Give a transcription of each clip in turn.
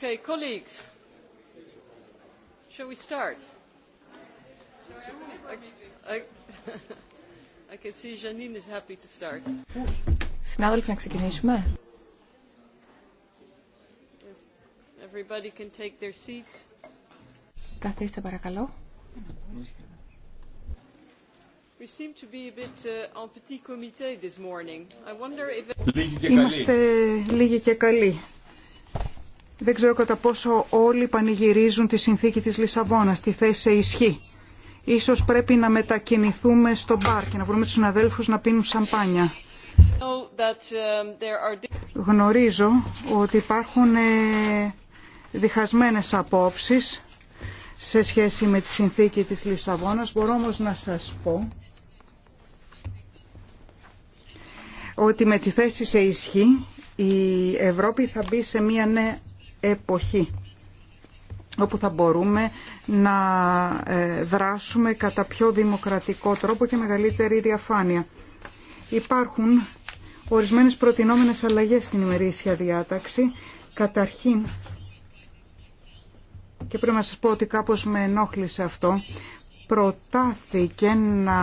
Okay colleagues. Shall we start? I I can see Janine is happy to start. Everybody can take their seats. We seem to be a bit en petit comité this morning. I wonder if δεν ξέρω κατά πόσο όλοι πανηγυρίζουν τη συνθήκη της Λισαβόνας, τη θέση σε ισχύ. Ίσως πρέπει να μετακινηθούμε στο μπαρ και να βρούμε τους συναδέλφους να πίνουν σαμπάνια. Γνωρίζω ότι υπάρχουν ε, διχασμένες απόψεις σε σχέση με τη συνθήκη της Λισαβόνας. Μπορώ όμως να σας πω ότι με τη θέση σε ισχύ η Ευρώπη θα μπει σε μια νέα εποχή όπου θα μπορούμε να ε, δράσουμε κατά πιο δημοκρατικό τρόπο και μεγαλύτερη διαφάνεια. Υπάρχουν ορισμένες προτινόμενες αλλαγές στην ημερήσια διάταξη. Καταρχήν, και πρέπει να σας πω ότι κάπως με ενόχλησε αυτό, προτάθηκε να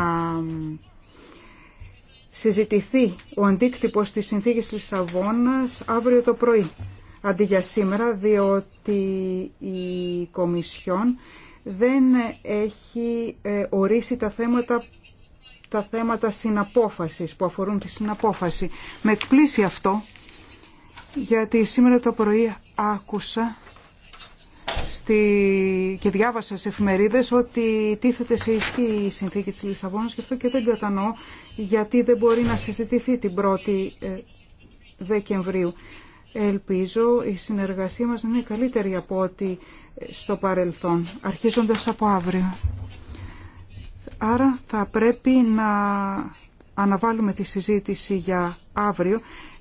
συζητηθεί ο αντίκτυπος της συνθήκης Λισαβόνας αύριο το πρωί αντί για σήμερα, διότι η Κομισιόν δεν έχει ε, ορίσει τα θέματα τα θέματα συναπόφασης που αφορούν τη συναπόφαση. Με εκπλήσει αυτό γιατί σήμερα το πρωί άκουσα στη... και διάβασα σε εφημερίδες ότι τίθεται σε ισχύ η συνθήκη της Λισαβόνας και αυτό και δεν κατανοώ γιατί δεν μπορεί να συζητηθεί την 1η ε, Δεκεμβρίου. Ελπίζω η συνεργασία μας να είναι καλύτερη από ό,τι στο παρελθόν, αρχίζοντας από αύριο. Άρα θα πρέπει να αναβάλουμε τη συζήτηση για αύριο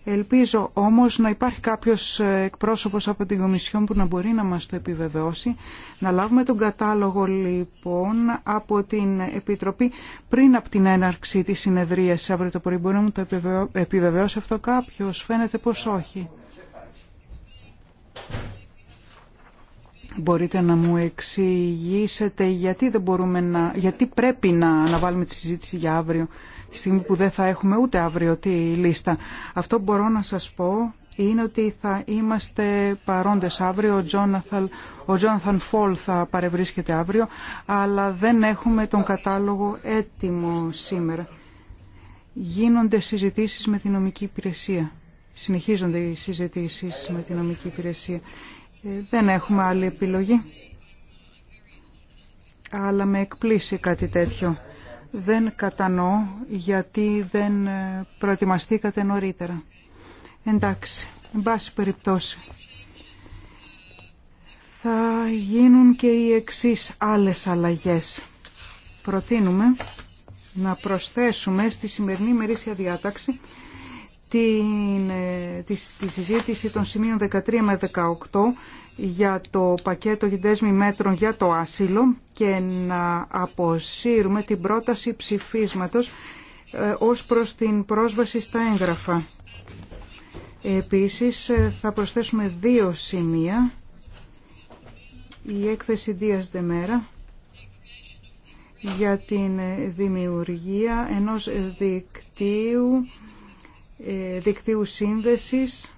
Ελπίζω όμως να υπάρχει κάποιος εκπρόσωπος από την Κομισιόν που να μπορεί να μας το επιβεβαιώσει. Να λάβουμε τον κατάλογο λοιπόν από την Επιτροπή πριν από την έναρξη της συνεδρίας αύριο το πρωί. Μπορεί να μου το επιβεβαιώσει αυτό κάποιος. Φαίνεται πως όχι. Μπορείτε να μου εξηγήσετε γιατί, δεν μπορούμε να... γιατί πρέπει να αναβάλουμε τη συζήτηση για αύριο τη στιγμή που δεν θα έχουμε ούτε αύριο τη λίστα. Αυτό που μπορώ να σας πω είναι ότι θα είμαστε παρόντες αύριο. Ο Τζόναθαν, ο Τζόναθαν Φόλ θα παρευρίσκεται αύριο, αλλά δεν έχουμε τον κατάλογο έτοιμο σήμερα. Γίνονται συζητήσεις με την νομική υπηρεσία. Συνεχίζονται οι συζητήσεις με την νομική υπηρεσία. Ε, δεν έχουμε άλλη επιλογή. Αλλά με εκπλήσει κάτι τέτοιο δεν κατανοώ γιατί δεν προετοιμαστήκατε νωρίτερα. Εντάξει, εν πάση περιπτώσει. Θα γίνουν και οι εξής άλλες αλλαγές. Προτείνουμε να προσθέσουμε στη σημερινή μερίσια διάταξη την, ε, τη, τη συζήτηση των σημείων 13 με 18 για το πακέτο δέσμη μέτρων για το άσυλο και να αποσύρουμε την πρόταση ψηφίσματος ε, ως προς την πρόσβαση στα έγγραφα. Επίσης ε, θα προσθέσουμε δύο σημεία. Η έκθεση Δίας Δεμέρα για την δημιουργία ενός δικτύου, ε, δικτύου σύνδεσης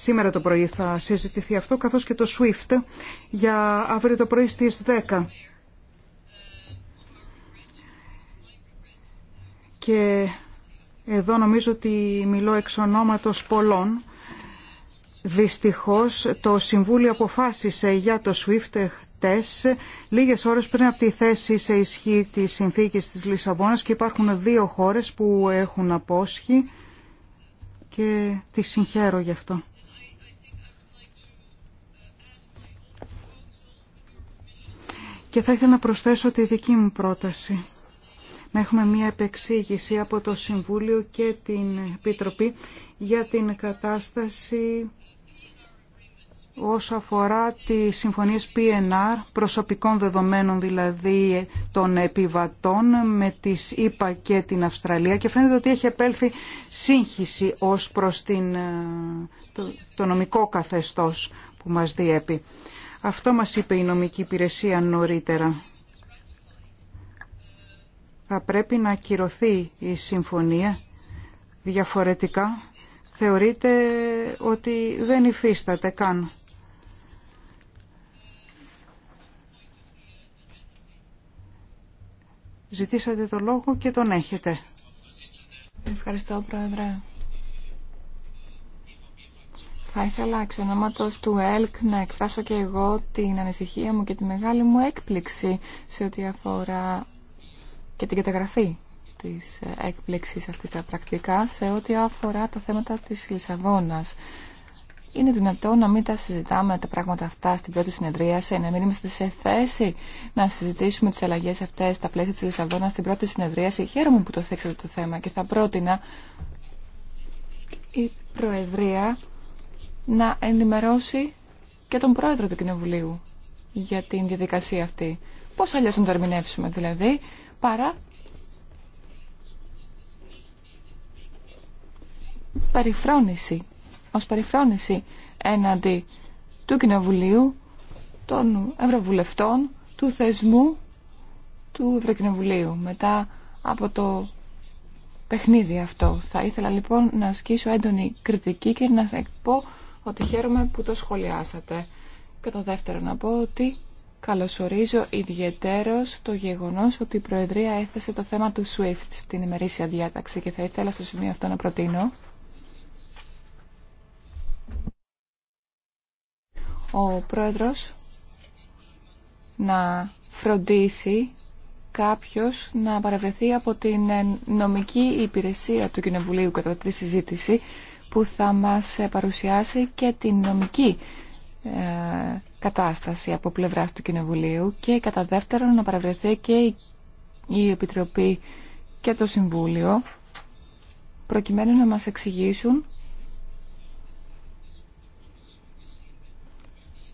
Σήμερα το πρωί θα συζητηθεί αυτό, καθώς και το SWIFT για αύριο το πρωί στις 10. Και εδώ νομίζω ότι μιλώ εξ ονόματος πολλών. Δυστυχώς το Συμβούλιο αποφάσισε για το SWIFT χτες, λίγες ώρες πριν από τη θέση σε ισχύ της συνθήκης της Λισαβόνας και υπάρχουν δύο χώρες που έχουν απόσχει και τη συγχαίρω γι' αυτό. Και θα ήθελα να προσθέσω τη δική μου πρόταση. Να έχουμε μία επεξήγηση από το Συμβούλιο και την Επιτροπή για την κατάσταση όσο αφορά τις συμφωνίες PNR, προσωπικών δεδομένων δηλαδή των επιβατών με τις ΗΠΑ και την Αυστραλία και φαίνεται ότι έχει επέλθει σύγχυση ως προς την, το, το νομικό καθεστώς που μας διέπει. Αυτό μας είπε η νομική υπηρεσία νωρίτερα. Θα πρέπει να ακυρωθεί η συμφωνία. Διαφορετικά θεωρείται ότι δεν υφίσταται καν. Ζητήσατε το λόγο και τον έχετε. Ευχαριστώ, Πρόεδρε. Θα ήθελα εξ ονόματος του ΕΛΚ να εκφράσω και εγώ την ανησυχία μου και τη μεγάλη μου έκπληξη σε ό,τι αφορά και την καταγραφή της έκπληξης αυτής τα πρακτικά σε ό,τι αφορά τα θέματα της Λισαβόνας. Είναι δυνατό να μην τα συζητάμε τα πράγματα αυτά στην πρώτη συνεδρίαση, να μην είμαστε σε θέση να συζητήσουμε τις αλλαγές αυτές στα πλαίσια της Λισαβόνας στην πρώτη συνεδρίαση. Χαίρομαι που το θέξατε το θέμα και θα πρότεινα η Προεδρία να ενημερώσει και τον πρόεδρο του Κοινοβουλίου για την διαδικασία αυτή. Πώς αλλιώς να το δηλαδή, παρά περιφρόνηση, ως περιφρόνηση έναντι του Κοινοβουλίου, των Ευρωβουλευτών, του θεσμού του Ευρωκοινοβουλίου μετά από το παιχνίδι αυτό. Θα ήθελα λοιπόν να ασκήσω έντονη κριτική και να πω ότι χαίρομαι που το σχολιάσατε. Και το δεύτερο να πω ότι καλωσορίζω ιδιαιτέρως το γεγονός ότι η Προεδρία έθεσε το θέμα του SWIFT στην ημερήσια διάταξη και θα ήθελα στο σημείο αυτό να προτείνω ο Πρόεδρος να φροντίσει κάποιος να παρευρεθεί από την νομική υπηρεσία του Κοινοβουλίου κατά τη συζήτηση που θα μας ε, παρουσιάσει και την νομική ε, κατάσταση από πλευράς του Κοινοβουλίου και κατά δεύτερον να παραβρεθεί και η Επιτροπή και το Συμβούλιο προκειμένου να μας εξηγήσουν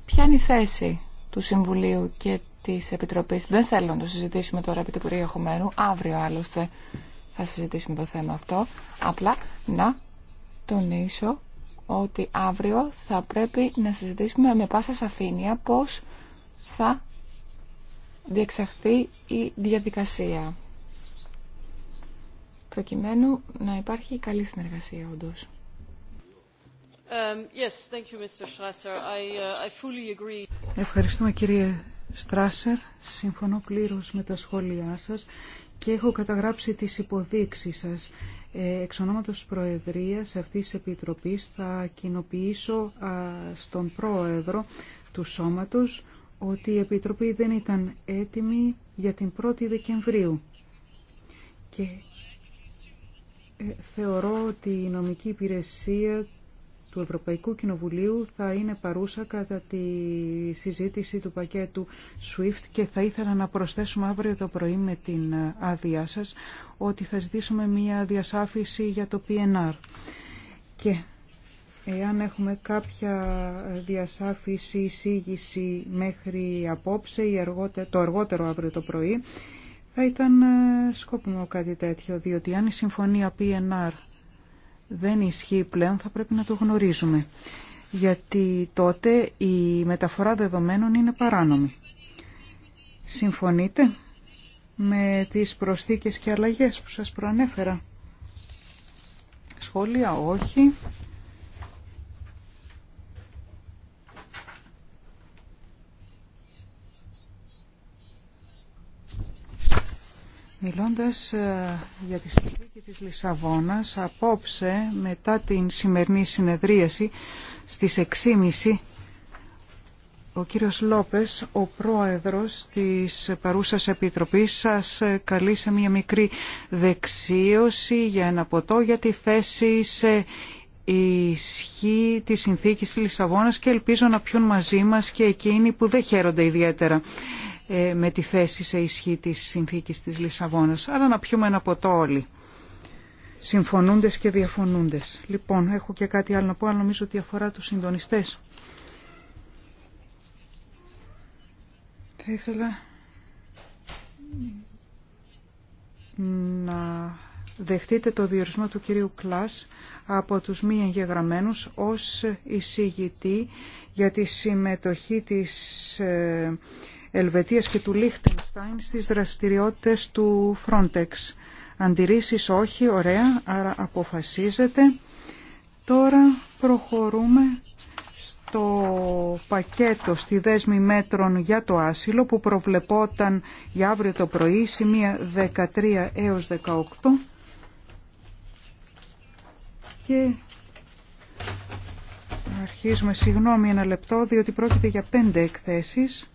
ποια είναι η θέση του Συμβουλίου και της Επιτροπής. Δεν θέλω να το συζητήσουμε τώρα επί του αύριο άλλωστε θα συζητήσουμε το θέμα αυτό, απλά να τονίσω ότι αύριο θα πρέπει να συζητήσουμε με πάσα σαφήνεια πώς θα διεξαχθεί η διαδικασία προκειμένου να υπάρχει καλή συνεργασία όντως. Ευχαριστούμε κύριε Στράσερ. Συμφωνώ πλήρως με τα σχόλιά σας και έχω καταγράψει τις υποδείξεις σας. Εξ ονόματος Προεδρίας αυτής της Επιτροπής θα κοινοποιήσω στον Πρόεδρο του Σώματος ότι η Επιτροπή δεν ήταν έτοιμη για την 1η Δεκεμβρίου. Και ε, θεωρώ ότι η νομική υπηρεσία του Ευρωπαϊκού Κοινοβουλίου θα είναι παρούσα κατά τη συζήτηση του πακέτου SWIFT και θα ήθελα να προσθέσουμε αύριο το πρωί με την άδειά σας ότι θα ζητήσουμε μια διασάφηση για το PNR. Και εάν έχουμε κάποια διασάφηση εισήγηση μέχρι απόψε ή αργότερο το αργότερο αύριο το πρωί, θα ήταν σκόπιμο κάτι τέτοιο, διότι αν η συμφωνία PNR δεν ισχύει πλέον θα πρέπει να το γνωρίζουμε. Γιατί τότε η μεταφορά δεδομένων είναι παράνομη. Συμφωνείτε με τις προσθήκες και αλλαγές που σας προανέφερα. Σχόλια όχι. Μιλώντας ε, για τη συνθήκη της Λισαβόνας, απόψε μετά την σημερινή συνεδρίαση στις 6.30 ο κύριος Λόπες, ο πρόεδρος της παρούσας επιτροπής, σας καλεί σε μια μικρή δεξίωση για ένα ποτό για τη θέση σε ισχύ της συνθήκης της Λισαβόνας και ελπίζω να πιούν μαζί μας και εκείνοι που δεν χαίρονται ιδιαίτερα ε, με τη θέση σε ισχύ της συνθήκης της Λισαβόνας. Αλλά να πιούμε ένα ποτό όλοι. Συμφωνούντες και διαφωνούντες. Λοιπόν, έχω και κάτι άλλο να πω, αλλά νομίζω ότι αφορά τους συντονιστές. Θα ήθελα να δεχτείτε το διορισμό του κυρίου Κλάς από τους μη εγγεγραμμένους ως εισηγητή για τη συμμετοχή της ε, Ελβετίας και του Λίχτενστάιν στις δραστηριότητες του Frontex. Αντιρρήσεις όχι, ωραία, άρα αποφασίζεται. Τώρα προχωρούμε στο πακέτο στη δέσμη μέτρων για το άσυλο που προβλεπόταν για αύριο το πρωί, σημεία 13 έως 18. Και αρχίζουμε, συγγνώμη ένα λεπτό, διότι πρόκειται για πέντε εκθέσεις.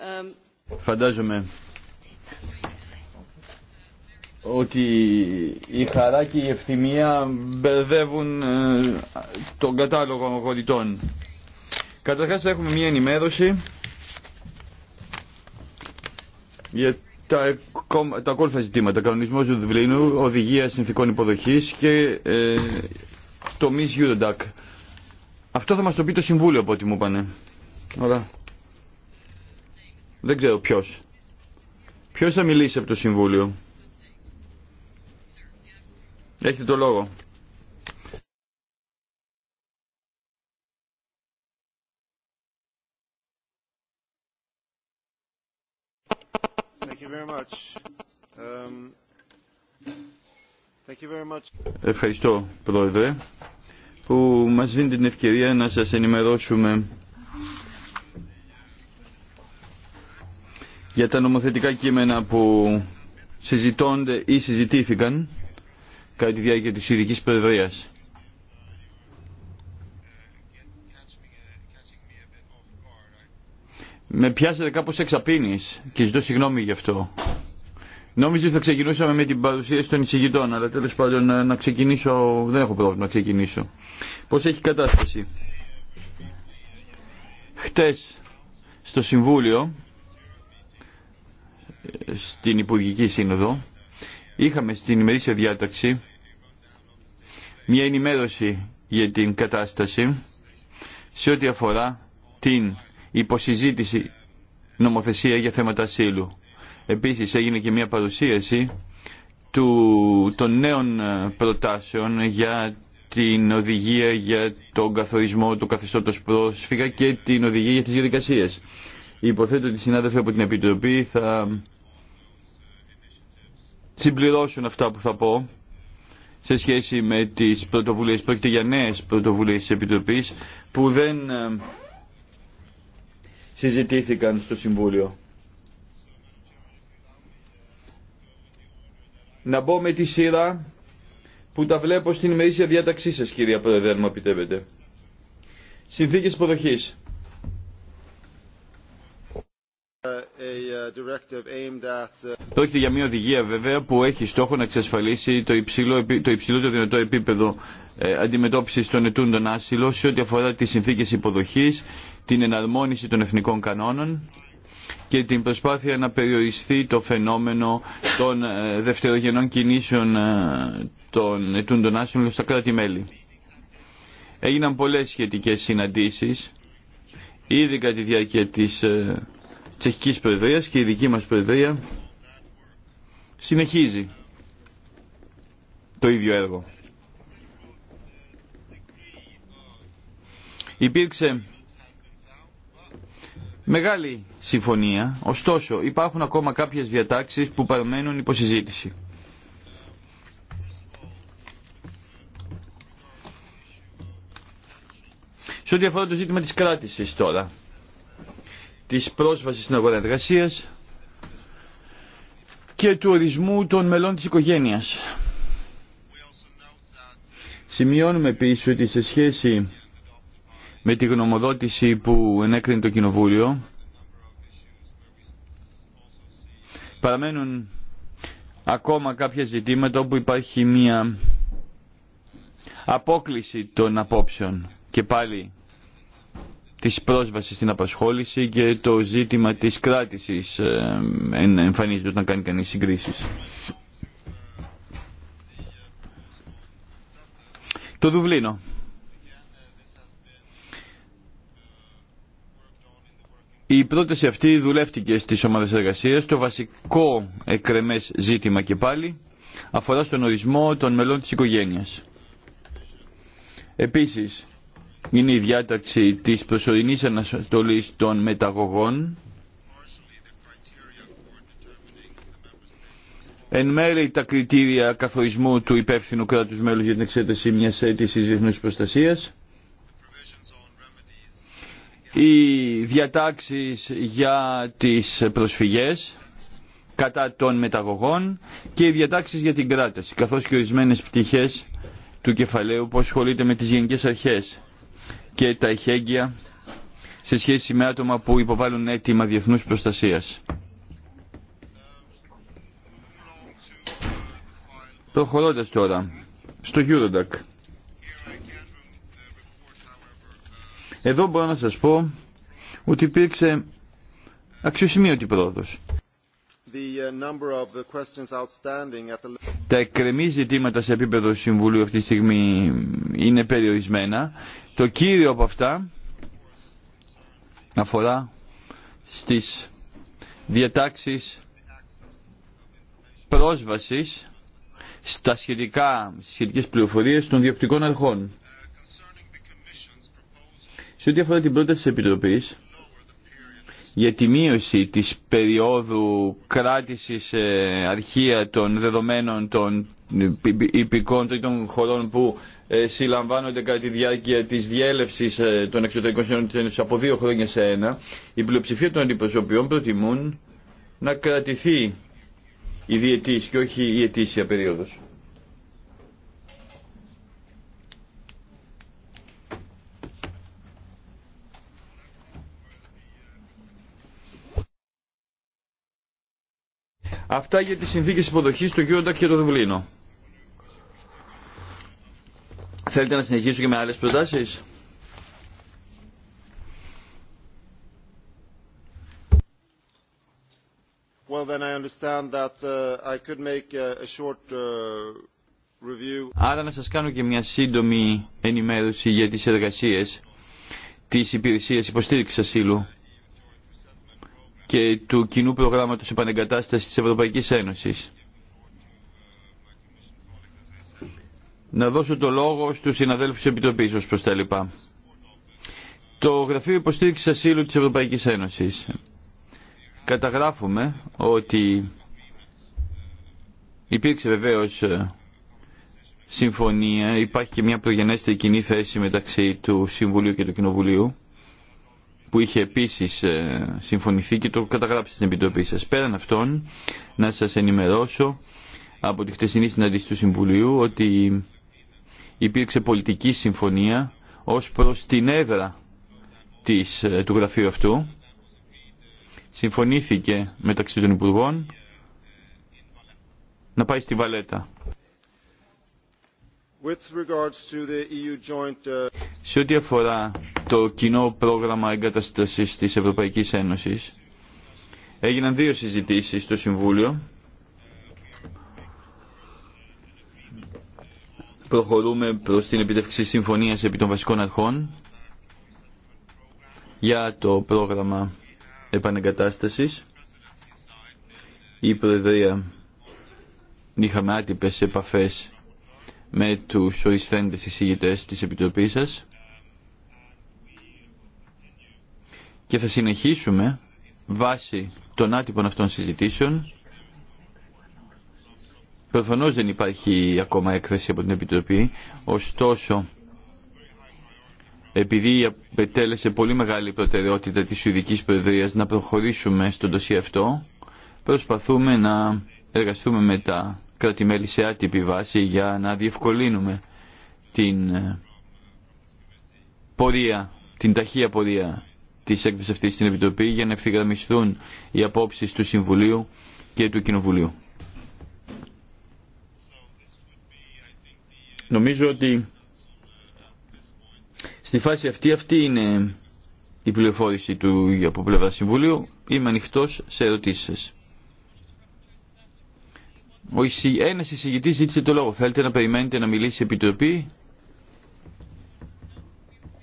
Um, Φαντάζομαι ότι η χαρά και η ευθυμία μπερδεύουν ε, τον κατάλογο αγορητών. Καταρχάς έχουμε μία ενημέρωση για τα, τα ακόλουθα ζητήματα. κανονισμό του Δουβλίνου, οδηγία συνθήκων υποδοχής και ε, το Miss Eurodac. Αυτό θα μας το πει το Συμβούλιο από ό,τι μου είπανε. Ωραία. Δεν ξέρω ποιο, Ποιο θα μιλήσει από το Συμβούλιο. Έχετε το λόγο. Um, Ευχαριστώ, Πρόεδρε, που μας δίνει την ευκαιρία να σας ενημερώσουμε για τα νομοθετικά κείμενα που συζητώνται ή συζητήθηκαν κατά τη διάρκεια της ειδικής παιδείας. Με πιάσατε κάπως εξαπίνης και ζητώ συγγνώμη γι' αυτό. Νόμιζα ότι θα ξεκινούσαμε με την παρουσίαση των εισηγητών, αλλά τέλος πάντων ε, να ξεκινήσω, δεν έχω πρόβλημα να ξεκινήσω. Πώς έχει η κατάσταση. Χτε στο Συμβούλιο στην Υπουργική Σύνοδο είχαμε στην ημερήσια διάταξη μια ενημέρωση για την κατάσταση σε ό,τι αφορά την υποσυζήτηση νομοθεσία για θέματα ασύλου. Επίσης έγινε και μια παρουσίαση του, των νέων ε, προτάσεων για την οδηγία για τον καθορισμό του καθεστώτος πρόσφυγα και την οδηγία για τις διαδικασίες. Υποθέτω ότι οι συνάδελφοι από την Επιτροπή θα συμπληρώσουν αυτά που θα πω σε σχέση με τις πρωτοβουλίες. Πρόκειται για νέες πρωτοβουλίες της Επιτροπής που δεν ε, συζητήθηκαν στο Συμβούλιο. Να μπω με τη σειρά που τα βλέπω στην ημερήσια διάταξή σας, κυρία Πρόεδρε, αν μου επιτρέπετε. Συνθήκες υποδοχή. Uh, uh, Πρόκειται για μια οδηγία βέβαια που έχει στόχο να εξασφαλίσει το, υψηλό, το υψηλότερο δυνατό επίπεδο ε, αντιμετώπιση των ετούντων άσυλων σε ό,τι αφορά τι συνθήκε υποδοχή, την εναρμόνιση των εθνικών κανόνων και την προσπάθεια να περιοριστεί το φαινόμενο των ε, δευτερογενών κινήσεων ε, των ετούντων άσυλων στα κράτη-μέλη. Έγιναν πολλές σχετικές συναντήσεις ήδη κατά τη διάρκεια της Τσεχικής Προεδρίας και η δική μας Προεδρία συνεχίζει το ίδιο έργο. Υπήρξε μεγάλη συμφωνία, ωστόσο υπάρχουν ακόμα κάποιες διατάξεις που παραμένουν συζήτηση. Σε ό,τι αφορά το ζήτημα της κράτησης τώρα, της πρόσβασης στην αγορά εργασίας και του ορισμού των μελών της οικογένειας. Σημειώνουμε επίσης ότι σε σχέση με τη γνωμοδότηση που ενέκρινε το Κοινοβούλιο παραμένουν ακόμα κάποια ζητήματα όπου υπάρχει μία απόκληση των απόψεων και πάλι της πρόσβασης στην απασχόληση και το ζήτημα της κράτησης ε, εμφανίζεται όταν κάνει κανείς συγκρίσεις. Το Δουβλίνο. Η πρόταση αυτή δουλεύτηκε στις ομάδες εργασίας. Το βασικό εκρεμές ζήτημα και πάλι αφορά στον ορισμό των μελών της οικογένειας. Επίσης, είναι η διάταξη της προσωρινής αναστολής των μεταγωγών εν μέρει τα κριτήρια καθορισμού του υπεύθυνου κράτους μέλους για την εξέταση μιας αίτησης διεθνούς προστασίας οι διατάξεις για τις προσφυγές κατά των μεταγωγών και οι διατάξεις για την κράτηση καθώς και ορισμένες πτυχές του κεφαλαίου που ασχολείται με τις γενικές αρχές και τα εχέγγυα σε σχέση με άτομα που υποβάλλουν αίτημα διεθνούς προστασίας. Προχωρώντας τώρα στο Eurodac. Εδώ μπορώ να σας πω ότι υπήρξε αξιοσημείωτη πρόοδος. Uh, τα εκκρεμή ζητήματα σε επίπεδο Συμβουλίου αυτή τη στιγμή είναι περιορισμένα το κύριο από αυτά αφορά στις διατάξεις πρόσβασης στα σχετικά, στις σχετικές πληροφορίες των διοπτικών αρχών. Σε ό,τι αφορά την πρόταση της Επιτροπής για τη μείωση της περίοδου κράτησης αρχεία των δεδομένων των υπηκών τρίτων χωρών που ε, συλλαμβάνονται κατά τη διάρκεια τη διέλευση ε, των εξωτερικών συνόρων τη από δύο χρόνια σε ένα, η πλειοψηφία των αντιπροσωπιών προτιμούν να κρατηθεί η διετή και όχι η ετήσια περίοδος. Αυτά για τις συνθήκες υποδοχής του Γιώργου και το Δουβλίνο. Θέλετε να συνεχίσω και με άλλες προτάσεις. Well, then I understand that uh, I could make uh, a short uh, Άρα να σας κάνω και μια σύντομη ενημέρωση για τις εργασίες της Υπηρεσίας Υποστήριξης Ασύλου και του κοινού προγράμματος επανεγκατάστασης της Ευρωπαϊκής Ένωσης. να δώσω το λόγο στους συναδέλφους της Επιτροπής ως προς τα λοιπά. Το Γραφείο Υποστήριξης Ασύλου της Ευρωπαϊκής Ένωσης. Καταγράφουμε ότι υπήρξε βεβαίως ε, συμφωνία, υπάρχει και μια προγενέστερη κοινή θέση μεταξύ του Συμβουλίου και του Κοινοβουλίου που είχε επίσης ε, συμφωνηθεί και το καταγράψει στην Επιτροπή σας. Πέραν αυτών, να σας ενημερώσω από τη χτεσινή συναντήση του Συμβουλίου ότι υπήρξε πολιτική συμφωνία ως προς την έδρα της, ε, του γραφείου αυτού. Συμφωνήθηκε μεταξύ των Υπουργών να πάει στη Βαλέτα. E uh, Σε ό,τι αφορά το κοινό πρόγραμμα εγκαταστασής της Ευρωπαϊκής Ένωσης, έγιναν δύο συζητήσεις στο Συμβούλιο προχωρούμε προς την επιτεύξη συμφωνίας επί των βασικών αρχών για το πρόγραμμα επανεγκατάστασης. Η Προεδρία είχαμε άτυπες επαφές με τους ορισθέντες εισηγητές της Επιτροπής σας και θα συνεχίσουμε βάσει των άτυπων αυτών συζητήσεων Προφανώς δεν υπάρχει ακόμα έκθεση από την Επιτροπή, ωστόσο επειδή επετέλεσε πολύ μεγάλη προτεραιότητα της Σουηδικής Προεδρίας να προχωρήσουμε στον τοσί αυτό, προσπαθούμε να εργαστούμε με τα κράτη-μέλη σε άτυπη βάση για να διευκολύνουμε την πορεία, την ταχεία πορεία της έκθεσης αυτής στην Επιτροπή για να ευθυγραμμιστούν οι απόψεις του Συμβουλίου και του Κοινοβουλίου. Νομίζω ότι στη φάση αυτή, αυτή είναι η πληροφόρηση του από πλευρά Συμβουλίου. Είμαι ανοιχτό σε ερωτήσει σα. Ένα εισηγητή ζήτησε το λόγο. Θέλετε να περιμένετε να μιλήσει η Επιτροπή.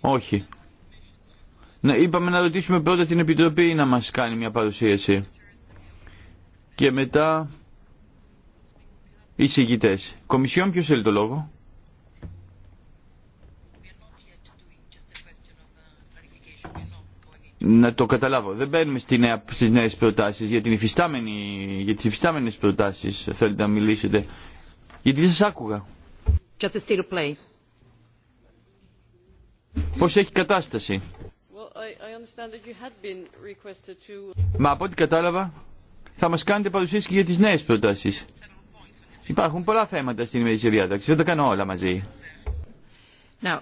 Όχι. Να, είπαμε να ρωτήσουμε πρώτα την Επιτροπή να μας κάνει μια παρουσίαση. Και μετά οι Κομισιόν ποιος θέλει το λόγο. να το καταλάβω. Δεν μπαίνουμε στι νέε προτάσει για, την υφιστάμενη, για τις θέλετε να μιλήσετε. Γιατί δεν σα άκουγα. Πώ Πώς έχει κατάσταση. Μα από ό,τι κατάλαβα θα μας κάνετε παρουσίαση και για τις νέες προτάσεις. Υπάρχουν πολλά θέματα στην ημερήσια διάταξη. Δεν τα κάνω όλα μαζί. Now,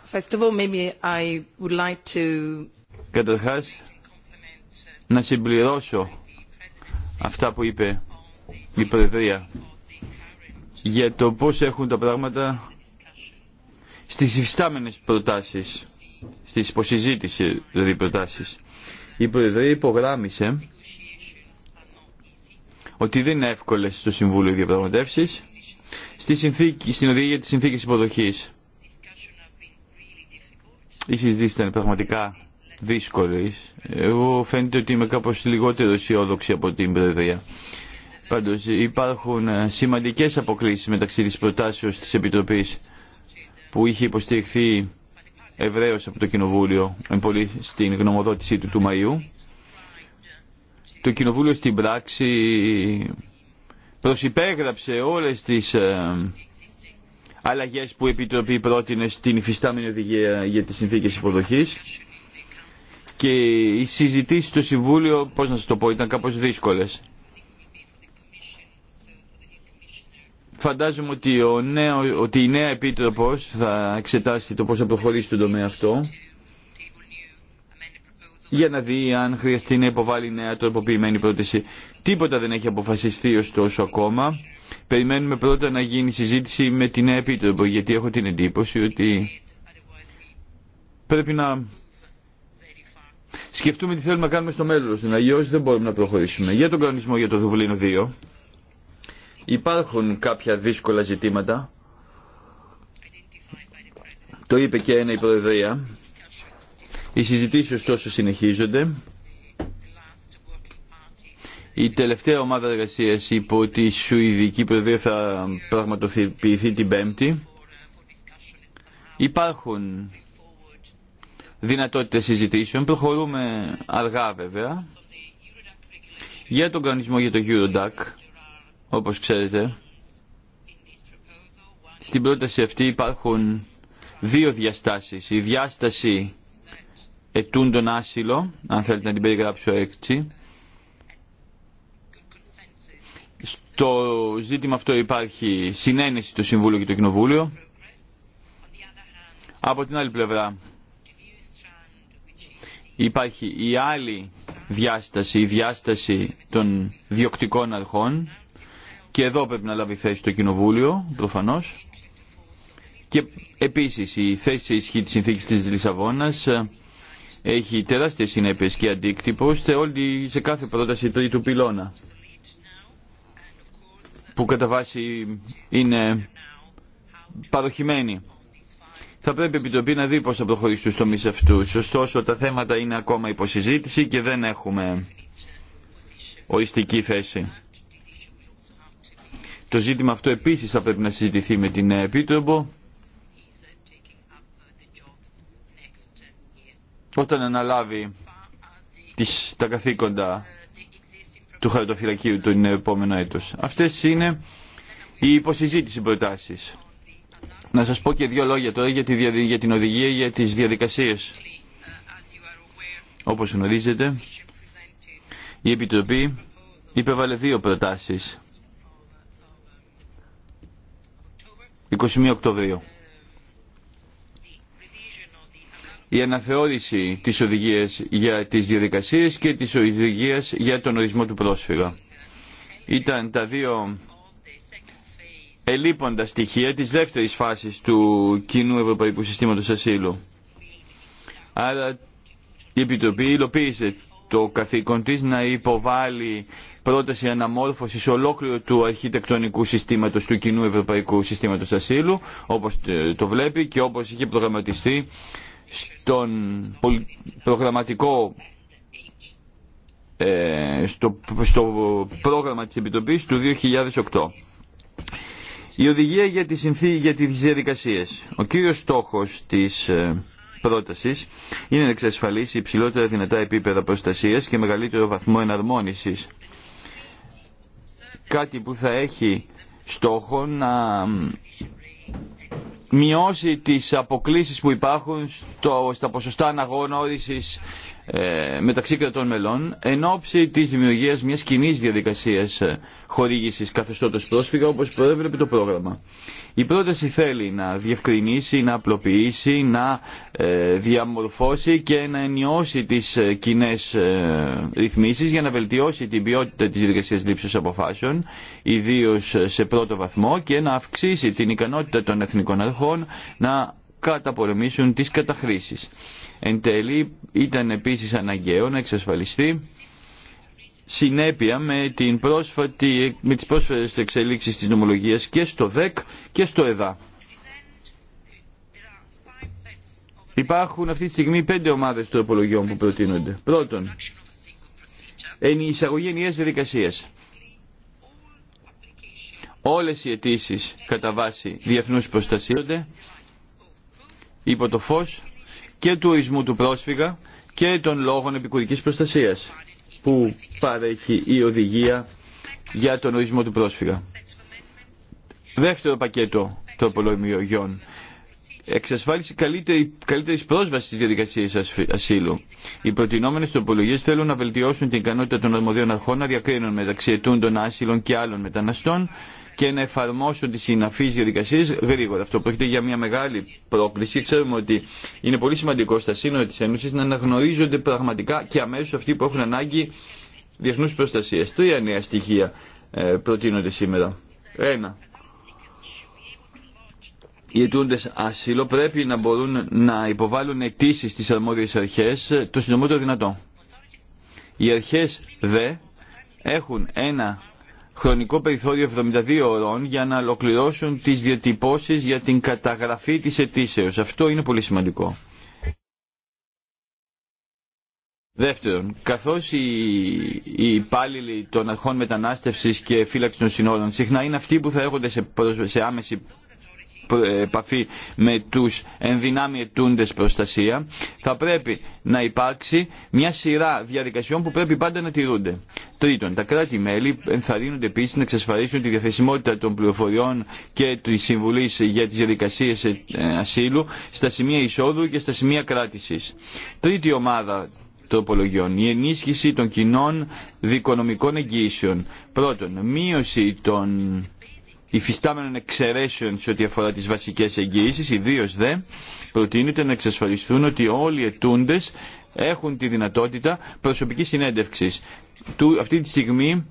Καταρχάς, να συμπληρώσω αυτά που είπε η Προεδρία για το πώς έχουν τα πράγματα στις υφιστάμενες προτάσεις, στις υποσυζήτηση δηλαδή προτάσεις. Η Προεδρία υπογράμμισε ότι δεν είναι εύκολες στο Συμβούλιο Διαπραγματεύσεις στη συνθήκη, στην οδηγία της Συνθήκης υποδοχής. Η συζήτηση ήταν πραγματικά δύσκολες. Εγώ φαίνεται ότι είμαι κάπως λιγότερο αισιόδοξη από την Προεδρία. Πάντως υπάρχουν ε, σημαντικές αποκλήσεις μεταξύ της προτάσεως της Επιτροπής που είχε υποστηριχθεί ευρέως από το Κοινοβούλιο στην γνωμοδότησή του του Μαΐου. Το Κοινοβούλιο στην πράξη προσυπέγραψε όλες τις ε, αλλαγές που η Επιτροπή πρότεινε στην υφιστάμενη οδηγία για τις συνθήκες υποδοχής και οι συζητήσεις στο Συμβούλιο, πώς να σας το πω, ήταν κάπως δύσκολες. Φαντάζομαι ότι, ο νέο, ότι η νέα επίτροπος θα εξετάσει το πώς θα προχωρήσει τον τομέα αυτό για να δει αν χρειαστεί να υποβάλει νέα τροποποιημένη πρόταση. Τίποτα δεν έχει αποφασιστεί ωστόσο ακόμα. Περιμένουμε πρώτα να γίνει συζήτηση με τη νέα επίτροπο, γιατί έχω την εντύπωση ότι πρέπει να σκεφτούμε τι θέλουμε να κάνουμε στο μέλλον. Στην αγίωση δεν μπορούμε να προχωρήσουμε. Για τον κανονισμό για το Δουβλίνο 2 υπάρχουν κάποια δύσκολα ζητήματα. Το είπε και ένα η Προεδρία. Οι συζητήσει ωστόσο συνεχίζονται. Η τελευταία ομάδα εργασία είπε ότι η Σουηδική Προεδρία θα πραγματοποιηθεί την Πέμπτη. Υπάρχουν δυνατότητες συζητήσεων. Προχωρούμε αργά βέβαια. Για τον κανονισμό για το Eurodac, όπως ξέρετε, στην πρόταση αυτή υπάρχουν δύο διαστάσεις. Η διάσταση τον άσυλο, αν θέλετε να την περιγράψω έτσι. Στο ζήτημα αυτό υπάρχει συνένεση του Συμβούλιο και το Κοινοβούλιο. Από την άλλη πλευρά, υπάρχει η άλλη διάσταση, η διάσταση των διοκτικών αρχών και εδώ πρέπει να λάβει θέση το Κοινοβούλιο, προφανώς. Και επίσης η θέση σε ισχύ της συνθήκης της Λισαβόνας ε, έχει τεράστιες συνέπειες και αντίκτυπο σε, όλη, σε κάθε πρόταση τρίτου πυλώνα που κατά βάση είναι παροχημένη. Θα πρέπει η Επιτροπή να δει πώς θα προχωρήσει του τομεί αυτού. Ωστόσο τα θέματα είναι ακόμα υποσυζήτηση και δεν έχουμε οριστική θέση. Το ζήτημα αυτό επίσης θα πρέπει να συζητηθεί με την Επίτροπο όταν αναλάβει τις, τα καθήκοντα του χαρτοφυλακίου του επόμενο έτος. Αυτές είναι οι υποσυζήτηση προτάσεις. Να σας πω και δύο λόγια τώρα για, τη, για την οδηγία για τις διαδικασίες. Όπως γνωρίζετε, η Επιτροπή υπέβαλε δύο προτάσεις. 21 Οκτωβρίου. Η αναθεώρηση της οδηγίας για τις διαδικασίες και της οδηγίας για τον ορισμό του πρόσφυγα. Ήταν τα δύο ελείποντα στοιχεία της δεύτερης φάσης του κοινού ευρωπαϊκού συστήματος ασύλου. Άρα η Επιτροπή υλοποίησε το καθήκον της να υποβάλει πρόταση αναμόρφωσης ολόκληρου του αρχιτεκτονικού συστήματος του κοινού ευρωπαϊκού συστήματος ασύλου όπως το βλέπει και όπως είχε προγραμματιστεί στον προγραμματικό ε, στο, στο πρόγραμμα της Επιτροπής του 2008. Η οδηγία για τη συνθήκη για τις διαδικασίες. Ο κύριος στόχος της ε, πρότασης είναι να εξασφαλίσει υψηλότερα δυνατά επίπεδα προστασίας και μεγαλύτερο βαθμό εναρμόνισης. Κάτι που θα έχει στόχο να μειώσει τις αποκλίσεις που υπάρχουν στο, στα ποσοστά αναγνώρισης ε, μεταξύ κρατών μελών εν ώψη τη δημιουργία μιας κοινή διαδικασίας ε, χορήγηση καθεστώτο πρόσφυγα όπω προέβλεπε το πρόγραμμα. Η πρόταση θέλει να διευκρινίσει, να απλοποιήσει, να ε, διαμορφώσει και να ενιώσει τις κοινέ ρυθμίσει για να βελτιώσει την ποιότητα τη διαδικασία λήψη αποφάσεων ιδίω σε πρώτο βαθμό και να αυξήσει την ικανότητα των εθνικών αρχών να καταπολεμήσουν τις καταχρήσεις. Εν τέλει ήταν επίσης αναγκαίο να εξασφαλιστεί συνέπεια με, την πρόσφατη, με τις πρόσφατες εξελίξεις της νομολογίας και στο ΔΕΚ και στο ΕΔΑ. Υπάρχουν αυτή τη στιγμή πέντε ομάδες τροπολογιών που προτείνονται. Πρώτον, εν εισαγωγή ενιαίας διαδικασίας. Όλες οι αιτήσει κατά βάση διεθνούς προστασίονται υπό το φως και του ορισμού του πρόσφυγα και των λόγων επικουρικής προστασίας που παρέχει η οδηγία για τον ορισμό του πρόσφυγα. Δεύτερο πακέτο τροπολογιών. Εξασφάλιση καλύτερη, καλύτερης πρόσβασης στις διαδικασίες ασύλου. Οι προτινόμενες τροπολογίες θέλουν να βελτιώσουν την ικανότητα των αρμοδίων αρχών να διακρίνουν μεταξύ ετούντων άσυλων και άλλων μεταναστών και να εφαρμόσουν τι συναφεί διαδικασίε γρήγορα. Αυτό πρόκειται για μια μεγάλη πρόκληση. Ξέρουμε ότι είναι πολύ σημαντικό στα σύνορα τη Ένωση να αναγνωρίζονται πραγματικά και αμέσω αυτοί που έχουν ανάγκη διεθνού προστασία. Τρία νέα στοιχεία ε, προτείνονται σήμερα. Ένα. Οι αιτούντε άσυλο πρέπει να μπορούν να υποβάλουν αιτήσει στι αρμόδιε αρχέ το συντομότερο δυνατό. Οι αρχέ δε έχουν ένα χρονικό περιθώριο 72 ώρων για να ολοκληρώσουν τις διατυπώσεις για την καταγραφή της αιτήσεως. Αυτό είναι πολύ σημαντικό. Δεύτερον, καθώς οι, οι υπάλληλοι των αρχών μετανάστευσης και φύλαξη των συνόρων συχνά είναι αυτοί που θα έρχονται σε, σε άμεση επαφή με τους ενδυνάμει ετούντες προστασία, θα πρέπει να υπάρξει μια σειρά διαδικασιών που πρέπει πάντα να τηρούνται. Τρίτον, τα κράτη-μέλη ενθαρρύνονται επίση να εξασφαλίσουν τη διαθεσιμότητα των πληροφοριών και τη συμβουλή για τι διαδικασίε ε, ασύλου στα σημεία εισόδου και στα σημεία κράτηση. Τρίτη ομάδα τροπολογιών, η ενίσχυση των κοινών δικονομικών εγγύσεων. Πρώτον, μείωση των υφιστάμενων εξαιρέσεων σε ό,τι αφορά τις βασικές εγγύησεις, ιδίω δε προτείνεται να εξασφαλιστούν ότι όλοι οι ετούντες έχουν τη δυνατότητα προσωπικής συνέντευξης. Του, αυτή τη στιγμή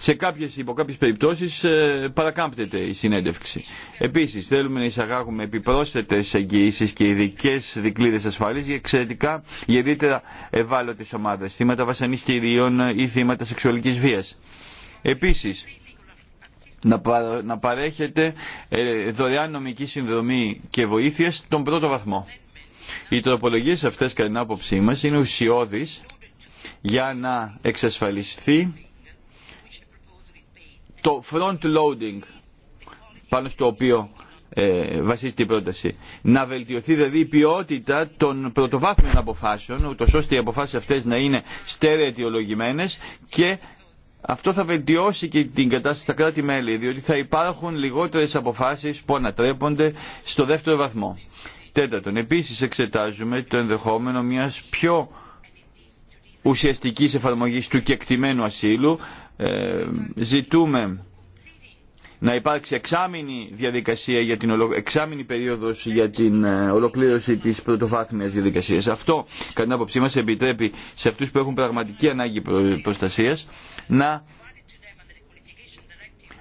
σε κάποιες, υπό κάποιες περιπτώσεις ε, παρακάμπτεται η συνέντευξη. Επίσης θέλουμε να εισαγάγουμε επιπρόσθετες εγγυήσεις και ειδικέ δικλείδες ασφαλής για εξαιρετικά για ιδιαίτερα ευάλωτες ομάδες, θύματα βασανιστήριων ή θύματα σεξουαλικής βίας. Επίσης, να παρέχεται ε, δωρεάν νομική συνδρομή και βοήθεια στον πρώτο βαθμό. Οι τροπολογίες αυτές κατά την άποψή μας είναι ουσιώδεις για να εξασφαλιστεί το front loading πάνω στο οποίο ε, βασίζεται η πρόταση. Να βελτιωθεί δηλαδή η ποιότητα των πρωτοβάθμιων αποφάσεων, ούτω ώστε οι αποφάσει αυτέ να είναι αιτιολογημένες και αυτό θα βελτιώσει και την κατάσταση στα κράτη-μέλη, διότι θα υπάρχουν λιγότερε αποφάσει που ανατρέπονται στο δεύτερο βαθμό. Τέταρτον, επίσης εξετάζουμε το ενδεχόμενο μιας πιο ουσιαστική εφαρμογής του κεκτημένου ασύλου. Ε, ζητούμε να υπάρξει εξάμηνη διαδικασία για την ολο... περίοδος για την ε, ολοκλήρωση της πρωτοβάθμιας διαδικασίας. Αυτό, κατά την άποψή μας, επιτρέπει σε αυτούς που έχουν πραγματική ανάγκη προστασίας να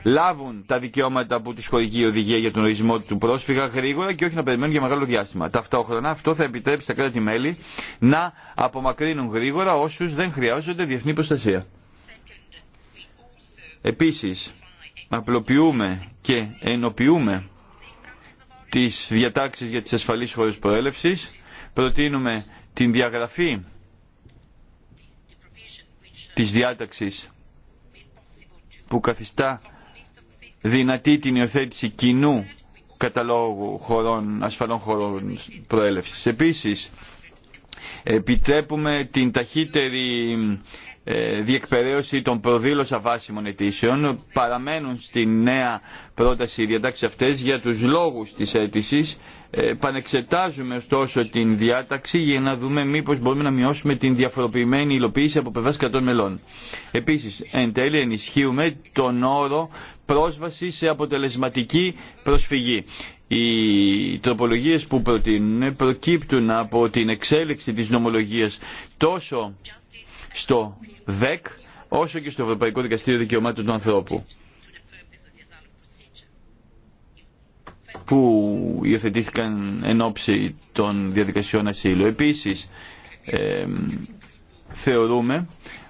λάβουν τα δικαιώματα που τους χορηγεί η οδηγία για τον ορισμό του πρόσφυγα γρήγορα και όχι να περιμένουν για μεγάλο διάστημα. Ταυτόχρονα αυτό θα επιτρέψει στα κράτη-μέλη να απομακρύνουν γρήγορα όσους δεν χρειάζονται διεθνή προστασία. Επίσης, απλοποιούμε και ενοποιούμε τις διατάξεις για τις ασφαλείς χώρες προέλευσης, προτείνουμε την διαγραφή της διάταξης που καθιστά δυνατή την υιοθέτηση κοινού καταλόγου χωρών, ασφαλών χωρών προέλευσης. Επίσης, επιτρέπουμε την ταχύτερη ε, διεκπαιρέωση των προδήλωσα βάσιμων αιτήσεων παραμένουν στη νέα πρόταση οι διατάξει αυτές για τους λόγους της αίτηση. Ε, πανεξετάζουμε ωστόσο την διάταξη για να δούμε μήπως μπορούμε να μειώσουμε την διαφοροποιημένη υλοποίηση από πλευρά κρατών μελών. Επίσης, εν τέλει ενισχύουμε τον όρο πρόσβαση σε αποτελεσματική προσφυγή. Οι τροπολογίες που προτείνουν προκύπτουν από την εξέλιξη της νομολογίας τόσο στο ΔΕΚ όσο και στο Ευρωπαϊκό Δικαστήριο Δικαιωμάτων του Ανθρώπου που υιοθετήθηκαν εν ώψη των διαδικασιών ασύλου. Επίσης, ε, θεωρούμε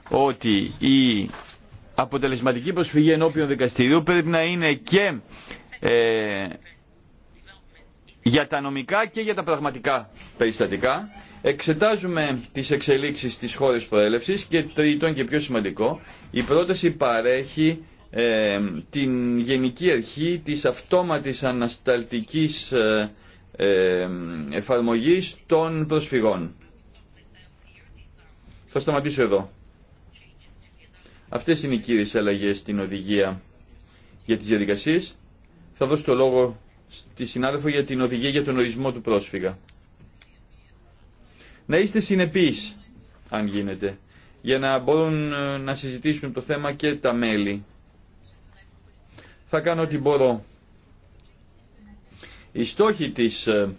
ότι η αποτελεσματική προσφυγή ενώπιον δικαστηρίου πρέπει να είναι και ε, για τα νομικά και για τα πραγματικά περιστατικά Εξετάζουμε τις εξελίξεις στι χώρες πρόέλευση και τρίτον και πιο σημαντικό, η πρόταση παρέχει ε, την γενική αρχή της αυτόματης ανασταλτικής ε, ε, εφαρμογής των προσφυγών. Θα σταματήσω εδώ. Αυτές είναι οι κύριες αλλαγές στην οδηγία για τις διαδικασίες. Θα δώσω το λόγο στη συνάδελφο για την οδηγία για τον ορισμό του πρόσφυγα να είστε συνεπείς, αν γίνεται, για να μπορούν ε, να συζητήσουν το θέμα και τα μέλη. Θα κάνω ό,τι μπορώ. Οι στόχοι της ε,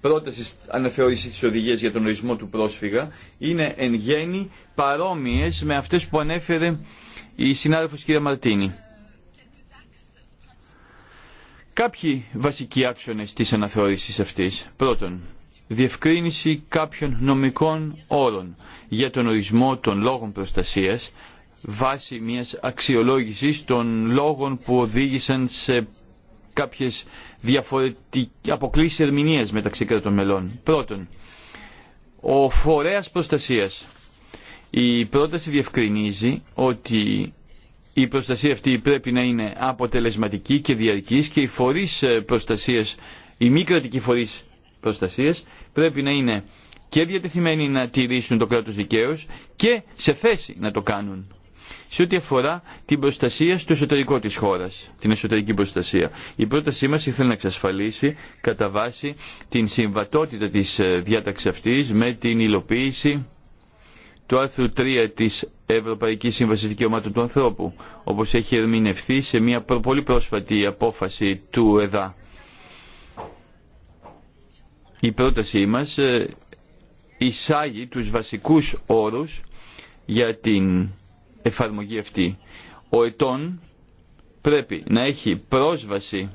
πρότασης αναθεώρησης της οδηγίας για τον ορισμό του πρόσφυγα είναι εν γέννη παρόμοιες με αυτές που ανέφερε η συνάδελφος κ. Μαρτίνη. Κάποιοι βασικοί άξονες της αναθεώρησης αυτής. Πρώτον, διευκρίνηση κάποιων νομικών όρων για τον ορισμό των λόγων προστασίας βάσει μιας αξιολόγησης των λόγων που οδήγησαν σε κάποιες διαφορετικές αποκλήσεις ερμηνείας μεταξύ κρατών μελών. Πρώτον, ο φορέας προστασίας. Η πρόταση διευκρινίζει ότι η προστασία αυτή πρέπει να είναι αποτελεσματική και διαρκής και οι ε, προστασίας, οι μη κρατικοί φορείς προστασίας πρέπει να είναι και διατεθειμένοι να τηρήσουν το κράτος δικαίου και σε θέση να το κάνουν σε ό,τι αφορά την προστασία στο εσωτερικό της χώρας, την εσωτερική προστασία. Η πρότασή μας ήθελε να εξασφαλίσει κατά βάση την συμβατότητα της ε, διάταξης αυτής με την υλοποίηση του άρθρου 3 της Ευρωπαϊκής Σύμβασης Δικαιωμάτων του Ανθρώπου, όπως έχει ερμηνευθεί σε μια πολύ πρόσφατη απόφαση του ΕΔΑ η πρότασή μας ε, εισάγει τους βασικούς όρους για την εφαρμογή αυτή. Ο ετών πρέπει να έχει πρόσβαση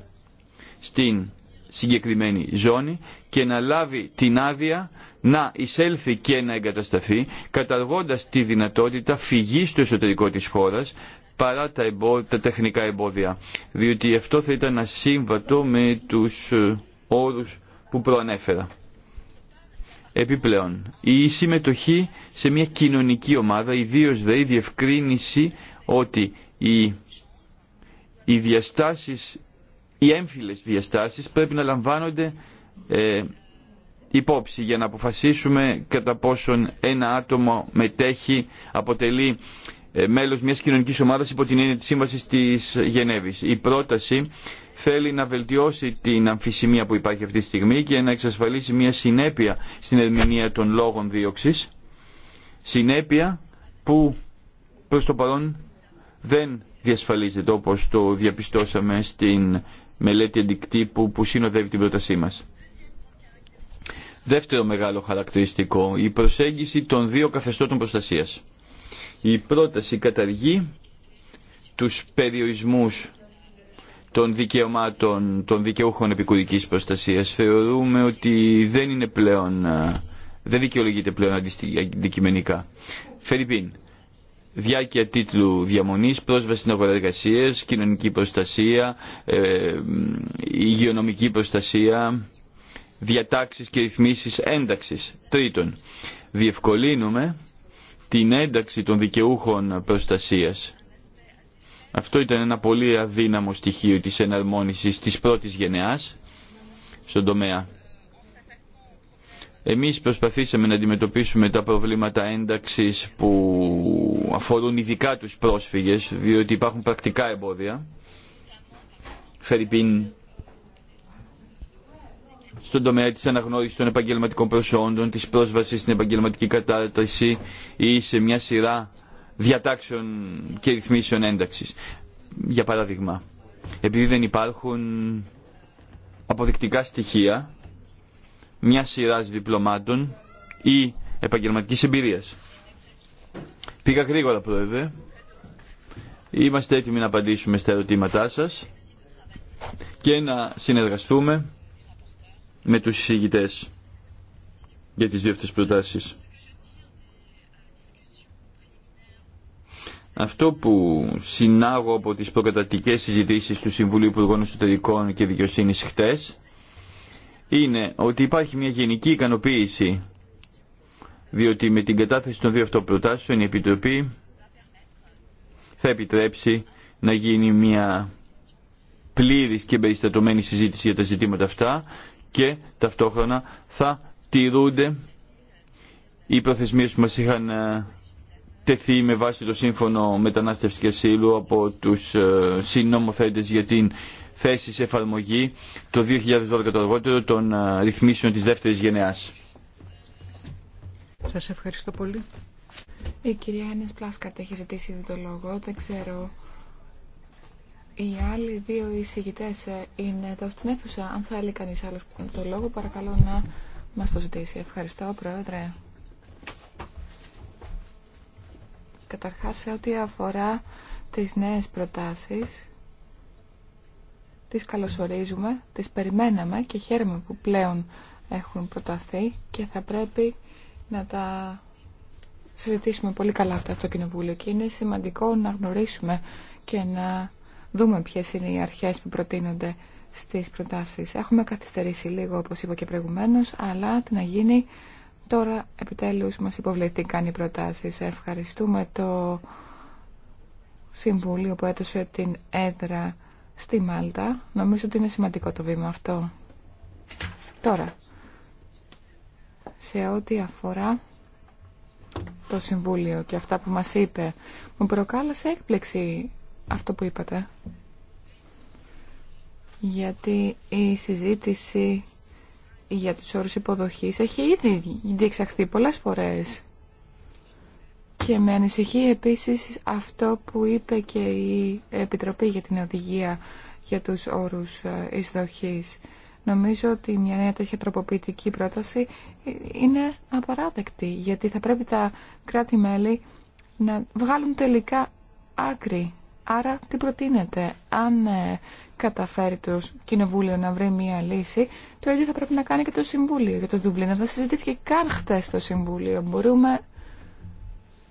στην συγκεκριμένη ζώνη και να λάβει την άδεια να εισέλθει και να εγκατασταθεί, καταργώντας τη δυνατότητα φυγής στο εσωτερικό της χώρας παρά τα, τα τεχνικά εμπόδια. Διότι αυτό θα ήταν ασύμβατο με τους ε, όρους που προανέφερα. Επιπλέον, η συμμετοχή σε μια κοινωνική ομάδα, ιδίως δε η διευκρίνηση ότι οι, οι διαστάσεις, οι έμφυλες διαστάσεις πρέπει να λαμβάνονται ε, υπόψη για να αποφασίσουμε κατά πόσον ένα άτομο μετέχει, αποτελεί ε, μέλος μιας κοινωνικής ομάδας υπό την έννοια της Σύμβασης της Γενέβης. Η πρόταση θέλει να βελτιώσει την αμφισημία που υπάρχει αυτή τη στιγμή και να εξασφαλίσει μια συνέπεια στην ερμηνεία των λόγων δίωξης, συνέπεια που προς το παρόν δεν διασφαλίζεται όπως το διαπιστώσαμε στην μελέτη αντικτύπου που συνοδεύει την πρότασή μας. Δεύτερο μεγάλο χαρακτηριστικό, η προσέγγιση των δύο καθεστώτων προστασίας. Η πρόταση καταργεί τους περιορισμούς των δικαιωμάτων των δικαιούχων επικουρικής προστασίας. Θεωρούμε ότι δεν είναι πλέον, δεν δικαιολογείται πλέον αντικειμενικά. Φερρυπίν, διάρκεια τίτλου διαμονής, πρόσβαση στην αγορά κοινωνική προστασία, η ε, υγειονομική προστασία, διατάξεις και ρυθμίσεις ένταξης. Τρίτον, διευκολύνουμε την ένταξη των δικαιούχων προστασίας. Αυτό ήταν ένα πολύ αδύναμο στοιχείο της εναρμόνισης της πρώτης γενεάς στον τομέα. Εμείς προσπαθήσαμε να αντιμετωπίσουμε τα προβλήματα ένταξης που αφορούν ειδικά τους πρόσφυγες, διότι υπάρχουν πρακτικά εμπόδια στον τομέα της αναγνώρισης των επαγγελματικών προσόντων, της πρόσβασης στην επαγγελματική κατάρτιση ή σε μια σειρά διατάξεων και ρυθμίσεων ένταξης. Για παράδειγμα, επειδή δεν υπάρχουν αποδεικτικά στοιχεία μια σειράς διπλωμάτων ή επαγγελματικής εμπειρίας. Πήγα γρήγορα, Πρόεδρε. Είμαστε έτοιμοι να απαντήσουμε στα ερωτήματά σας και να συνεργαστούμε με τους εισηγητές για τις δύο αυτές προτάσεις. Αυτό που συνάγω από τις προκατατικές συζητήσεις του Συμβουλίου Υπουργών Εσωτερικών και Δικαιοσύνης χτες είναι ότι υπάρχει μια γενική ικανοποίηση διότι με την κατάθεση των δύο αυτών προτάσεων η Επιτροπή θα επιτρέψει να γίνει μια πλήρης και περιστατωμένη συζήτηση για τα ζητήματα αυτά και ταυτόχρονα θα τηρούνται οι προθεσμίες που μας είχαν ε, τεθεί με βάση το σύμφωνο μετανάστευση και ασύλου από τους ε, συνομοθέτες για την θέση σε εφαρμογή το 2012 το αργότερο των ε, ρυθμίσεων της δεύτερης γενεάς. Σας ευχαριστώ πολύ. Η κυρία Άννης Πλάσκαρτ έχει ζητήσει το λόγο. Δεν ξέρω οι άλλοι δύο εισηγητέ ε, είναι εδώ στην αίθουσα. Αν θέλει κανεί άλλο το λόγο, παρακαλώ να μα το ζητήσει. Ευχαριστώ, Πρόεδρε. Καταρχά, σε ό,τι αφορά τι νέε προτάσει, τι καλωσορίζουμε, τι περιμέναμε και χαίρομαι που πλέον έχουν προταθεί και θα πρέπει να τα συζητήσουμε πολύ καλά αυτά στο Κοινοβούλιο και είναι σημαντικό να γνωρίσουμε και να δούμε ποιες είναι οι αρχές που προτείνονται στις προτάσεις. Έχουμε καθυστερήσει λίγο, όπως είπα και προηγουμένως, αλλά τι να γίνει τώρα επιτέλους μας υποβληθήκαν οι προτάσεις. Ευχαριστούμε το Συμβούλιο που έδωσε την έδρα στη Μάλτα. Νομίζω ότι είναι σημαντικό το βήμα αυτό. Τώρα, σε ό,τι αφορά το Συμβούλιο και αυτά που μας είπε, μου προκάλεσε έκπληξη αυτό που είπατε. Γιατί η συζήτηση για τους όρους υποδοχής έχει ήδη διεξαχθεί πολλές φορές. Και με ανησυχεί επίσης αυτό που είπε και η Επιτροπή για την Οδηγία για τους όρους ε, εισδοχής. Νομίζω ότι μια νέα τέτοια τροποποιητική πρόταση είναι απαράδεκτη, γιατί θα πρέπει τα κράτη-μέλη να βγάλουν τελικά άκρη Άρα τι προτείνετε. αν ε, καταφέρει το Κοινοβούλιο να βρει μία λύση, το ίδιο θα πρέπει να κάνει και το Συμβούλιο για το Δουβλίνο. Θα συζητήθηκε καν χθε το Συμβούλιο. Μπορούμε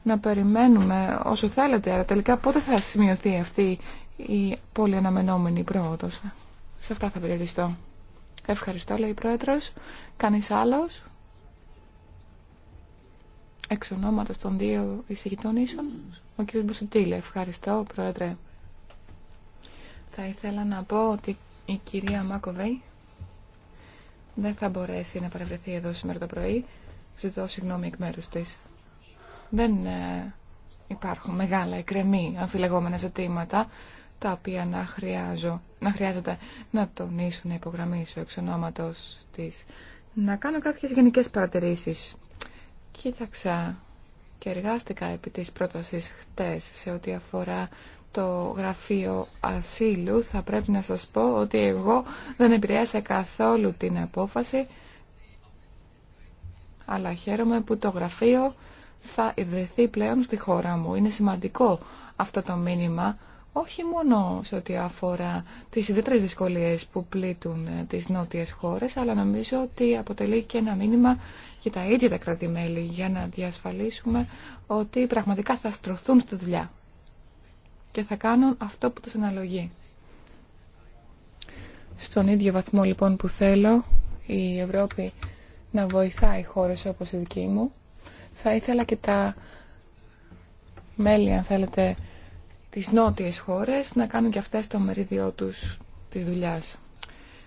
να περιμένουμε όσο θέλετε, αλλά τελικά πότε θα σημειωθεί αυτή η πολύ αναμενόμενη πρόοδος. Σε αυτά θα περιοριστώ. Ευχαριστώ, λέει η Πρόεδρος. Κανείς άλλος. Εξ ονόματος των δύο εισηγητών ίσων, ο κ. Μπουσουτήλε. Ευχαριστώ, Πρόεδρε. Θα ήθελα να πω ότι η κυρία Μάκοβεϊ δεν θα μπορέσει να παρευρεθεί εδώ σήμερα το πρωί. Ζητώ συγγνώμη εκ μέρους της. Δεν ε, υπάρχουν μεγάλα εκρεμή αμφιλεγόμενα ζητήματα τα οποία να, χρειάζω, να χρειάζεται να τονίσουν να υπογραμμίσω εξ ονόματος της. Να κάνω κάποιες γενικές παρατηρήσεις Κοίταξα και εργάστηκα επί της πρότασης χτες σε ό,τι αφορά το γραφείο ασύλου. Θα πρέπει να σας πω ότι εγώ δεν επηρέασα καθόλου την απόφαση, αλλά χαίρομαι που το γραφείο θα ιδρυθεί πλέον στη χώρα μου. Είναι σημαντικό αυτό το μήνυμα όχι μόνο σε ό,τι αφορά τις ιδιαίτερες δυσκολίες που πλήττουν ε, τις νότιες χώρες, αλλά νομίζω ότι αποτελεί και ένα μήνυμα για τα ίδια τα κρατη για να διασφαλίσουμε ότι πραγματικά θα στρωθούν στη δουλειά και θα κάνουν αυτό που τους αναλογεί. Στον ίδιο βαθμό λοιπόν που θέλω η Ευρώπη να βοηθάει χώρες όπως η δική μου, θα ήθελα και τα μέλη, αν θέλετε, τις νότιες χώρες να κάνουν και αυτές το μερίδιό τους της δουλειάς.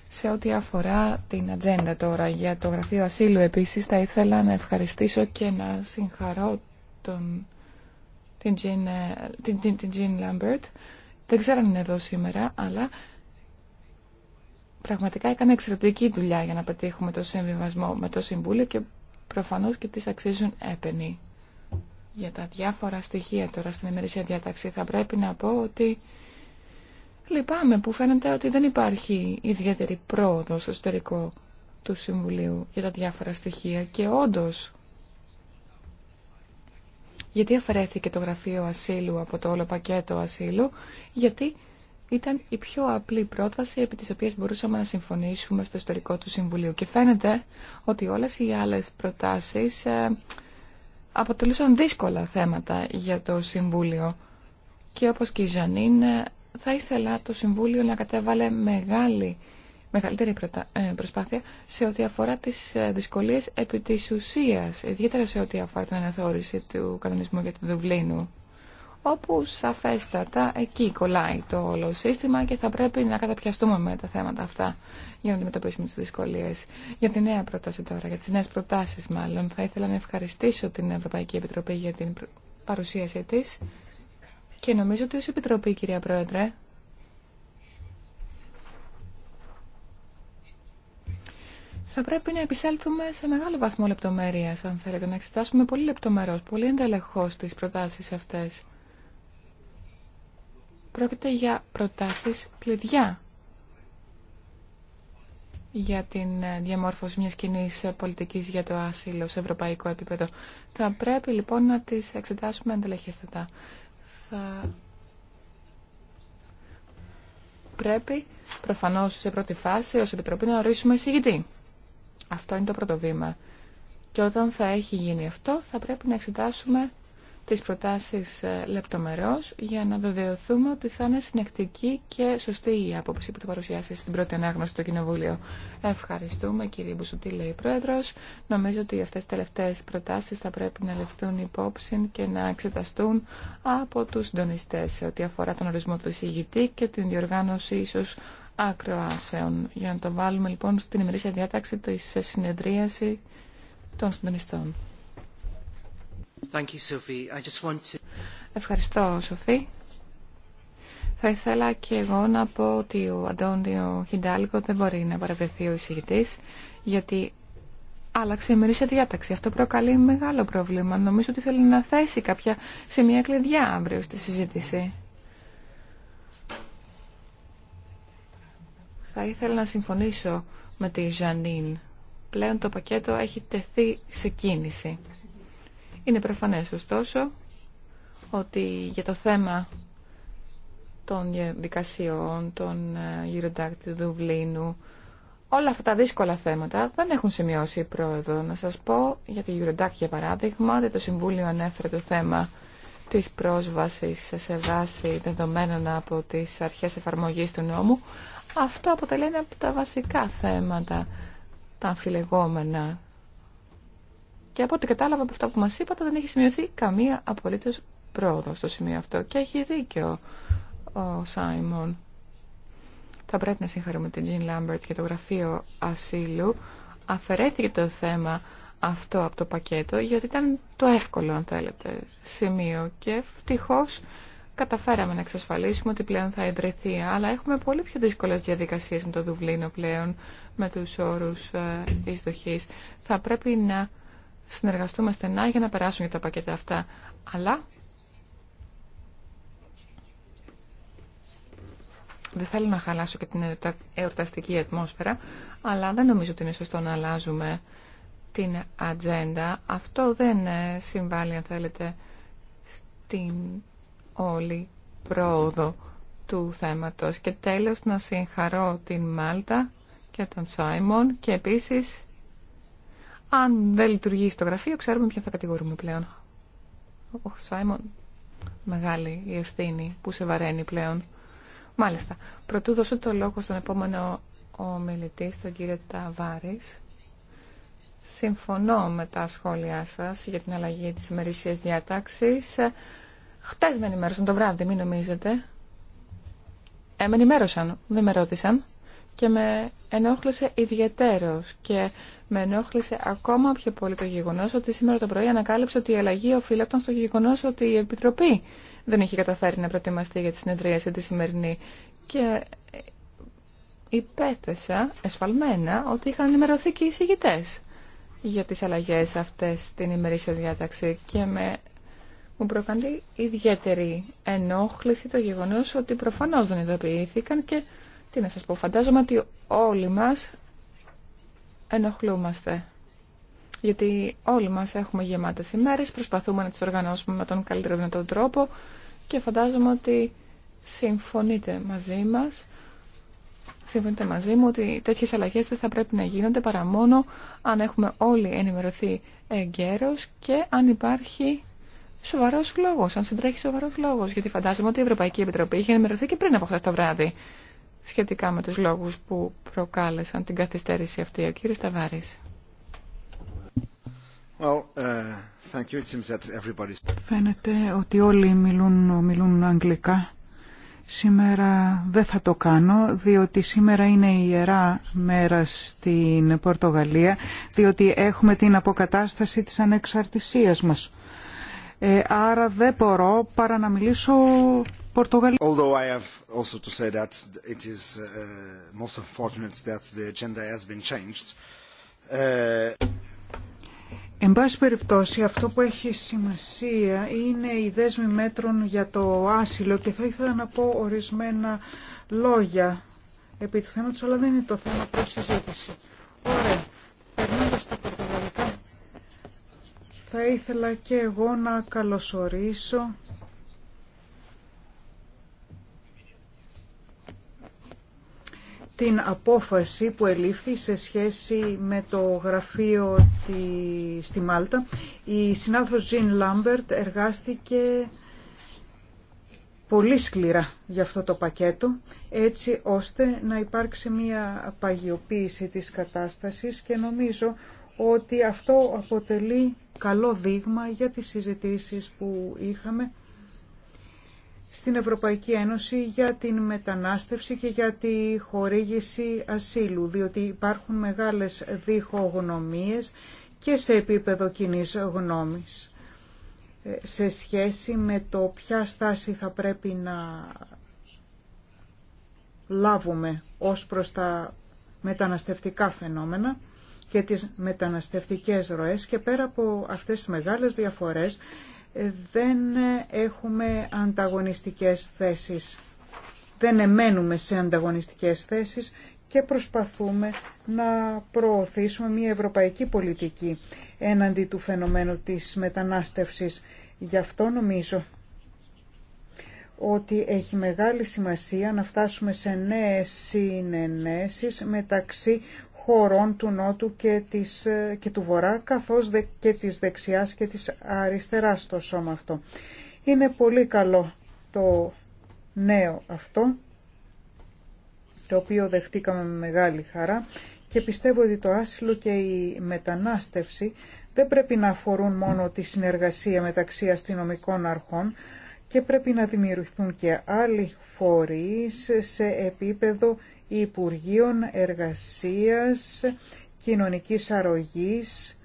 Σε ό,τι αφορά την ατζέντα τώρα για το Γραφείο Ασύλου επίσης θα ήθελα να ευχαριστήσω και να συγχαρώ τον, την, Jean, ε, την, την, την Jean Lambert. Δεν ξέρω αν είναι εδώ σήμερα, αλλά πραγματικά έκανε εξαιρετική δουλειά για να πετύχουμε το συμβιβασμό με το Συμβούλιο και προφανώς και τις αξίζουν έπαινοι για τα διάφορα στοιχεία τώρα στην ημερήσια διάταξη θα πρέπει να πω ότι λυπάμαι που φαίνεται ότι δεν υπάρχει ιδιαίτερη πρόοδος στο εσωτερικό του Συμβουλίου για τα διάφορα στοιχεία και όντως γιατί αφαιρέθηκε το γραφείο ασύλου από το όλο πακέτο ασύλου γιατί ήταν η πιο απλή πρόταση επί της οποίας μπορούσαμε να συμφωνήσουμε στο ιστορικό του Συμβουλίου και φαίνεται ότι όλες οι άλλες προτάσεις ε, αποτελούσαν δύσκολα θέματα για το Συμβούλιο. Και όπως και η Ζανίν, θα ήθελα το Συμβούλιο να κατέβαλε μεγάλη, μεγαλύτερη ε, προσπάθεια σε ό,τι αφορά τις ε, δυσκολίες επί της ουσίας, ιδιαίτερα σε ό,τι αφορά την αναθεώρηση του κανονισμού για το Δουβλίνου όπου σαφέστατα εκεί κολλάει το όλο σύστημα και θα πρέπει να καταπιαστούμε με τα θέματα αυτά για να αντιμετωπίσουμε τις δυσκολίες. Για τη νέα πρόταση τώρα, για τις νέες προτάσεις μάλλον, θα ήθελα να ευχαριστήσω την Ευρωπαϊκή Επιτροπή για την παρουσίασή της και νομίζω ότι ως Επιτροπή, κυρία Πρόεδρε, θα πρέπει να επισέλθουμε σε μεγάλο βαθμό λεπτομέρειας, αν θέλετε, να εξετάσουμε πολύ λεπτομερώς, πολύ εντελεχώς τις προτάσεις αυτές. Πρόκειται για προτάσεις κλειδιά για την ε, διαμόρφωση μιας κοινή ε, πολιτικής για το άσυλο σε ευρωπαϊκό επίπεδο. Θα πρέπει λοιπόν να τις εξετάσουμε εντελεχέστατα. Θα πρέπει προφανώς σε πρώτη φάση ως Επιτροπή να ορίσουμε εισηγητή. Αυτό είναι το πρώτο βήμα. Και όταν θα έχει γίνει αυτό θα πρέπει να εξετάσουμε τις προτάσεις ε, λεπτομερώς για να βεβαιωθούμε ότι θα είναι συνεκτική και σωστή η άποψη που θα παρουσιάσει στην πρώτη ανάγνωση στο Κοινοβούλιο. Ευχαριστούμε κύριε Μπουσουτή, λέει η Πρόεδρος. Νομίζω ότι αυτές τις τελευταίες προτάσεις θα πρέπει να λεφθούν υπόψη και να εξεταστούν από τους συντονιστές σε ό,τι αφορά τον ορισμό του εισηγητή και την διοργάνωση ίσως ακροάσεων. Για να το βάλουμε λοιπόν στην ημερήσια διάταξη της συνεδρίαση των συντονιστών. Ευχαριστώ, Σοφή. Θα ήθελα και εγώ να πω ότι ο Αντώνιο Χιντάλικο δεν μπορεί να παρευρεθεί ο εισηγητή, γιατί άλλαξε η μερίσια διάταξη. Αυτό προκαλεί μεγάλο πρόβλημα. Νομίζω ότι θέλει να θέσει κάποια σε μια κλειδιά αύριο στη συζήτηση. Θα ήθελα να συμφωνήσω με τη Ζανίν. Πλέον το πακέτο έχει τεθεί σε κίνηση. Είναι προφανές ωστόσο ότι για το θέμα των διαδικασιών, των γυροντάκτη ε, του Δουβλίνου, όλα αυτά τα δύσκολα θέματα δεν έχουν σημειώσει η πρόεδρο. Να σας πω για τη Eurodac για παράδειγμα, ότι το Συμβούλιο ανέφερε το θέμα της πρόσβασης σε βάση δεδομένων από τις αρχές εφαρμογής του νόμου. Αυτό αποτελεί ένα από τα βασικά θέματα, τα αμφιλεγόμενα και από ό,τι κατάλαβα από αυτά που μα είπατε δεν έχει σημειωθεί καμία απολύτω πρόοδο στο σημείο αυτό. Και έχει δίκιο ο Σάιμον. Θα πρέπει να συγχαρούμε την Τζιν Λάμπερτ και το Γραφείο Ασύλου. Αφαιρέθηκε το θέμα αυτό από το πακέτο γιατί ήταν το εύκολο αν θέλετε σημείο και ευτυχώ καταφέραμε να εξασφαλίσουμε ότι πλέον θα εντρεθεί αλλά έχουμε πολύ πιο δύσκολε διαδικασίε με το Δουβλίνο πλέον με του όρου ε, εισδοχή. θα πρέπει να συνεργαστούμε στενά για να περάσουν για τα πακέτα αυτά. Αλλά δεν θέλω να χαλάσω και την εορταστική ατμόσφαιρα, αλλά δεν νομίζω ότι είναι σωστό να αλλάζουμε την ατζέντα. Αυτό δεν ε, συμβάλλει, αν θέλετε, στην όλη πρόοδο του θέματος. Και τέλος να συγχαρώ την Μάλτα και τον Σάιμον και επίσης αν δεν λειτουργεί στο γραφείο, ξέρουμε ποιον θα κατηγορούμε πλέον. Ο Σάιμον, μεγάλη η ευθύνη που σε βαραίνει πλέον. Μάλιστα. Πρωτού δώσω το λόγο στον επόμενο ομιλητή, τον κύριο Ταβάρη. Συμφωνώ με τα σχόλιά σα για την αλλαγή της ημερησία διάταξη. Χτες με ενημέρωσαν το βράδυ, μην νομίζετε. Ε, με ενημέρωσαν, δεν με ρώτησαν και με ενόχλησε ιδιαιτέρως και με ενόχλησε ακόμα πιο πολύ το γεγονός ότι σήμερα το πρωί ανακάλυψε ότι η αλλαγή οφείλεται στο γεγονός ότι η Επιτροπή δεν είχε καταφέρει να προετοιμαστεί για τη συνεδρία σε τη σημερινή και υπέθεσα εσφαλμένα ότι είχαν ενημερωθεί και οι συγητές για τις αλλαγές αυτές την ημερήσια διάταξη και με μου προκαλεί ιδιαίτερη ενόχληση το γεγονός ότι προφανώς δεν ειδοποιήθηκαν και τι να σας πω, φαντάζομαι ότι όλοι μας ενοχλούμαστε. Γιατί όλοι μας έχουμε γεμάτες ημέρες, προσπαθούμε να τις οργανώσουμε με τον καλύτερο δυνατό τρόπο και φαντάζομαι ότι συμφωνείτε μαζί μας συμφωνείτε μαζί μου ότι τέτοιες αλλαγές δεν θα πρέπει να γίνονται παρά μόνο αν έχουμε όλοι ενημερωθεί εγκαίρως και αν υπάρχει σοβαρός λόγος, αν συντρέχει σοβαρός λόγος. Γιατί φαντάζομαι ότι η Ευρωπαϊκή Επιτροπή είχε ενημερωθεί και πριν από χθες το βράδυ σχετικά με τους λόγους που προκάλεσαν την καθυστέρηση αυτή. Ο κύριος Ταβάρης. Well, uh, Φαίνεται ότι όλοι μιλούν, μιλούν αγγλικά. Σήμερα δεν θα το κάνω, διότι σήμερα είναι η Ιερά Μέρα στην Πορτογαλία, διότι έχουμε την αποκατάσταση της ανεξαρτησίας μας. Ε, άρα δεν μπορώ παρά να μιλήσω πορτογαλικά. Εν πάση περιπτώσει, αυτό που έχει σημασία είναι οι δέσμοι μέτρων για το άσυλο και θα ήθελα να πω ορισμένα λόγια επί του θέματος, αλλά δεν είναι το θέμα προς συζήτηση. Ωραία. Περνώντας στα πορτογαλικά θα ήθελα και εγώ να καλωσορίσω την απόφαση που ελήφθη σε σχέση με το γραφείο τη... στη Μάλτα. Η συνάδελφος Jean Λάμπερτ εργάστηκε πολύ σκληρά για αυτό το πακέτο, έτσι ώστε να υπάρξει μια παγιοποίηση της κατάστασης και νομίζω ότι αυτό αποτελεί καλό δείγμα για τις συζητήσεις που είχαμε στην Ευρωπαϊκή Ένωση για την μετανάστευση και για τη χορήγηση ασύλου, διότι υπάρχουν μεγάλες διχογνωμίες και σε επίπεδο κοινή γνώμης ε, σε σχέση με το ποια στάση θα πρέπει να λάβουμε ως προς τα μεταναστευτικά φαινόμενα και τις μεταναστευτικές ροές και πέρα από αυτές τις μεγάλες διαφορές ε, δεν έχουμε ανταγωνιστικές θέσεις. Δεν εμένουμε σε ανταγωνιστικές θέσεις και προσπαθούμε να προωθήσουμε μια ευρωπαϊκή πολιτική έναντι του φαινομένου της μετανάστευσης. Γι' αυτό νομίζω ότι έχει μεγάλη σημασία να φτάσουμε σε νέες συνενέσεις μεταξύ χωρών του Νότου και, της, και του Βορρά, καθώς και της δεξιάς και της αριστεράς στο σώμα αυτό. Είναι πολύ καλό το νέο αυτό, το οποίο δεχτήκαμε με μεγάλη χαρά και πιστεύω ότι το άσυλο και η μετανάστευση δεν πρέπει να αφορούν μόνο τη συνεργασία μεταξύ αστυνομικών αρχών και πρέπει να δημιουργηθούν και άλλοι φορείς σε επίπεδο Υπουργείων Εργασίας, Κοινωνικής Αρρωγής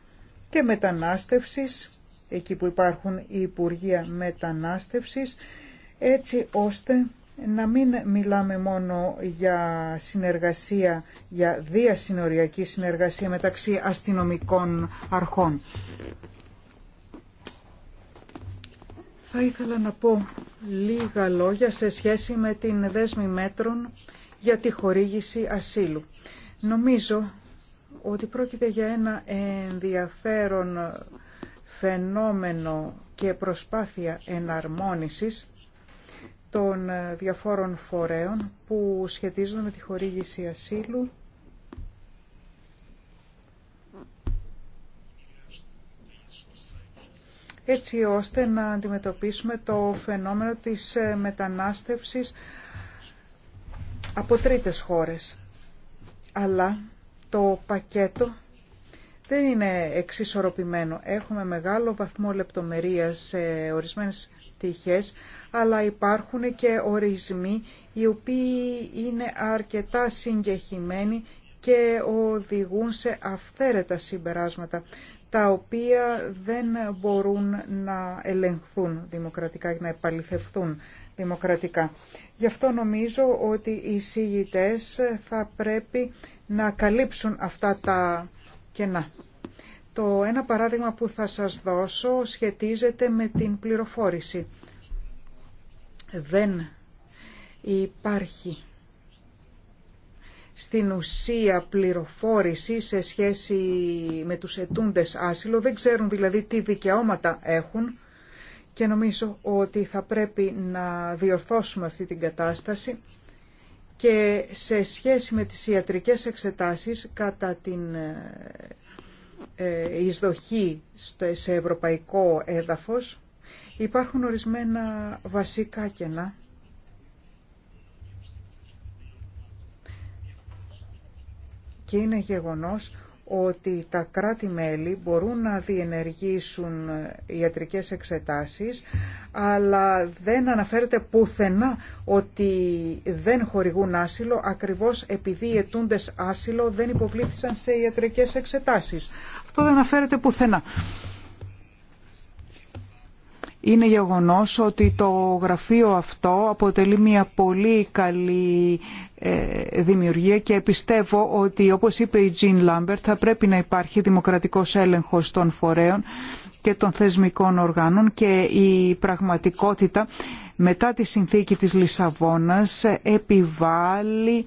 και Μετανάστευσης, εκεί που υπάρχουν οι Υπουργεία Μετανάστευσης, έτσι ώστε να μην μιλάμε μόνο για συνεργασία, για διασυνοριακή συνεργασία μεταξύ αστυνομικών αρχών. Θα ήθελα να πω λίγα λόγια σε σχέση με την δέσμη μέτρων για τη χορήγηση ασύλου. Νομίζω ότι πρόκειται για ένα ενδιαφέρον φαινόμενο και προσπάθεια εναρμόνισης των διαφόρων φορέων που σχετίζονται με τη χορήγηση ασύλου έτσι ώστε να αντιμετωπίσουμε το φαινόμενο της μετανάστευσης από τρίτες χώρες. Αλλά το πακέτο δεν είναι εξισορροπημένο. Έχουμε μεγάλο βαθμό λεπτομερίας σε ορισμένες τυχές, αλλά υπάρχουν και ορισμοί οι οποίοι είναι αρκετά συγκεχημένοι και οδηγούν σε αυθαίρετα συμπεράσματα, τα οποία δεν μπορούν να ελεγχθούν δημοκρατικά και να επαληθευθούν δημοκρατικά. Γι' αυτό νομίζω ότι οι συγητές θα πρέπει να καλύψουν αυτά τα κενά. Το ένα παράδειγμα που θα σας δώσω σχετίζεται με την πληροφόρηση. Δεν υπάρχει στην ουσία πληροφόρηση σε σχέση με τους ετούντες άσυλο. Δεν ξέρουν δηλαδή τι δικαιώματα έχουν και νομίζω ότι θα πρέπει να διορθώσουμε αυτή την κατάσταση και σε σχέση με τις ιατρικές εξετάσεις κατά την ε, ε, εισδοχή σε ευρωπαϊκό έδαφος υπάρχουν ορισμένα βασικά κενά και είναι γεγονός ότι τα κράτη-μέλη μπορούν να διενεργήσουν ιατρικές εξετάσεις, αλλά δεν αναφέρεται πουθενά ότι δεν χορηγούν άσυλο, ακριβώς επειδή οι αιτούντες άσυλο δεν υποβλήθησαν σε ιατρικές εξετάσεις. Αυτό δεν αναφέρεται πουθενά είναι γεγονός ότι το γραφείο αυτό αποτελεί μια πολύ καλή ε, δημιουργία και πιστεύω ότι όπως είπε η Τζιν Lambert, θα πρέπει να υπάρχει δημοκρατικός έλεγχος των φορέων και των θεσμικών οργάνων και η πραγματικότητα μετά τη συνθήκη της Λισαβόνας επιβάλλει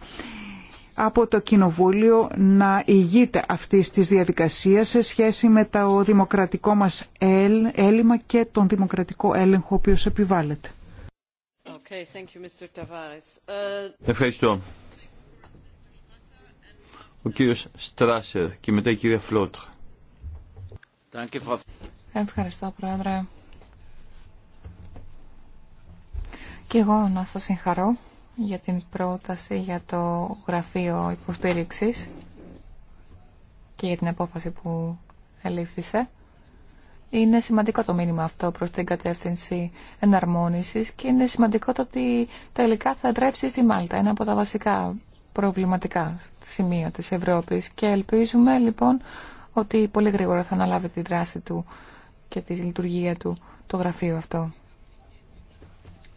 από το Κοινοβούλιο να ηγείται αυτή τη διαδικασία σε σχέση με το δημοκρατικό μα έλλειμμα και τον δημοκρατικό έλεγχο ο οποίο επιβάλλεται. Ε, Ευχαριστώ. Ο κύριος Στράσερ και μετά η κυρία Φλότρ. Ευχαριστώ, Πρόεδρε. Και εγώ να σας συγχαρώ για την πρόταση για το γραφείο υποστήριξης και για την απόφαση που ελήφθησε. Είναι σημαντικό το μήνυμα αυτό προς την κατεύθυνση εναρμόνισης και είναι σημαντικό το ότι τελικά θα τρέψει στη Μάλτα, ένα από τα βασικά προβληματικά σημεία της Ευρώπης και ελπίζουμε λοιπόν ότι πολύ γρήγορα θα αναλάβει τη δράση του και τη λειτουργία του το γραφείο αυτό.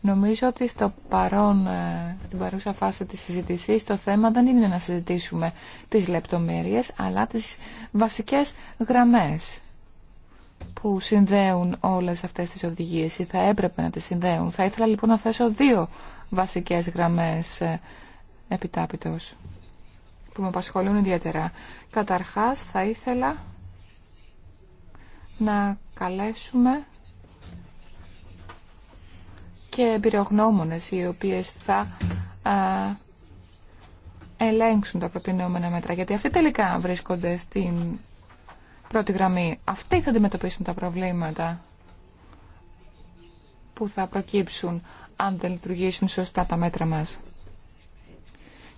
Νομίζω ότι στο παρόν, ε, στην παρούσα φάση της συζήτησης το θέμα δεν είναι να συζητήσουμε τις λεπτομέρειες αλλά τις βασικές γραμμές που συνδέουν όλες αυτές τις οδηγίες ή θα έπρεπε να τις συνδέουν. Θα ήθελα λοιπόν να θέσω δύο βασικές γραμμές ε, επιτάπητος που με απασχολούν ιδιαίτερα. Καταρχάς θα ήθελα να καλέσουμε και εμπειρογνώμονε οι οποίες θα α, ελέγξουν τα προτινόμενα μέτρα. Γιατί αυτοί τελικά βρίσκονται στην πρώτη γραμμή. Αυτοί θα αντιμετωπίσουν τα προβλήματα που θα προκύψουν αν δεν λειτουργήσουν σωστά τα μέτρα μας.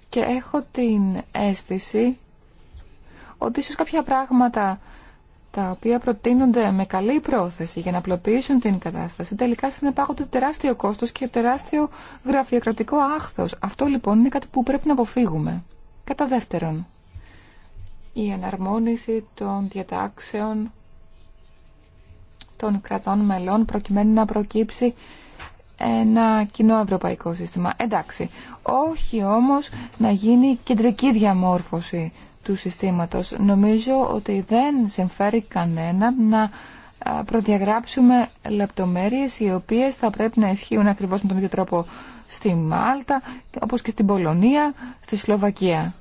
Και έχω την αίσθηση ότι ίσως κάποια πράγματα τα οποία προτείνονται με καλή πρόθεση για να απλοποιήσουν την κατάσταση, τελικά συνεπάγονται τεράστιο κόστος και τεράστιο γραφειοκρατικό άχθος. Αυτό λοιπόν είναι κάτι που πρέπει να αποφύγουμε. Κατά δεύτερον, η εναρμόνιση των διατάξεων των κρατών μελών προκειμένου να προκύψει ένα κοινό ευρωπαϊκό σύστημα. Εντάξει, όχι όμως να γίνει κεντρική διαμόρφωση Νομίζω ότι δεν συμφέρει κανένα να προδιαγράψουμε λεπτομέρειες οι οποίες θα πρέπει να ισχύουν ακριβώς με τον ίδιο τρόπο στη Μάλτα, όπως και στην Πολωνία, στη Σλοβακία.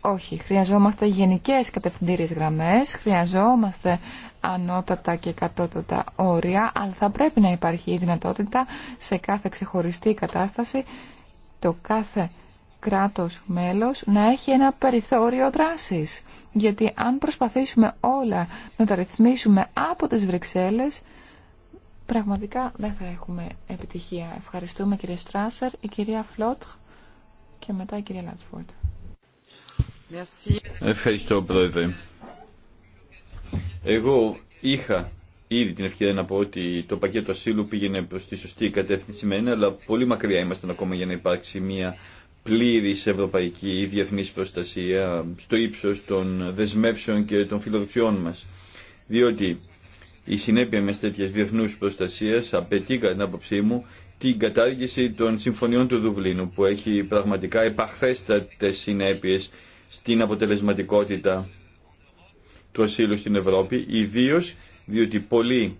Όχι, χρειαζόμαστε γενικές κατευθυντήριες γραμμές, χρειαζόμαστε ανώτατα και κατώτατα όρια, αλλά θα πρέπει να υπάρχει η δυνατότητα σε κάθε ξεχωριστή κατάσταση το κάθε κράτος μέλος να έχει ένα περιθώριο δράσης. Γιατί αν προσπαθήσουμε όλα να τα ρυθμίσουμε από τις Βρυξέλλες, πραγματικά δεν θα έχουμε επιτυχία. Ευχαριστούμε κύριε Στράσερ, η κυρία Φλότχ και μετά η κυρία Λάτσφορντ. Ευχαριστώ πρόεδρε. Εγώ είχα ήδη την ευκαιρία να πω ότι το πακέτο ασύλου πήγαινε προς τη σωστή κατεύθυνση ένα, αλλά πολύ μακριά ήμασταν ακόμα για να υπάρξει μια πλήρης ευρωπαϊκή ή διεθνής προστασία στο ύψος των δεσμεύσεων και των φιλοδοξιών μας. Διότι η συνέπεια με τέτοια διεθνούς προστασίας απαιτεί κατά την άποψή μου την κατάργηση των συμφωνιών του Δουβλίνου που έχει πραγματικά επαχθέστατες συνέπειες στην αποτελεσματικότητα του ασύλου στην Ευρώπη, ιδίω διότι πολλοί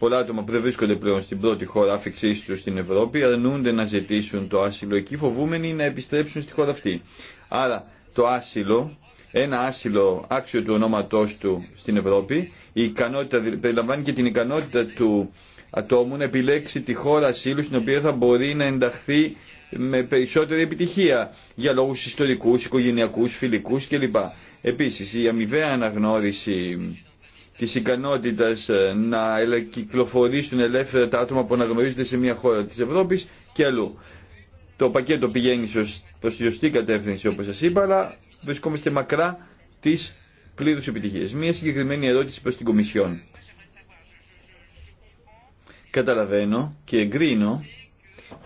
Πολλά άτομα που δεν βρίσκονται πλέον στην πρώτη χώρα άφηξή του στην Ευρώπη αρνούνται να ζητήσουν το άσυλο εκεί, φοβούμενοι να επιστρέψουν στη χώρα αυτή. Άρα το άσυλο, ένα άσυλο άξιο του ονόματό του στην Ευρώπη, η ικανότητα, περιλαμβάνει και την ικανότητα του ατόμου να επιλέξει τη χώρα ασύλου στην οποία θα μπορεί να ενταχθεί με περισσότερη επιτυχία για λόγου ιστορικού, οικογενειακού, φιλικού κλπ. Επίση, η αμοιβαία αναγνώριση Τη ικανότητα ε, να κυκλοφορήσουν ελεύθερα τα άτομα που αναγνωρίζονται σε μια χώρα τη Ευρώπη και αλλού. Το πακέτο πηγαίνει προ τη σωστή κατεύθυνση όπω σα είπα, αλλά βρισκόμαστε μακρά της πλήρου επιτυχίας. Μια συγκεκριμένη ερώτηση προ την Κομισιόν. Καταλαβαίνω και εγκρίνω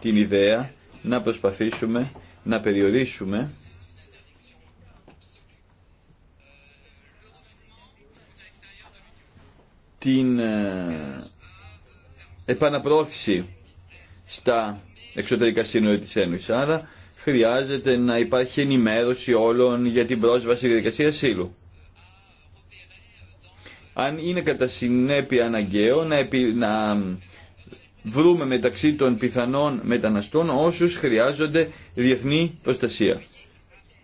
την ιδέα να προσπαθήσουμε να περιορίσουμε την ε, επαναπρόθεση στα εξωτερικά σύνορα της Ένωσης. Άρα χρειάζεται να υπάρχει ενημέρωση όλων για την πρόσβαση στη διαδικασία ασύλου. Αν είναι κατά συνέπεια αναγκαίο να, να βρούμε μεταξύ των πιθανών μεταναστών όσους χρειάζονται διεθνή προστασία.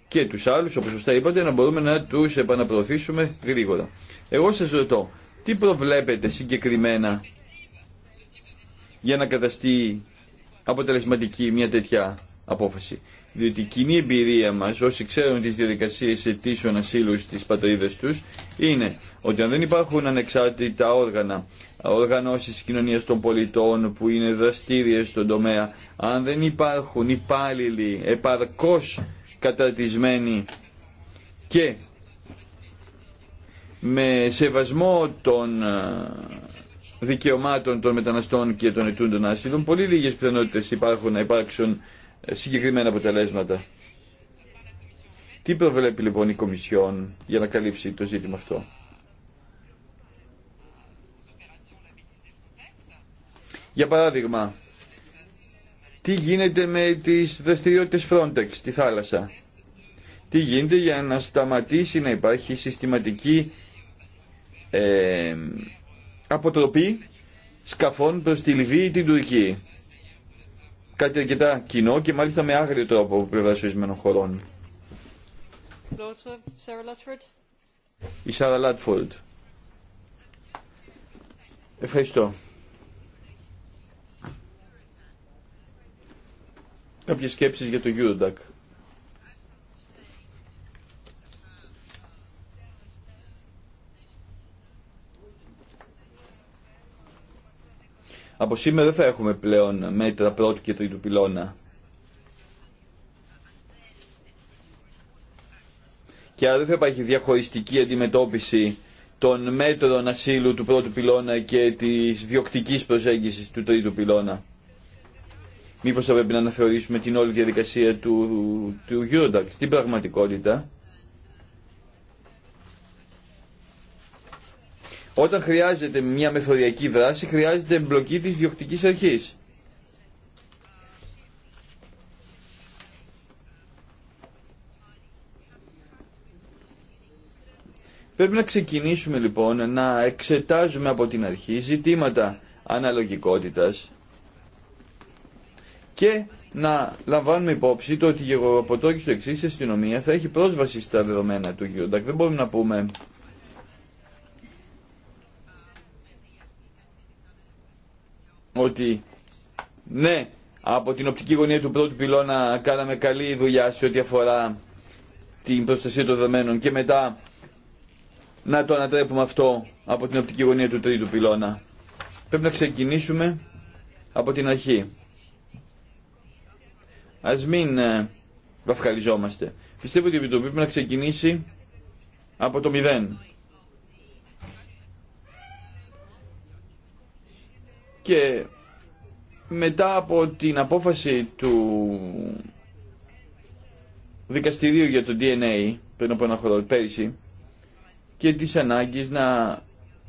Και τους άλλους, όπως σωστά είπατε, να μπορούμε να τους επαναπροωθήσουμε γρήγορα. Εγώ σας ρωτώ, τι προβλέπετε συγκεκριμένα για να καταστεί αποτελεσματική μια τέτοια απόφαση. Διότι η κοινή εμπειρία μας, όσοι ξέρουν τις διαδικασίες αιτήσεων ασύλου στι πατρίδε τους, είναι ότι αν δεν υπάρχουν ανεξάρτητα όργανα, οργανώσεις κοινωνίας των πολιτών που είναι δραστηριε στον τομέα, αν δεν υπάρχουν υπάλληλοι επαρκώ καταρτισμένοι και με σεβασμό των ε, δικαιωμάτων των μεταναστών και των ετούντων άσυλων, πολύ λίγες πιθανότητες υπάρχουν να υπάρξουν ε, συγκεκριμένα αποτελέσματα. Τι προβλέπει λοιπόν η Κομισιόν για να καλύψει το ζήτημα αυτό. Για παράδειγμα, τι γίνεται με τις δραστηριότητες Frontex στη θάλασσα. Τι γίνεται για να σταματήσει να υπάρχει συστηματική ε, αποτροπή σκαφών προ τη Λιβύη ή την Τουρκία. Κάτι αρκετά κοινό και μάλιστα με άγριο τρόπο από πλευρά ορισμένων χωρών. Η Σάρα Λάτφορντ. Ευχαριστώ. Κάποιες σκέψεις για το Eurodac. Από σήμερα δεν θα έχουμε πλέον μέτρα πρώτου και τρίτου πυλώνα. Και άρα δεν θα υπάρχει διαχωριστική αντιμετώπιση των μέτρων ασύλου του πρώτου πυλώνα και της διοκτικής προσέγγισης του τρίτου πυλώνα. Μήπως θα πρέπει να αναθεωρήσουμε την όλη διαδικασία του, του Eurodax. Στην πραγματικότητα, Όταν χρειάζεται μια μεθοδιακή δράση, χρειάζεται εμπλοκή της διοκτικής αρχής. Πρέπει να ξεκινήσουμε λοιπόν να εξετάζουμε από την αρχή ζητήματα αναλογικότητας και να λαμβάνουμε υπόψη το ότι η το και στο εξή αστυνομία θα έχει πρόσβαση στα δεδομένα του γιοντακ. Δεν μπορούμε να πούμε ότι ναι, από την οπτική γωνία του πρώτου πυλώνα κάναμε καλή δουλειά σε ό,τι αφορά την προστασία των δεδομένων και μετά να το ανατρέπουμε αυτό από την οπτική γωνία του τρίτου πυλώνα. Πρέπει να ξεκινήσουμε από την αρχή. Ας μην ε, βαφκαλιζόμαστε. Πιστεύω ότι η Επιτροπή πρέπει να ξεκινήσει από το μηδέν. Και μετά από την απόφαση του δικαστηρίου για το DNA πριν από ένα χρόνο και της ανάγκης να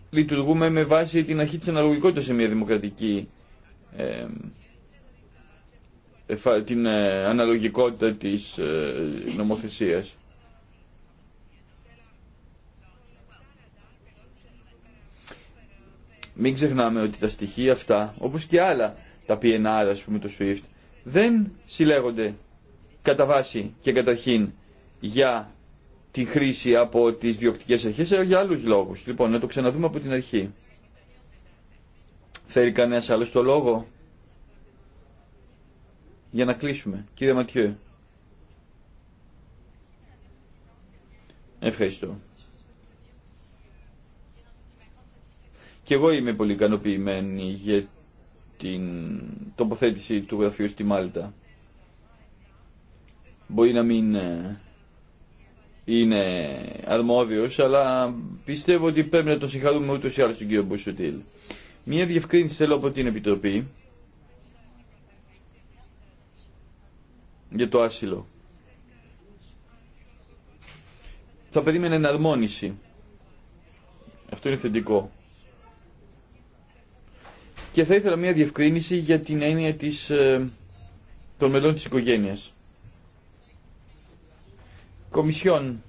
λειτουργούμε με βάση την αρχή της αναλογικότητας σε μια δημοκρατική την ε, αναλογικότητα της ε, νομοθεσίας. Μην ξεχνάμε ότι τα στοιχεία αυτά, όπως και άλλα τα PNR, ας πούμε το SWIFT, δεν συλλέγονται κατά βάση και καταρχήν για τη χρήση από τις διοκτικέ αρχές, αλλά για άλλους λόγους. Λοιπόν, να το ξαναδούμε από την αρχή. Θέλει κανένας άλλος το λόγο για να κλείσουμε. Κύριε Ματιέ. Ευχαριστώ. Και εγώ είμαι πολύ ικανοποιημένη για την τοποθέτηση του γραφείου στη Μάλτα. Μπορεί να μην ε, είναι αρμόδιος, αλλά πιστεύω ότι πρέπει να το συγχαρούμε ούτως ή άλλως τον κύριο Μπουσουτήλ. Μία διευκρίνηση θέλω από την Επιτροπή για το άσυλο. Θα περίμενε εναρμόνιση. Αυτό είναι θετικό. Και θα ήθελα μια διευκρίνηση για την έννοια της, ε, των μελών της οικογένειας. Κομισιόν,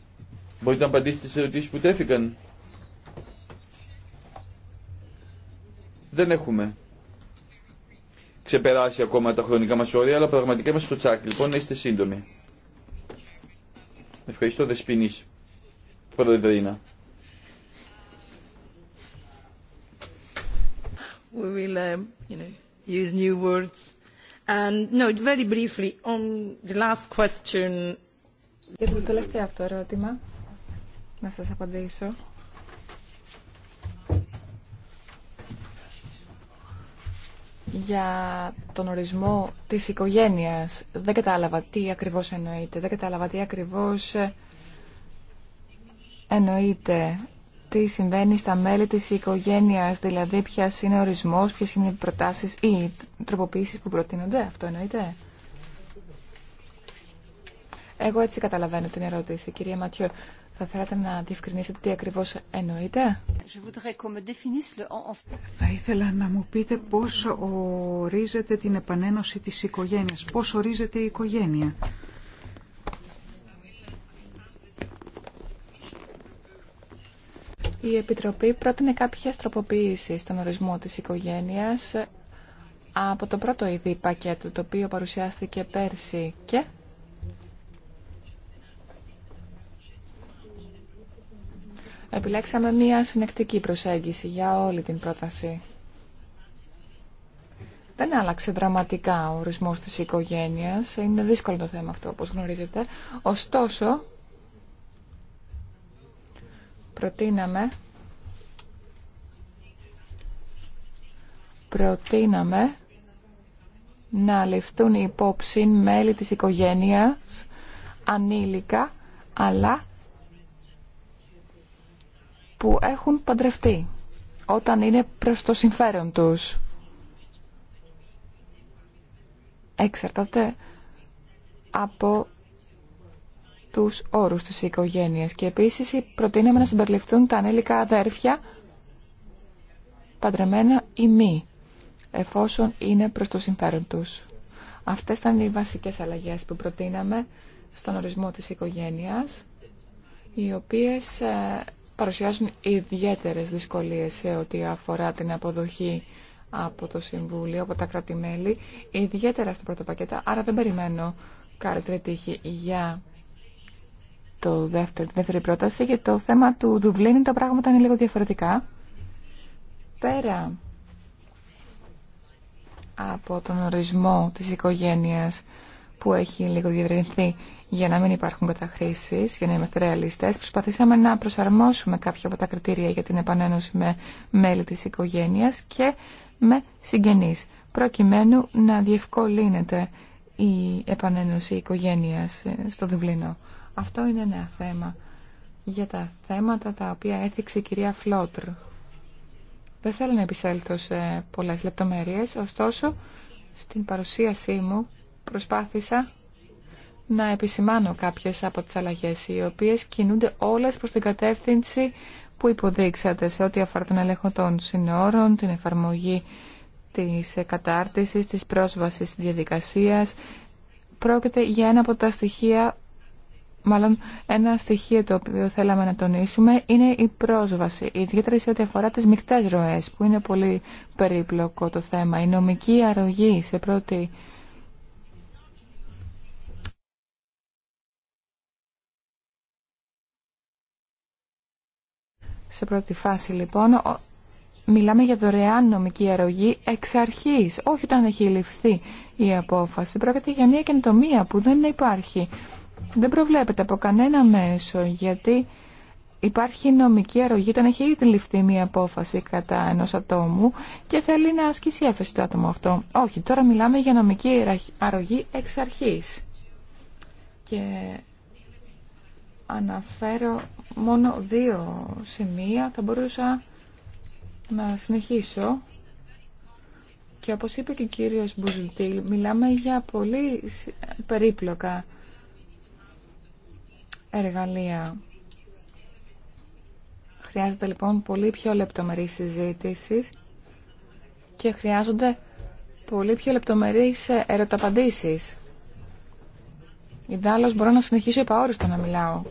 μπορείτε να απαντήσετε σε ερωτήσεις που τέθηκαν. Δεν έχουμε ξεπεράσει ακόμα τα χρονικά μας όρια, αλλά πραγματικά είμαστε στο τσάκ. Λοιπόν, να είστε σύντομοι. Ευχαριστώ, Δεσποινής. Προεδρίνα. we will um, use new words very briefly on the last question για το τελευταίο αυτό ερώτημα να σας απαντήσω για τον ορισμό της οικογένειας δεν κατάλαβα τι ακριβώς εννοείται δεν κατάλαβα τι ακριβώς ε, εννοείται τι συμβαίνει στα μέλη της οικογένειας, δηλαδή ποια είναι ο ορισμός, ποιες είναι οι προτάσεις ή οι τροποποιήσεις που προτείνονται, αυτό εννοείται. Εγώ έτσι καταλαβαίνω την ερώτηση, κυρία Ματιό. Θα θέλατε να διευκρινίσετε τι ακριβώς εννοείται. Θα ήθελα να μου πείτε πώς ορίζεται την επανένωση της οικογένειας. Πώς ορίζεται η οικογένεια. η Επιτροπή πρότεινε κάποια τροποποίησεις στον ορισμό της οικογένειας από το πρώτο είδη πακέτο το οποίο παρουσιάστηκε πέρσι και επιλέξαμε μία συνεκτική προσέγγιση για όλη την πρόταση. Δεν άλλαξε δραματικά ο ορισμός της οικογένειας, είναι δύσκολο το θέμα αυτό όπως γνωρίζετε. Ωστόσο, προτείναμε προτείναμε να ληφθούν υπόψη μέλη της οικογένειας ανήλικα αλλά που έχουν παντρευτεί όταν είναι προς το συμφέρον τους. Εξαρτάται από τους όρους της οικογένειας και επίσης προτείναμε να συμπεριληφθούν τα ανήλικα αδέρφια παντρεμένα ή μη εφόσον είναι προς το συμφέρον τους. Αυτές ήταν οι βασικές αλλαγές που προτείναμε στον ορισμό της οικογένειας οι οποίες ε, παρουσιάζουν ιδιαίτερες δυσκολίες σε ό,τι αφορά την αποδοχή από το Συμβούλιο, από τα κρατη ιδιαίτερα στο πρώτο πακέτο, άρα δεν περιμένω καλύτερη τύχη για το δεύτερο, τη δεύτερη πρόταση για το θέμα του Δουβλίνου τα πράγματα είναι λίγο διαφορετικά. Πέρα από τον ορισμό της οικογένειας που έχει λίγο διευρυνθεί για να μην υπάρχουν καταχρήσεις, για να είμαστε ρεαλιστές, προσπαθήσαμε να προσαρμόσουμε κάποια από τα κριτήρια για την επανένωση με μέλη της οικογένειας και με συγγενείς, προκειμένου να διευκολύνεται η επανένωση οικογένειας στο Δουβλίνο. Αυτό είναι ένα θέμα για τα θέματα τα οποία έθιξε η κυρία Φλότρ. Δεν θέλω να επισέλθω σε πολλές λεπτομέρειες, ωστόσο στην παρουσίασή μου προσπάθησα να επισημάνω κάποιες από τις αλλαγές οι οποίες κινούνται όλες προς την κατεύθυνση που υποδείξατε σε ό,τι αφορά τον έλεγχο των συνόρων, την εφαρμογή της κατάρτισης, της πρόσβασης της διαδικασίας. Πρόκειται για ένα από τα στοιχεία Μάλλον ένα στοιχείο το οποίο θέλαμε να τονίσουμε είναι η πρόσβαση, ιδιαίτερα σε ό,τι αφορά τις μικτές ροές, που είναι πολύ περίπλοκο το θέμα. Η νομική αρρωγή σε πρώτη... Σε πρώτη φάση λοιπόν, μιλάμε για δωρεάν νομική αρρωγή εξ αρχής, όχι όταν έχει ληφθεί η απόφαση. Πρόκειται για μια καινοτομία που δεν υπάρχει δεν προβλέπεται από κανένα μέσο γιατί υπάρχει νομική αρρωγή όταν έχει ήδη ληφθεί μία απόφαση κατά ενός ατόμου και θέλει να ασκήσει έφεση το άτομο αυτό. Όχι, τώρα μιλάμε για νομική αρρωγή εξ αρχή. Και αναφέρω μόνο δύο σημεία, θα μπορούσα να συνεχίσω. Και όπως είπε και ο κύριος Μπουζουλτήλ, μιλάμε για πολύ περίπλοκα εργαλεία. Χρειάζεται λοιπόν πολύ πιο λεπτομερή συζήτηση και χρειάζονται πολύ πιο λεπτομερείς ε, ερωταπαντήσεις. Ιδάλλως μπορώ να συνεχίσω επαόριστο να μιλάω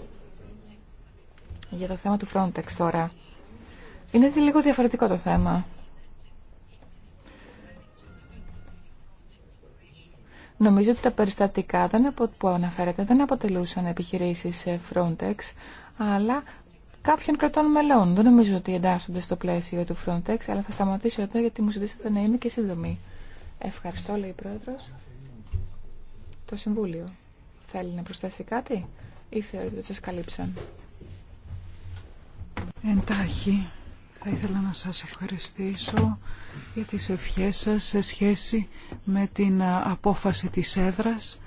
για το θέμα του Frontex τώρα. Είναι λίγο διαφορετικό το θέμα. Νομίζω ότι τα περιστατικά δεν που αναφέρεται δεν αποτελούσαν επιχειρήσεις Frontex, αλλά κάποιον κρατών μελών. Δεν νομίζω ότι εντάσσονται στο πλαίσιο του Frontex, αλλά θα σταματήσω εδώ γιατί μου ζητήσατε να είμαι και σύντομη. Ευχαριστώ, λέει η Πρόεδρος. Το Συμβούλιο θέλει να προσθέσει κάτι ή θεωρείτε ότι σας καλύψαν. Εντάχει. Θα ήθελα να σας ευχαριστήσω για τις ευχές σας σε σχέση με την απόφαση της έδρας.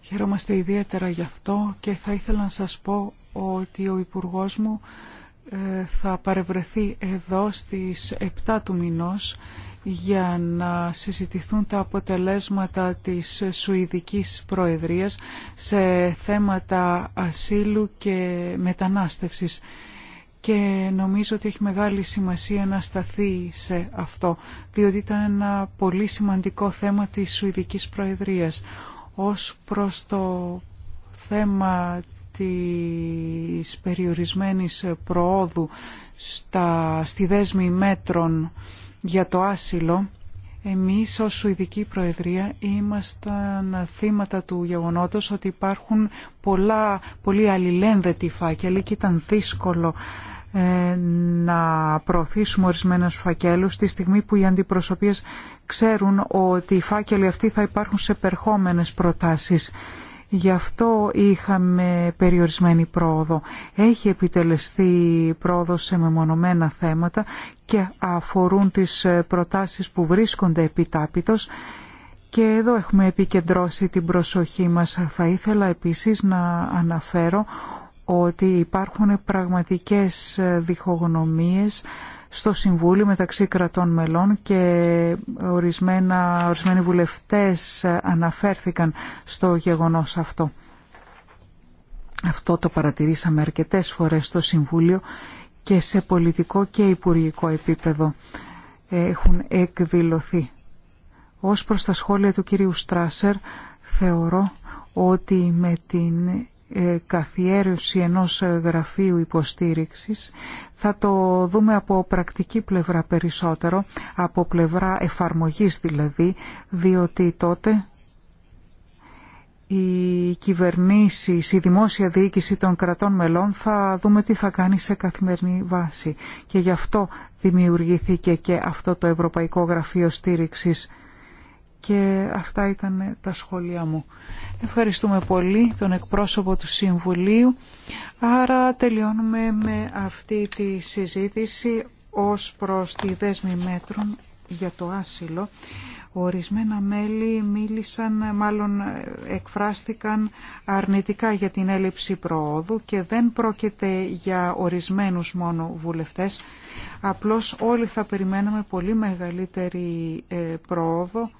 Χαιρόμαστε ιδιαίτερα γι' αυτό και θα ήθελα να σας πω ότι ο Υπουργός μου ε, θα παρευρεθεί εδώ στις 7 του μηνός για να συζητηθούν τα αποτελέσματα της Σουηδικής Προεδρίας σε θέματα ασύλου και μετανάστευσης και νομίζω ότι έχει μεγάλη σημασία να σταθεί σε αυτό, διότι ήταν ένα πολύ σημαντικό θέμα της Σουηδικής Προεδρίας. Ως προς το θέμα της περιορισμένης προόδου στα, στη δέσμη μέτρων για το άσυλο, εμείς ως Σουηδική Προεδρία ήμασταν θύματα του γεγονότος ότι υπάρχουν πολλά, πολύ αλληλένδετοι φάκελοι και ήταν δύσκολο ε, να προωθήσουμε ορισμένους φακέλους τη στιγμή που οι αντιπροσωπείες ξέρουν ότι οι φάκελοι αυτοί θα υπάρχουν σε περχόμενες προτάσεις. Γι' αυτό είχαμε περιορισμένη πρόοδο. Έχει επιτελεστεί πρόοδο σε μεμονωμένα θέματα και αφορούν τις προτάσεις που βρίσκονται επιτάπητος και εδώ έχουμε επικεντρώσει την προσοχή μας. Θα ήθελα επίσης να αναφέρω ότι υπάρχουν πραγματικές διχογνωμίες στο Συμβούλιο μεταξύ κρατών μελών και ορισμένα, ορισμένοι βουλευτές αναφέρθηκαν στο γεγονός αυτό. Αυτό το παρατηρήσαμε αρκετές φορές στο Συμβούλιο και σε πολιτικό και υπουργικό επίπεδο ε, έχουν εκδηλωθεί. Ως προς τα σχόλια του κυρίου Στράσερ θεωρώ ότι με την καθιέρωση ενός γραφείου υποστήριξης. Θα το δούμε από πρακτική πλευρά περισσότερο, από πλευρά εφαρμογής δηλαδή, διότι τότε οι κυβερνήσεις, η δημόσια διοίκηση των κρατών μελών θα δούμε τι θα κάνει σε καθημερινή βάση. Και γι' αυτό δημιουργήθηκε και αυτό το Ευρωπαϊκό Γραφείο Στήριξης και αυτά ήταν τα σχόλια μου. Ευχαριστούμε πολύ τον εκπρόσωπο του Συμβουλίου. Άρα τελειώνουμε με αυτή τη συζήτηση ως προς τη δέσμη μέτρων για το άσυλο. Ορισμένα μέλη μίλησαν, μάλλον εκφράστηκαν αρνητικά για την έλλειψη προόδου και δεν πρόκειται για ορισμένους μόνο βουλευτές. Απλώς όλοι θα περιμέναμε πολύ μεγαλύτερη ε, προόδο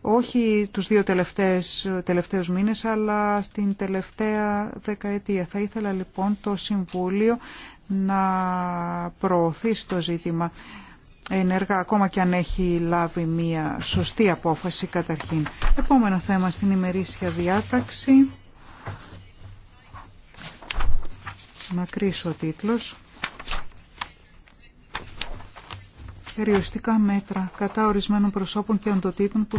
όχι τους δύο τελευταίες, τελευταίους μήνες, αλλά στην τελευταία δεκαετία. Θα ήθελα λοιπόν το Συμβούλιο να προωθήσει το ζήτημα ενεργά, ακόμα και αν έχει λάβει μία σωστή απόφαση καταρχήν. Επόμενο θέμα στην ημερήσια διάταξη. Μακρύς ο τίτλος. περιοριστικά μέτρα κατά ορισμένων προσώπων και οντοτήτων που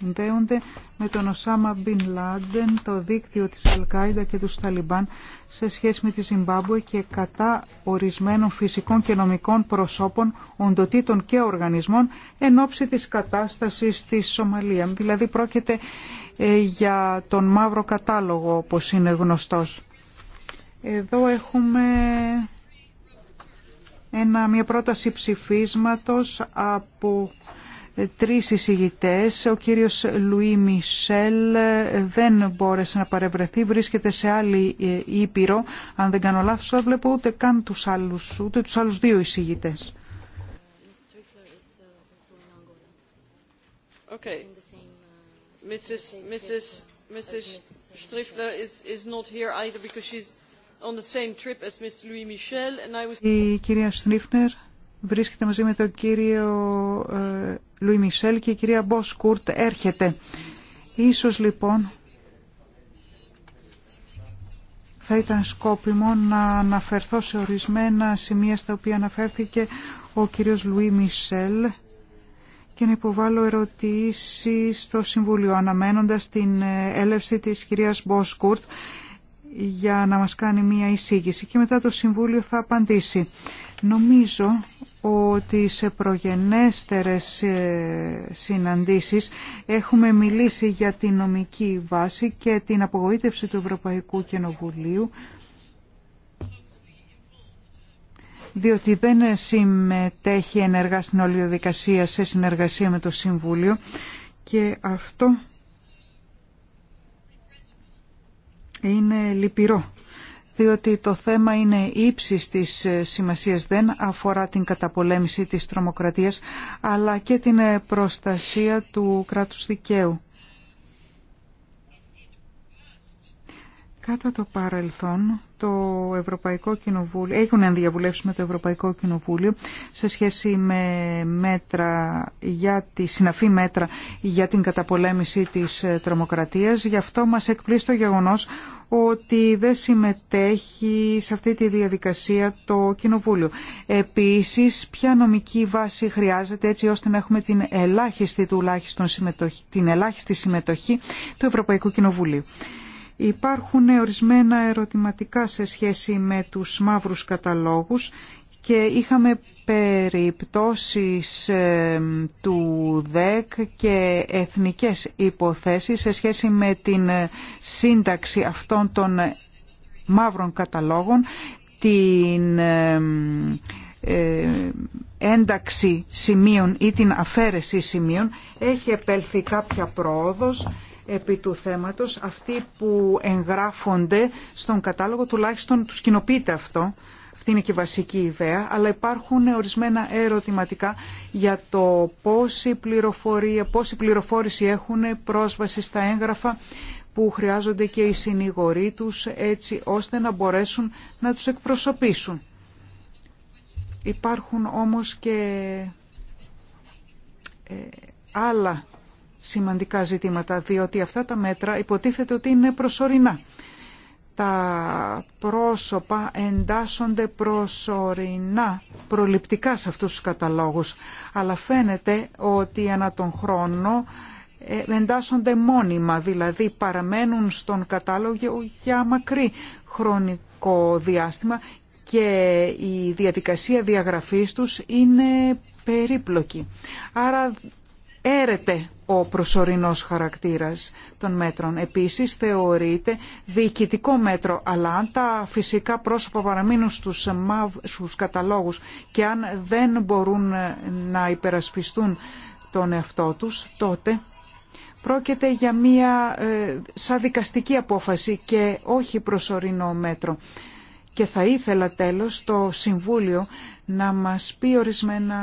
συνδέονται με τον Οσάμα Μπιν Λάντεν, το δίκτυο της Αλκάιδα και του Ταλιμπάν σε σχέση με τη Ζιμπάμπουε και κατά ορισμένων φυσικών και νομικών προσώπων, οντοτήτων και οργανισμών εν ώψη της κατάστασης στη Σομαλία. Δηλαδή πρόκειται ε, για τον μαύρο κατάλογο όπως είναι γνωστός. Εδώ έχουμε ένα, μια πρόταση ψηφίσματος από ε, τρεις εισηγητές. Ο κύριος Λουί Μισελ ε, δεν μπόρεσε να παρευρεθεί, βρίσκεται σε άλλη ε, ήπειρο. Αν δεν κάνω λάθος, δεν βλέπω ούτε καν τους άλλους, ούτε τους άλλους δύο εισηγητές. Okay. Mrs. Mrs. Mrs. Strifler is not here either because she's η κυρία Σνίφνερ βρίσκεται μαζί με τον κύριο Λουί ε, Μισελ και η κυρία Μποσκούρτ έρχεται. Ίσως λοιπόν θα ήταν σκόπιμο να αναφερθώ σε ορισμένα σημεία στα οποία αναφέρθηκε ο κύριος Λουί Μισελ και να υποβάλω ερωτήσεις στο Συμβουλίο αναμένοντας την ε, έλευση της κυρίας Μποσκούρτ για να μας κάνει μία εισήγηση και μετά το Συμβούλιο θα απαντήσει. Νομίζω ότι σε προγενέστερες ε, συναντήσεις έχουμε μιλήσει για τη νομική βάση και την απογοήτευση του Ευρωπαϊκού Κοινοβουλίου διότι δεν συμμετέχει ενεργά στην όλη διαδικασία σε συνεργασία με το Συμβούλιο και αυτό είναι λυπηρό διότι το θέμα είναι ύψη της ε, σημασίας δεν αφορά την καταπολέμηση της τρομοκρατίας αλλά και την ε, προστασία του κράτους δικαίου. Κατά το παρελθόν, το Ευρωπαϊκό Κοινοβούλιο, έχουν ενδιαβουλεύσει με το Ευρωπαϊκό Κοινοβούλιο σε σχέση με μέτρα για τη συναφή μέτρα για την καταπολέμηση της ε, τρομοκρατίας. Γι' αυτό μας εκπλήσει το γεγονός ότι δεν συμμετέχει σε αυτή τη διαδικασία το Κοινοβούλιο. Επίσης, ποια νομική βάση χρειάζεται έτσι ώστε να έχουμε την ελάχιστη, τουλάχιστον, συμμετοχή, την ελάχιστη συμμετοχή του Ευρωπαϊκού Κοινοβουλίου. Υπάρχουν ορισμένα ερωτηματικά σε σχέση με τους μαύρους καταλόγους και είχαμε περιπτώσεις ε, του ΔΕΚ και εθνικές υποθέσεις σε σχέση με την ε, σύνταξη αυτών των μαύρων καταλόγων, την ε, ένταξη σημείων ή την αφαίρεση σημείων. Έχει επέλθει κάποια πρόοδος επί του θέματος. Αυτοί που εγγράφονται στον κατάλογο τουλάχιστον τους κοινοποιείται αυτό. Αυτή είναι και η βασική ιδέα, αλλά υπάρχουν ορισμένα ερωτηματικά για το πόση, πληροφορία, πόση πληροφόρηση έχουν πρόσβαση στα έγγραφα που χρειάζονται και οι συνηγοροί τους έτσι ώστε να μπορέσουν να τους εκπροσωπήσουν. Υπάρχουν όμως και ε, άλλα σημαντικά ζητήματα, διότι αυτά τα μέτρα υποτίθεται ότι είναι προσωρινά. Τα πρόσωπα εντάσσονται προσωρινά, προληπτικά σε αυτούς τους καταλόγους, αλλά φαίνεται ότι ανά τον χρόνο ε, εντάσσονται μόνιμα, δηλαδή παραμένουν στον κατάλογο για μακρύ χρονικό διάστημα και η διαδικασία διαγραφής τους είναι περίπλοκη. Άρα έρεται ο προσωρινός χαρακτήρας των μέτρων. Επίσης θεωρείται διοικητικό μέτρο, αλλά αν τα φυσικά πρόσωπα παραμείνουν στους, μαύ, στους καταλόγους και αν δεν μπορούν να υπερασπιστούν τον εαυτό τους, τότε πρόκειται για μία ε, σαν δικαστική απόφαση και όχι προσωρινό μέτρο. Και θα ήθελα τέλος το Συμβούλιο να μας, πει ορισμένα,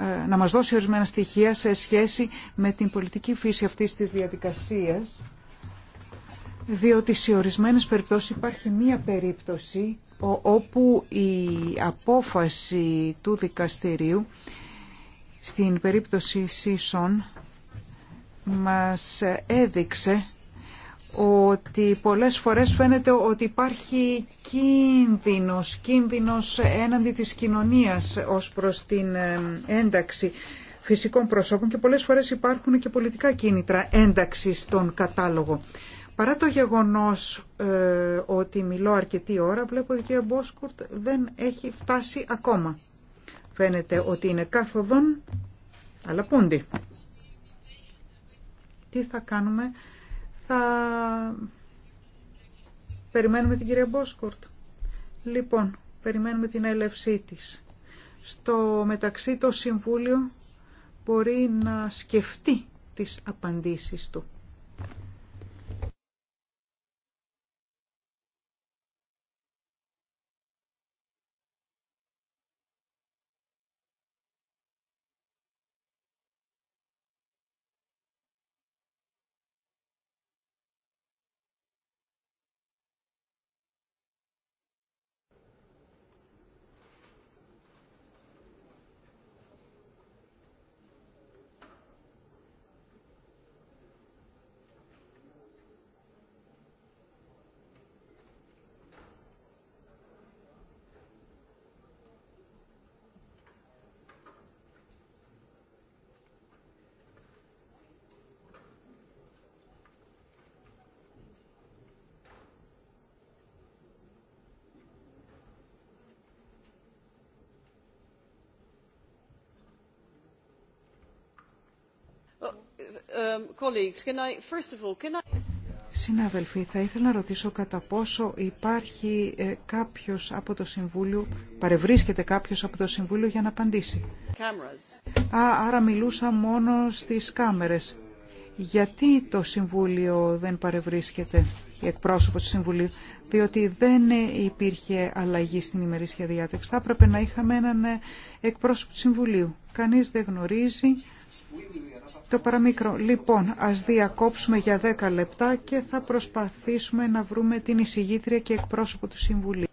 ε, να μας δώσει ορισμένα στοιχεία σε σχέση με την πολιτική φύση αυτής της διαδικασίας, διότι σε ορισμένες περιπτώσεις υπάρχει μία περίπτωση όπου η απόφαση του δικαστηρίου στην περίπτωση Σίσον μας έδειξε ότι πολλές φορές φαίνεται ότι υπάρχει κίνδυνος, κίνδυνος έναντι της κοινωνίας ως προς την ε, ένταξη φυσικών προσώπων και πολλές φορές υπάρχουν και πολιτικά κίνητρα ένταξη στον κατάλογο. Παρά το γεγονός ε, ότι μιλώ αρκετή ώρα, βλέπω ότι η κυρία Μπόσκουρτ δεν έχει φτάσει ακόμα. Φαίνεται ότι είναι κάθοδον, αλλά πούντι. Τι θα κάνουμε θα περιμένουμε την κυρία Μπόσκορτ. Λοιπόν, περιμένουμε την έλευσή της. Στο μεταξύ το Συμβούλιο μπορεί να σκεφτεί τις απαντήσεις του. Um, Συνάδελφοι, θα ήθελα να ρωτήσω κατά πόσο υπάρχει ε, κάποιος από το Συμβούλιο, παρευρίσκεται κάποιος από το Συμβούλιο για να απαντήσει. Α, άρα μιλούσα μόνο στις κάμερες. Γιατί το Συμβούλιο δεν παρευρίσκεται, η εκπρόσωπο του Συμβουλίου, διότι δεν ε, υπήρχε αλλαγή στην ημερήσια διάταξη. Θα έπρεπε να είχαμε έναν ε, εκπρόσωπο του Συμβουλίου. Κανείς δεν γνωρίζει το παραμικρό. Λοιπόν, ας διακόψουμε για 10 λεπτά και θα προσπαθήσουμε να βρούμε την εισηγήτρια και εκπρόσωπο του Συμβουλίου.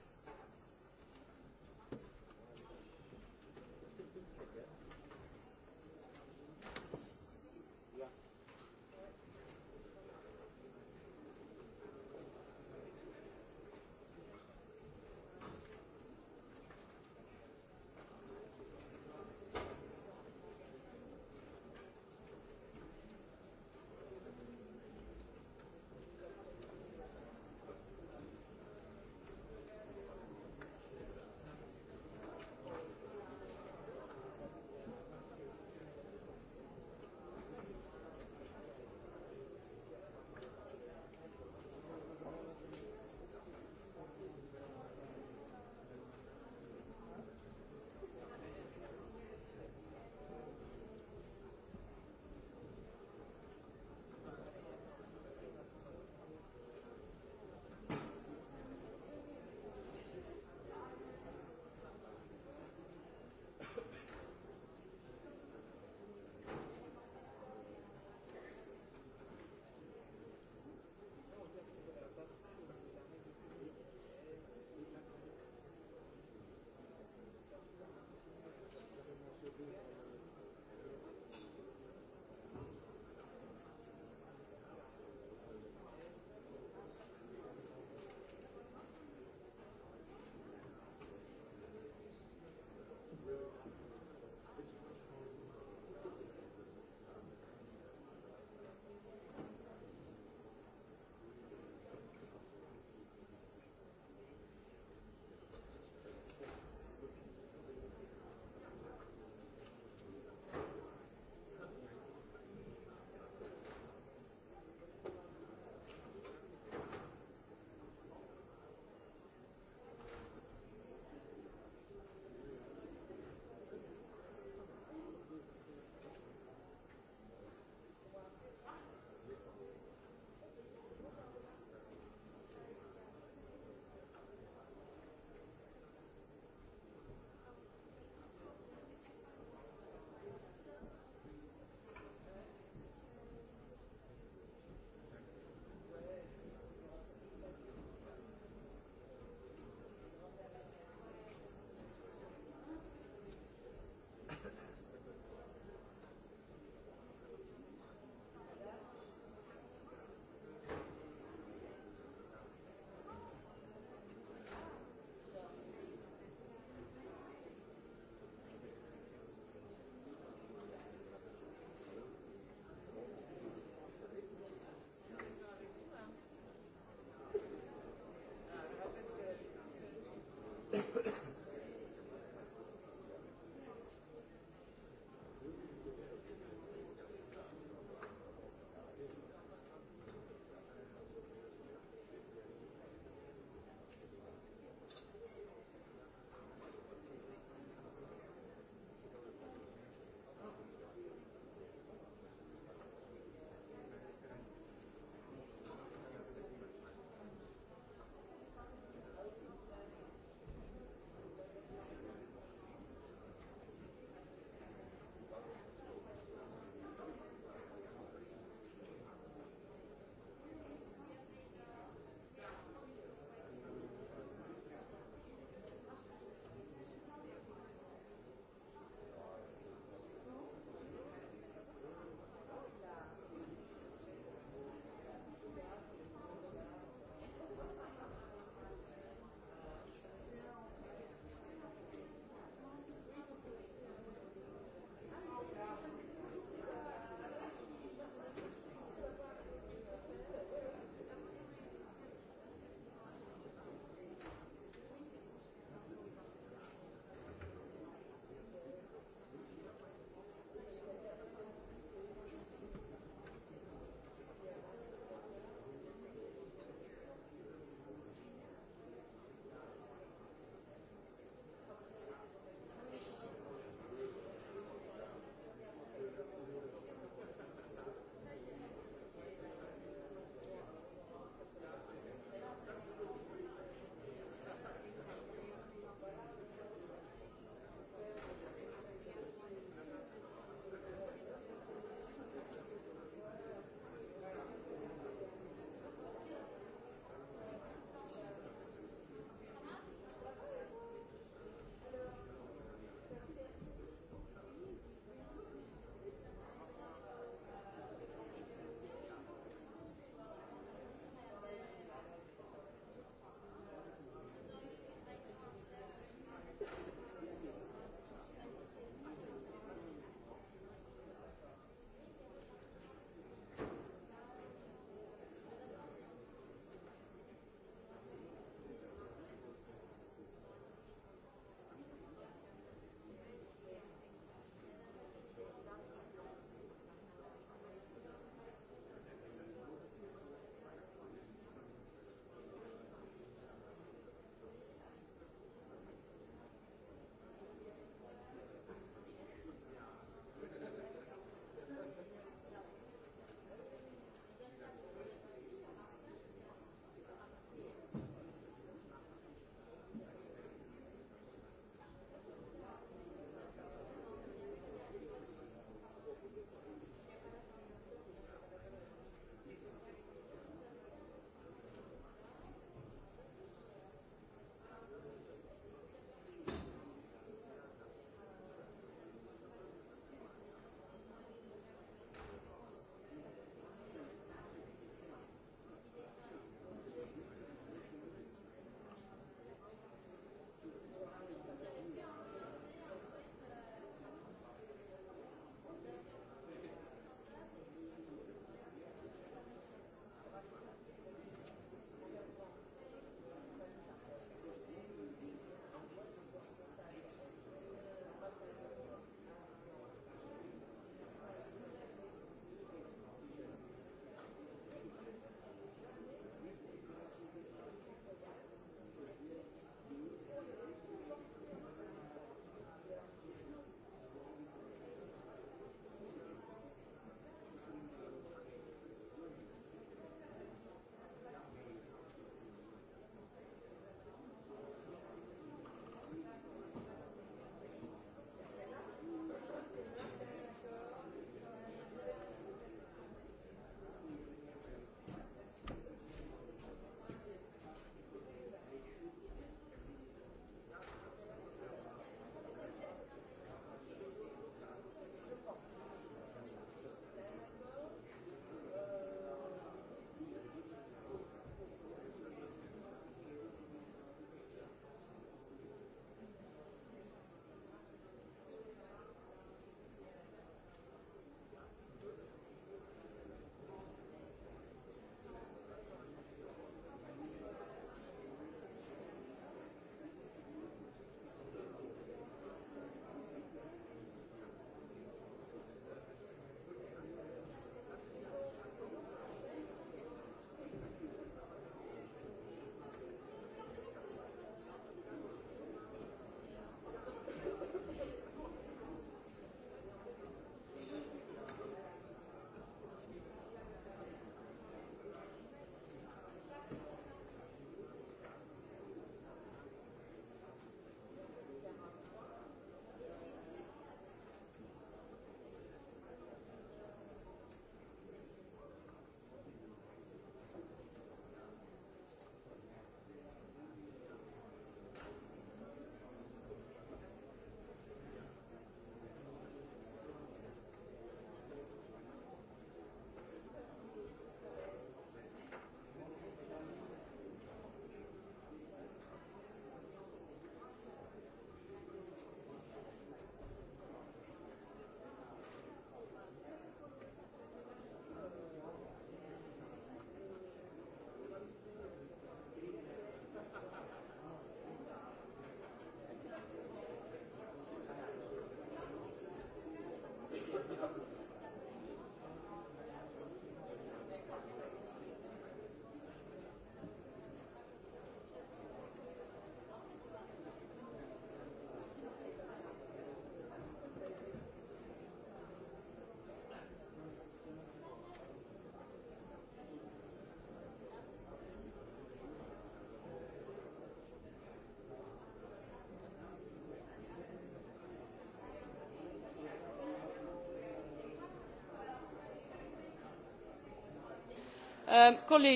Um,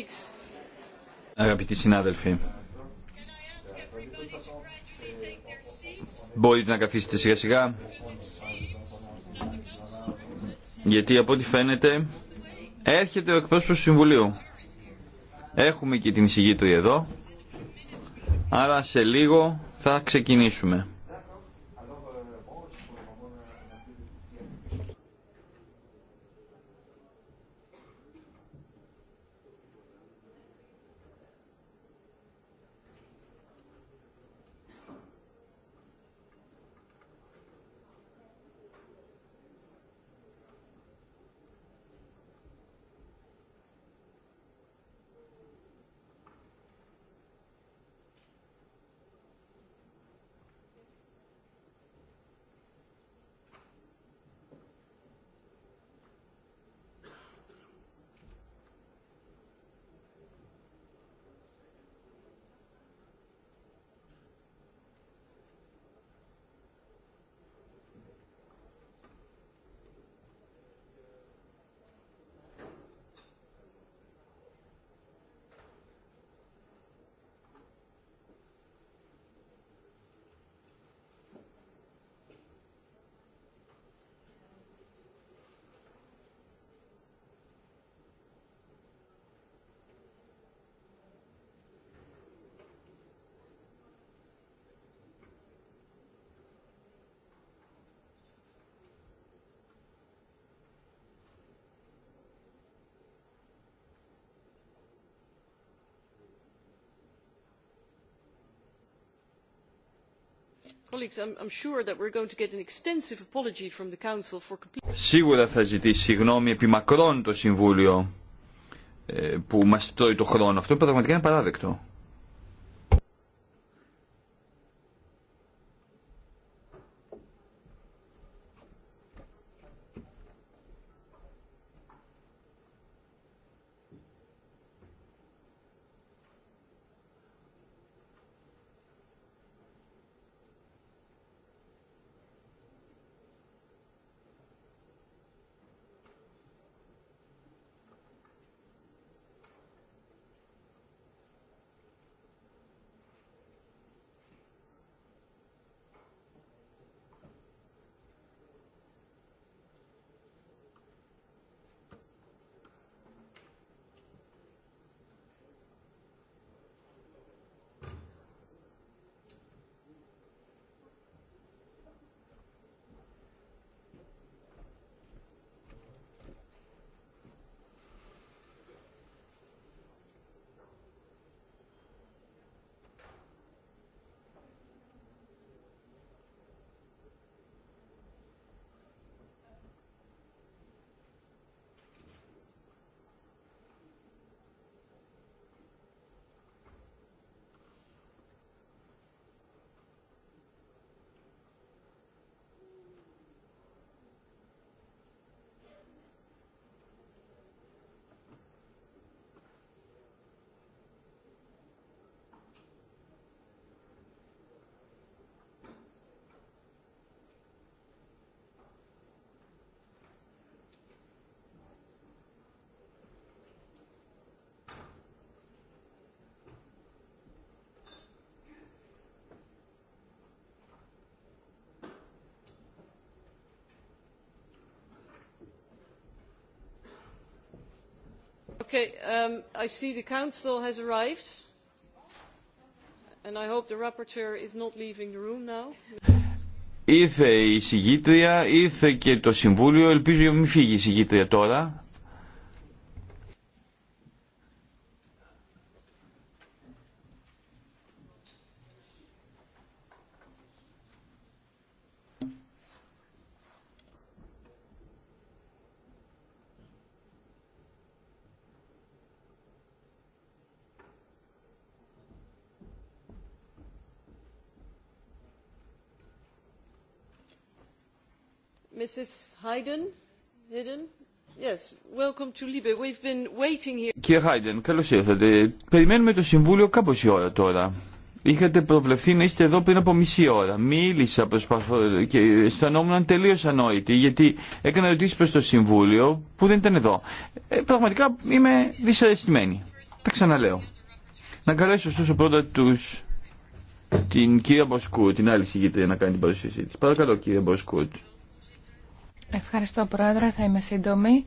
Αγαπητοί συνάδελφοι, μπορείτε να καθίσετε σιγά σιγά, γιατί από ό,τι φαίνεται έρχεται ο εκπρόσωπος του Συμβουλίου. Έχουμε και την εισηγήτρια εδώ, άρα σε λίγο θα ξεκινήσουμε. Σίγουρα θα ζητήσει συγγνώμη επί μακρόν το Συμβούλιο ε, που μας τρώει το χρόνο. Αυτό πραγματικά είναι παράδεκτο. Okay, I see the Council has arrived, and I hope the rapporteur is not leaving the room now. Ήρθε η συγγήτρια, ήρθε και το Συμβούλιο, ελπίζω να μην φύγει η συγγήτρια τώρα. Κύριε Χάιντεν, καλώς ήρθατε. Περιμένουμε το Συμβούλιο κάπως η ώρα τώρα. Είχατε προβλεφθεί να είστε εδώ πριν από μισή ώρα. Μίλησα προσπαθώ, και αισθανόμουν τελείω ανόητη γιατί έκανα ερωτήσει προ το Συμβούλιο που δεν ήταν εδώ. Ε, πραγματικά είμαι δυσαρεστημένη. Τα ξαναλέω. Να καλέσω ωστόσο πρώτα τους, την κυρία Μποσκού, την άλλη συγκεκριμένη να κάνει την παρουσίασή τη. Παρακαλώ κύριε Μποσκούτ. Ευχαριστώ Πρόεδρε, θα είμαι σύντομη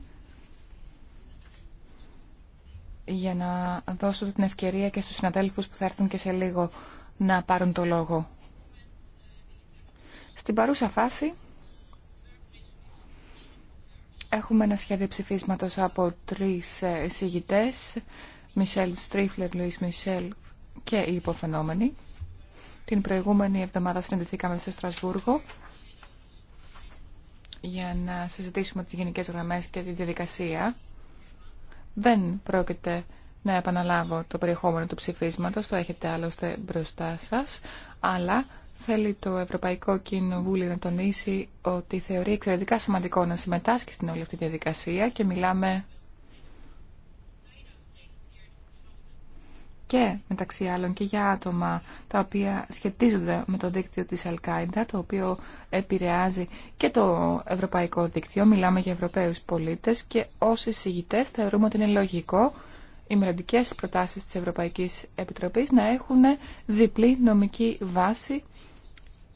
για να δώσω την ευκαιρία και στους συναδέλφους που θα έρθουν και σε λίγο να πάρουν το λόγο. Στην παρούσα φάση έχουμε ένα σχέδιο ψηφίσματος από τρεις ε, εισηγητές, Μισελ Στρίφλερ, Λουίς Μισελ και οι υποφαινόμενοι. Την προηγούμενη εβδομάδα συναντηθήκαμε στο Στρασβούργο για να συζητήσουμε τις γενικές γραμμές και τη διαδικασία. Δεν πρόκειται να επαναλάβω το περιεχόμενο του ψηφίσματος, το έχετε άλλωστε μπροστά σας, αλλά θέλει το Ευρωπαϊκό Κοινοβούλιο να τονίσει ότι θεωρεί εξαιρετικά σημαντικό να συμμετάσχει στην όλη αυτή τη διαδικασία και μιλάμε και μεταξύ άλλων και για άτομα τα οποία σχετίζονται με το δίκτυο της Αλκάιντα, το οποίο επηρεάζει και το ευρωπαϊκό δίκτυο. Μιλάμε για Ευρωπαίους πολίτες και όσοι εισηγητές θεωρούμε ότι είναι λογικό οι μελλοντικέ προτάσεις της Ευρωπαϊκής Επιτροπής να έχουν διπλή νομική βάση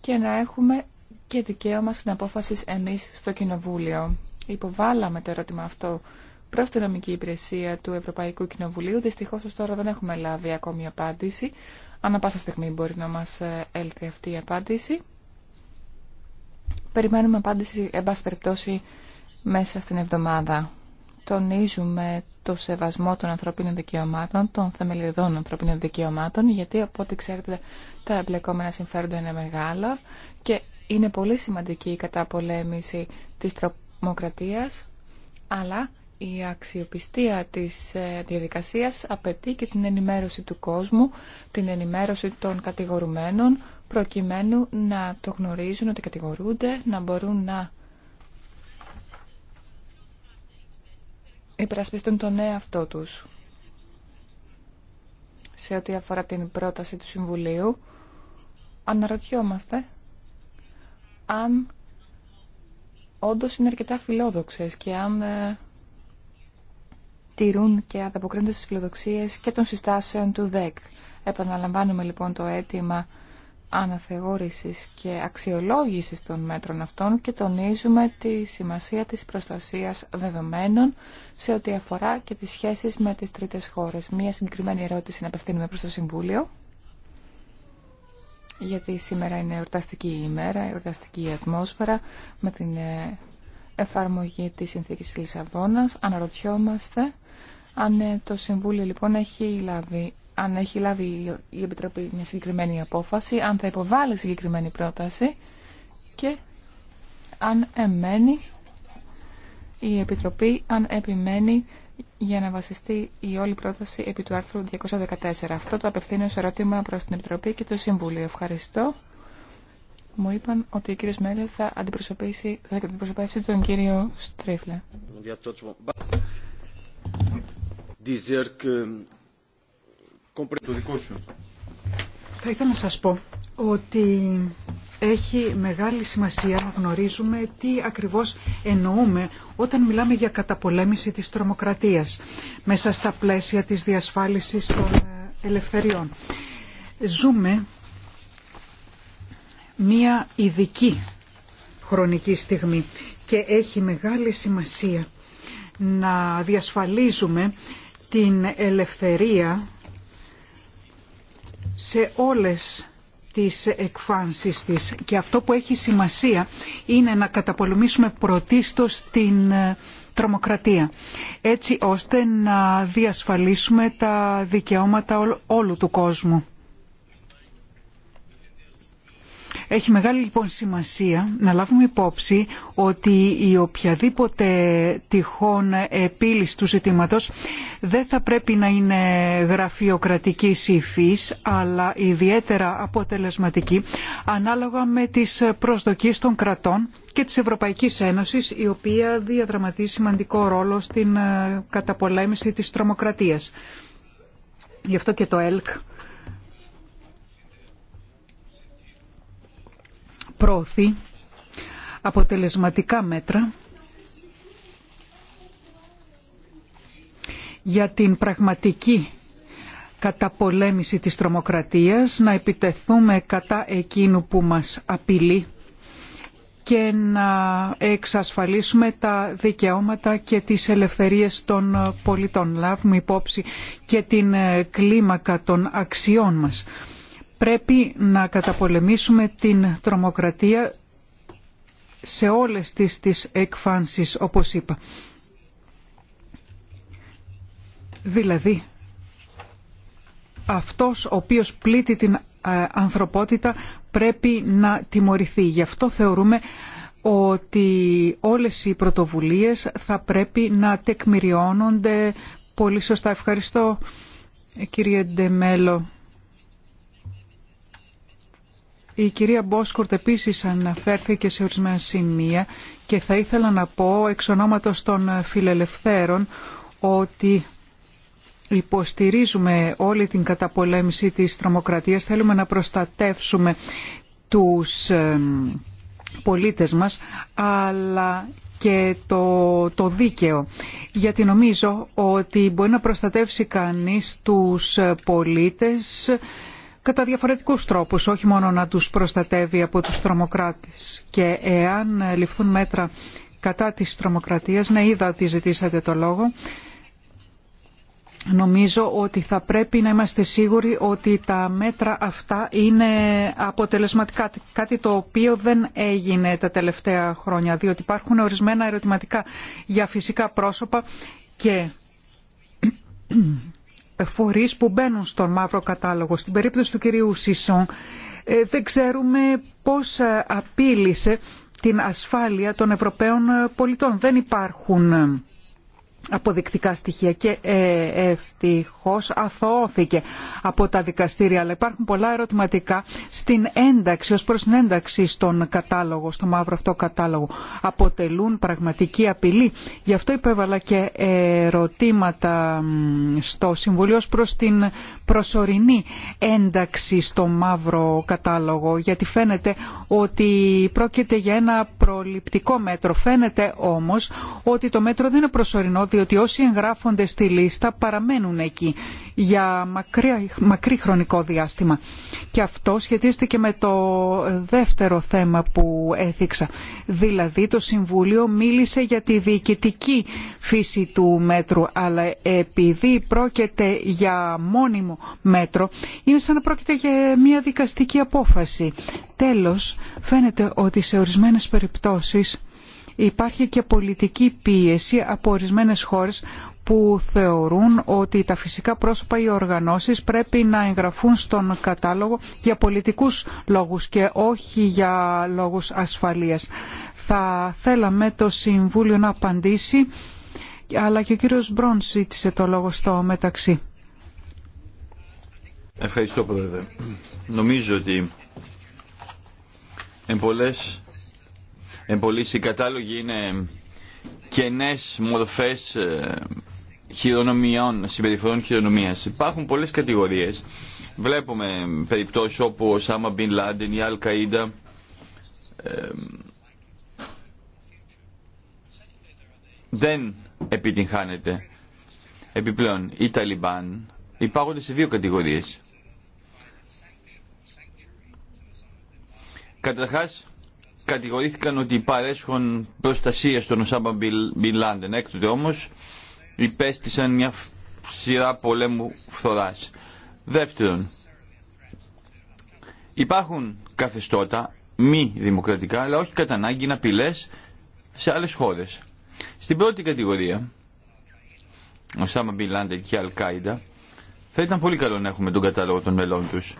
και να έχουμε και δικαίωμα στην απόφαση εμείς στο Κοινοβούλιο. Υποβάλαμε το ερώτημα αυτό προ την νομική υπηρεσία του Ευρωπαϊκού Κοινοβουλίου. Δυστυχώ ω τώρα δεν έχουμε λάβει ακόμη απάντηση. Ανά πάσα στιγμή μπορεί να μα ε, έλθει αυτή η απάντηση. Περιμένουμε απάντηση, εν πάση περιπτώσει, μέσα στην εβδομάδα. Τονίζουμε το σεβασμό των ανθρωπίνων δικαιωμάτων, των θεμελιωδών ανθρωπίνων δικαιωμάτων, γιατί από ό,τι ξέρετε τα εμπλεκόμενα συμφέροντα είναι μεγάλα και είναι πολύ σημαντική η καταπολέμηση της τρομοκρατίας, αλλά η αξιοπιστία της ε, διαδικασίας απαιτεί και την ενημέρωση του κόσμου, την ενημέρωση των κατηγορουμένων, προκειμένου να το γνωρίζουν ότι κατηγορούνται, να μπορούν να υπερασπιστούν τον εαυτό τους. Σε ό,τι αφορά την πρόταση του Συμβουλίου, αναρωτιόμαστε αν όντως είναι αρκετά φιλόδοξες και αν ε, τηρούν και ανταποκρίνονται στις φιλοδοξίες και των συστάσεων του ΔΕΚ. Επαναλαμβάνουμε λοιπόν το αίτημα αναθεώρησης και αξιολόγησης των μέτρων αυτών και τονίζουμε τη σημασία της προστασίας δεδομένων σε ό,τι αφορά και τις σχέσεις με τις τρίτες χώρες. Μία συγκεκριμένη ερώτηση να απευθύνουμε προς το Συμβούλιο γιατί σήμερα είναι εορταστική ημέρα, εορταστική ατμόσφαιρα με την ε, εφαρμογή της συνθήκης της Λισαβόνας. Αναρωτιόμαστε αν ναι, το Συμβούλιο λοιπόν έχει λάβει, αν έχει λάβει η Επιτροπή μια συγκεκριμένη απόφαση, αν θα υποβάλει συγκεκριμένη πρόταση και αν εμένει η Επιτροπή, αν επιμένει για να βασιστεί η όλη πρόταση επί του άρθρου 214. Αυτό το απευθύνω σε ερώτημα προς την Επιτροπή και το Συμβούλιο. Ευχαριστώ. Μου είπαν ότι ο κύριος Μέλλε θα θα αντιπροσωπεύσει τον κύριο Στρίφλε. Θα ήθελα να σας πω ότι έχει μεγάλη σημασία να γνωρίζουμε τι ακριβώς εννοούμε όταν μιλάμε για καταπολέμηση της τρομοκρατίας μέσα στα πλαίσια της διασφάλισης των ε, ελευθεριών. Ζούμε μία ειδική χρονική στιγμή και έχει μεγάλη σημασία να διασφαλίζουμε την ελευθερία σε όλες τις εκφάνσεις της. Και αυτό που έχει σημασία είναι να καταπολεμήσουμε πρωτίστως την ε, τρομοκρατία, έτσι ώστε να διασφαλίσουμε τα δικαιώματα όλου του κόσμου. Έχει μεγάλη λοιπόν σημασία να λάβουμε υπόψη ότι η οποιαδήποτε τυχόν επίλυση του ζητήματος δεν θα πρέπει να είναι γραφειοκρατική υφή, αλλά ιδιαίτερα αποτελεσματική ανάλογα με τις προσδοκίες των κρατών και της Ευρωπαϊκής Ένωσης η οποία διαδραματίζει σημαντικό ρόλο στην καταπολέμηση της τρομοκρατίας. Γι' αυτό και το ΕΛΚ προωθεί αποτελεσματικά μέτρα για την πραγματική καταπολέμηση της τρομοκρατίας, να επιτεθούμε κατά εκείνου που μας απειλεί και να εξασφαλίσουμε τα δικαιώματα και τις ελευθερίες των πολιτών. Λάβουμε υπόψη και την κλίμακα των αξιών μας πρέπει να καταπολεμήσουμε την τρομοκρατία σε όλες τις, τις εκφάνσεις, όπως είπα. Δηλαδή, αυτός ο οποίος πλήττει την ε, ανθρωπότητα πρέπει να τιμωρηθεί. Γι' αυτό θεωρούμε ότι όλες οι πρωτοβουλίες θα πρέπει να τεκμηριώνονται πολύ σωστά. Ευχαριστώ κύριε Ντεμέλο. Η κυρία Μπόσκορτ επίσης αναφέρθηκε σε ορισμένα σημεία και θα ήθελα να πω εξ ονόματο των φιλελευθέρων ότι υποστηρίζουμε όλη την καταπολέμηση της τρομοκρατίας, θέλουμε να προστατεύσουμε τους πολίτες μας, αλλά και το, το δίκαιο. Γιατί νομίζω ότι μπορεί να προστατεύσει κανείς τους πολίτες κατά διαφορετικούς τρόπους, όχι μόνο να τους προστατεύει από τους τρομοκράτες. Και εάν ε, ληφθούν μέτρα κατά της τρομοκρατίας, να είδα ότι ζητήσατε το λόγο, Νομίζω ότι θα πρέπει να είμαστε σίγουροι ότι τα μέτρα αυτά είναι αποτελεσματικά. Κάτι το οποίο δεν έγινε τα τελευταία χρόνια, διότι υπάρχουν ορισμένα ερωτηματικά για φυσικά πρόσωπα και φορείς που μπαίνουν στον μαύρο κατάλογο. Στην περίπτωση του κυρίου Σισόν ε, δεν ξέρουμε πώς ε, απείλησε την ασφάλεια των Ευρωπαίων ε, πολιτών. Δεν υπάρχουν αποδεικτικά στοιχεία και ε, ευτυχώς αθωώθηκε από τα δικαστήρια. Αλλά υπάρχουν πολλά ερωτηματικά στην ένταξη, ως προς την ένταξη στον κατάλογο, στο μαύρο αυτό κατάλογο. Αποτελούν πραγματική απειλή. Γι' αυτό υπέβαλα και ερωτήματα στο Συμβουλίο ως προς την προσωρινή ένταξη στο μαύρο κατάλογο γιατί φαίνεται ότι πρόκειται για ένα προληπτικό μέτρο. Φαίνεται όμως ότι το μέτρο δεν είναι προσωρινό διότι όσοι εγγράφονται στη λίστα παραμένουν εκεί για μακρύ, χρονικό διάστημα. Και αυτό σχετίστηκε με το δεύτερο θέμα που έθιξα. Δηλαδή το Συμβούλιο μίλησε για τη διοικητική φύση του μέτρου αλλά επειδή πρόκειται για μόνιμο μέτρο είναι σαν να πρόκειται για μια δικαστική απόφαση. Τέλος, φαίνεται ότι σε ορισμένες περιπτώσεις υπάρχει και πολιτική πίεση από ορισμένες χώρες που θεωρούν ότι τα φυσικά πρόσωπα ή οργανώσεις πρέπει να εγγραφούν στον κατάλογο για πολιτικούς λόγους και όχι για λόγους ασφαλείας. Θα θέλαμε το Συμβούλιο να απαντήσει, αλλά και ο κύριος Μπρόν ζήτησε το λόγο στο μεταξύ. Ευχαριστώ Πρόεδρε. Νομίζω ότι εν πολλές, οι κατάλογοι είναι κενές μορφές ε, χειρονομιών, συμπεριφορών χειρονομίας. Υπάρχουν πολλές κατηγορίες. Βλέπουμε περιπτώσεις όπου ο Σάμα Μπιν Λάντιν, η Αλ Καΐντα ε, δεν επιτυγχάνεται. Επιπλέον, οι Ταλιμπάν υπάρχουν σε δύο κατηγορίες. Καταρχά, κατηγορήθηκαν ότι παρέσχουν προστασία στον Οσάμπα Μπιν Λάντεν. Έκτοτε όμω, υπέστησαν μια σειρά πολέμου φθορά. Δεύτερον, υπάρχουν καθεστώτα μη δημοκρατικά, αλλά όχι κατά ανάγκη να απειλέ σε άλλες χώρε. Στην πρώτη κατηγορία, ο Σάμα Μπιν Λάντεν και η Αλκάιντα, θα ήταν πολύ καλό να έχουμε τον κατάλογο των μελών τους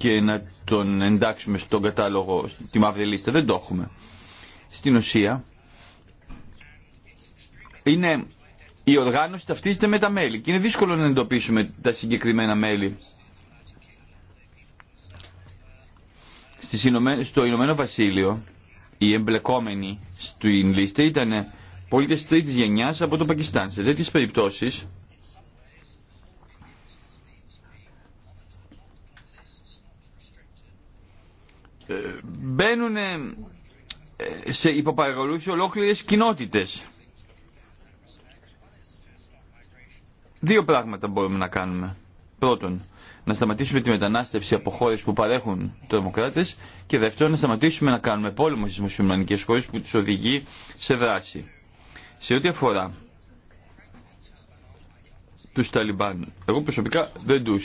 και να τον εντάξουμε στον κατάλογο, στη μαύρη λίστα. Δεν το έχουμε. Στην ουσία, είναι η οργάνωση ταυτίζεται με τα μέλη και είναι δύσκολο να εντοπίσουμε τα συγκεκριμένα μέλη. Στο Ηνωμένο Βασίλειο, οι εμπλεκόμενοι στην λίστα ήταν πολίτες τρίτης γενιάς από το Πακιστάν. Σε τέτοιες περιπτώσεις, Ε, μπαίνουν ε, σε υποπαραγωγούς ολόκληρες κοινότητες. Δύο πράγματα μπορούμε να κάνουμε. Πρώτον, να σταματήσουμε τη μετανάστευση από χώρε που παρέχουν τρομοκράτε και δεύτερον, να σταματήσουμε να κάνουμε πόλεμο στι μουσουλμανικέ χώρε που του οδηγεί σε δράση. Σε ό,τι αφορά του Ταλιμπάν, εγώ προσωπικά δεν του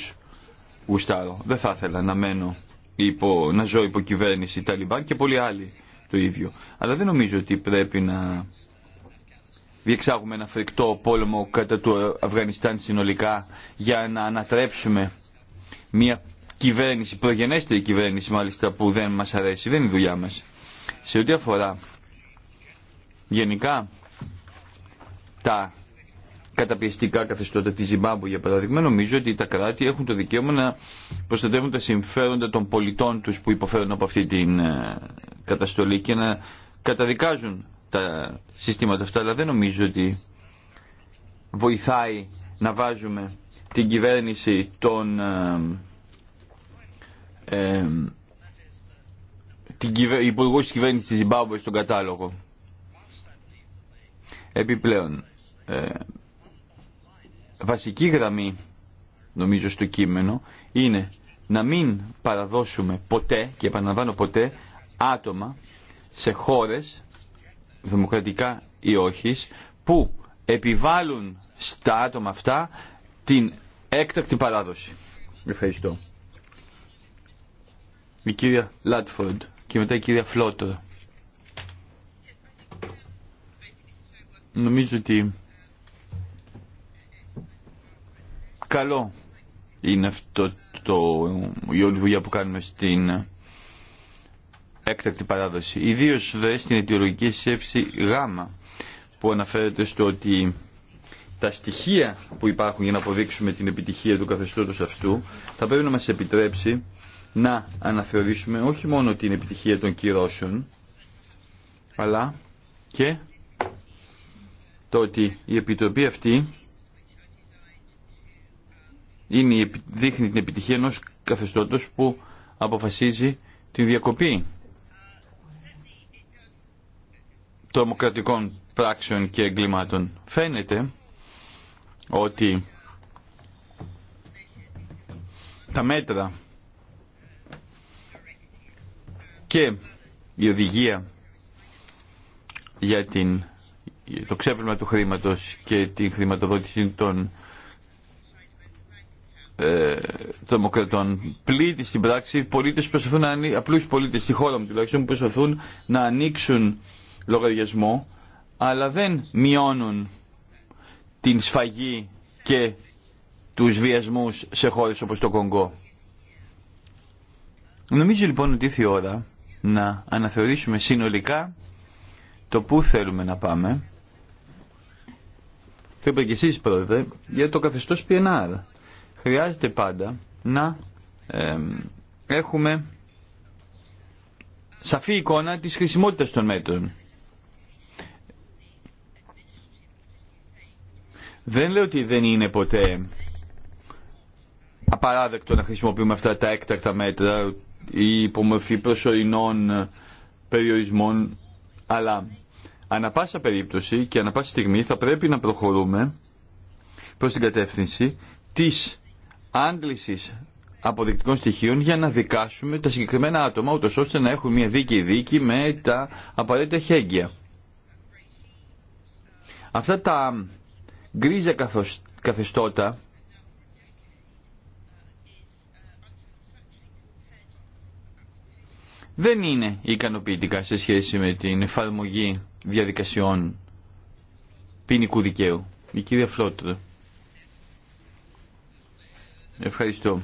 γουστάρω. Δεν θα ήθελα να μένω υπό, να ζω υπό κυβέρνηση Ταλιμπάν και πολλοί άλλοι το ίδιο. Αλλά δεν νομίζω ότι πρέπει να διεξάγουμε ένα φρικτό πόλεμο κατά του Αφγανιστάν συνολικά για να ανατρέψουμε μια κυβέρνηση, προγενέστερη κυβέρνηση μάλιστα που δεν μας αρέσει, δεν είναι η δουλειά μας. Σε ό,τι αφορά γενικά τα καταπιεστικά καθεστώτα τη Ζιμπάμπου για παράδειγμα, νομίζω ότι τα κράτη έχουν το δικαίωμα να προστατεύουν τα συμφέροντα των πολιτών τους που υποφέρουν από αυτή την ε, καταστολή και να καταδικάζουν τα συστήματα αυτά, αλλά δεν νομίζω ότι βοηθάει να βάζουμε την κυβέρνηση των ε, ε την της κυβέρνησης της Ζιμπάμπου στον κατάλογο. Επιπλέον, ε, βασική γραμμή νομίζω στο κείμενο είναι να μην παραδώσουμε ποτέ και επαναλαμβάνω ποτέ άτομα σε χώρες δημοκρατικά ή όχι που επιβάλλουν στα άτομα αυτά την έκτακτη παράδοση. Ευχαριστώ. Η κυρία Λάτφορντ και μετά η κυρία Φλότορ. Νομίζω ότι Καλό είναι αυτό το, η όλη δουλειά που κάνουμε στην έκτακτη παράδοση. Ιδίω δε στην αιτιολογική σκέψη Γ που αναφέρεται στο ότι τα στοιχεία που υπάρχουν για να αποδείξουμε την επιτυχία του καθεστώτος αυτού θα πρέπει να μας επιτρέψει να αναθεωρήσουμε όχι μόνο την επιτυχία των κυρώσεων αλλά και το ότι η Επιτροπή αυτή είναι, δείχνει την επιτυχία ενός καθεστώτος που αποφασίζει την διακοπή τρομοκρατικών πράξεων και εγκλημάτων. Φαίνεται ότι τα μέτρα και η οδηγία για την, το ξέπλυμα του χρήματος και την χρηματοδότηση των ε, τρομοκρατών. Πλήττει στην πράξη πολίτε που προσπαθούν να απλού πολίτε στη χώρα μου τουλάχιστον που προσπαθούν να ανοίξουν λογαριασμό, αλλά δεν μειώνουν την σφαγή και τους βιασμούς σε χώρε όπως το Κονγκό. Νομίζω λοιπόν ότι ήρθε η ώρα να αναθεωρήσουμε συνολικά το πού θέλουμε να πάμε. Το είπα και εσείς πρόεδρε για το καθεστώς PNR χρειάζεται πάντα να έχουμε σαφή εικόνα της χρησιμότητας των μέτρων. Δεν λέω ότι δεν είναι ποτέ απαράδεκτο να χρησιμοποιούμε αυτά τα έκτακτα μέτρα ή υπομορφή προσωρινών περιορισμών, αλλά ανα πάσα περίπτωση και ανα πάσα στιγμή θα πρέπει να προχωρούμε προς την κατεύθυνση της άγκληση αποδεικτικών στοιχείων για να δικάσουμε τα συγκεκριμένα άτομα, ούτως ώστε να έχουν μια δίκη δίκη με τα απαραίτητα χέγγια. Αυτά τα γκρίζα καθεστώτα δεν είναι ικανοποιητικά σε σχέση με την εφαρμογή διαδικασιών ποινικού δικαίου. Η κυρία Ευχαριστώ.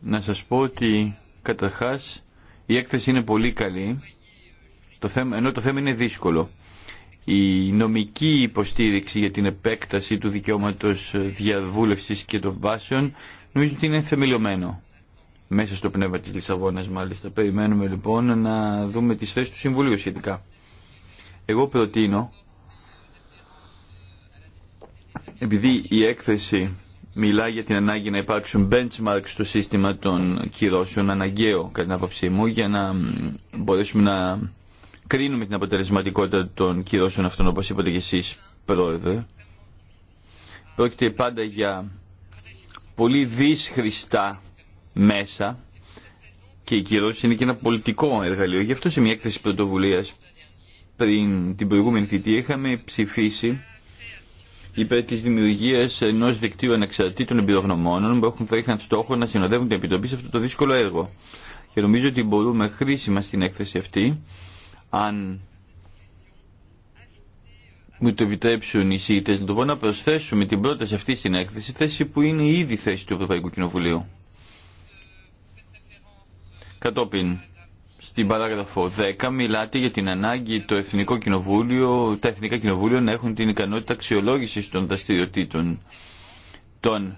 Να σας πω ότι καταρχάς η έκθεση είναι πολύ καλή, το θέμα, ενώ το θέμα είναι δύσκολο. Η νομική υποστήριξη για την επέκταση του δικαιώματος διαβούλευσης και των βάσεων νομίζω ότι είναι θεμελιωμένο. Μέσα στο πνεύμα της Λισαβόνας μάλιστα. Περιμένουμε λοιπόν να δούμε τις θέσεις του Συμβουλίου σχετικά. Εγώ προτείνω, επειδή η έκθεση μιλά για την ανάγκη να υπάρξουν benchmarks στο σύστημα των κυρώσεων, αναγκαίο κατά την άποψή μου, για να μπορέσουμε να κρίνουμε την αποτελεσματικότητα των κυρώσεων αυτών, όπως είπατε και εσείς, Πρόεδρε. Πρόκειται πάντα για πολύ δύσχριστά μέσα και η κυρώσει είναι και ένα πολιτικό εργαλείο. Γι' αυτό σε μια έκθεση πρωτοβουλία πριν την προηγούμενη θητή είχαμε ψηφίσει υπέρ τη δημιουργία ενό δικτύου ανεξαρτήτων εμπειρογνωμόνων που θα είχαν στόχο να συνοδεύουν την Επιτροπή σε αυτό το δύσκολο έργο. Και νομίζω ότι μπορούμε χρήσιμα στην έκθεση αυτή, αν μου το επιτρέψουν οι ΣΥΤΕΣ, να το πω να προσθέσουμε την πρόταση αυτή στην έκθεση, θέση που είναι ήδη θέση του Ευρωπαϊκού Κοινοβουλίου. Κατόπιν, στην παράγραφο 10 μιλάτε για την ανάγκη το Εθνικό Κοινοβούλιο, τα Εθνικά Κοινοβούλια να έχουν την ικανότητα αξιολόγηση των δραστηριοτήτων των,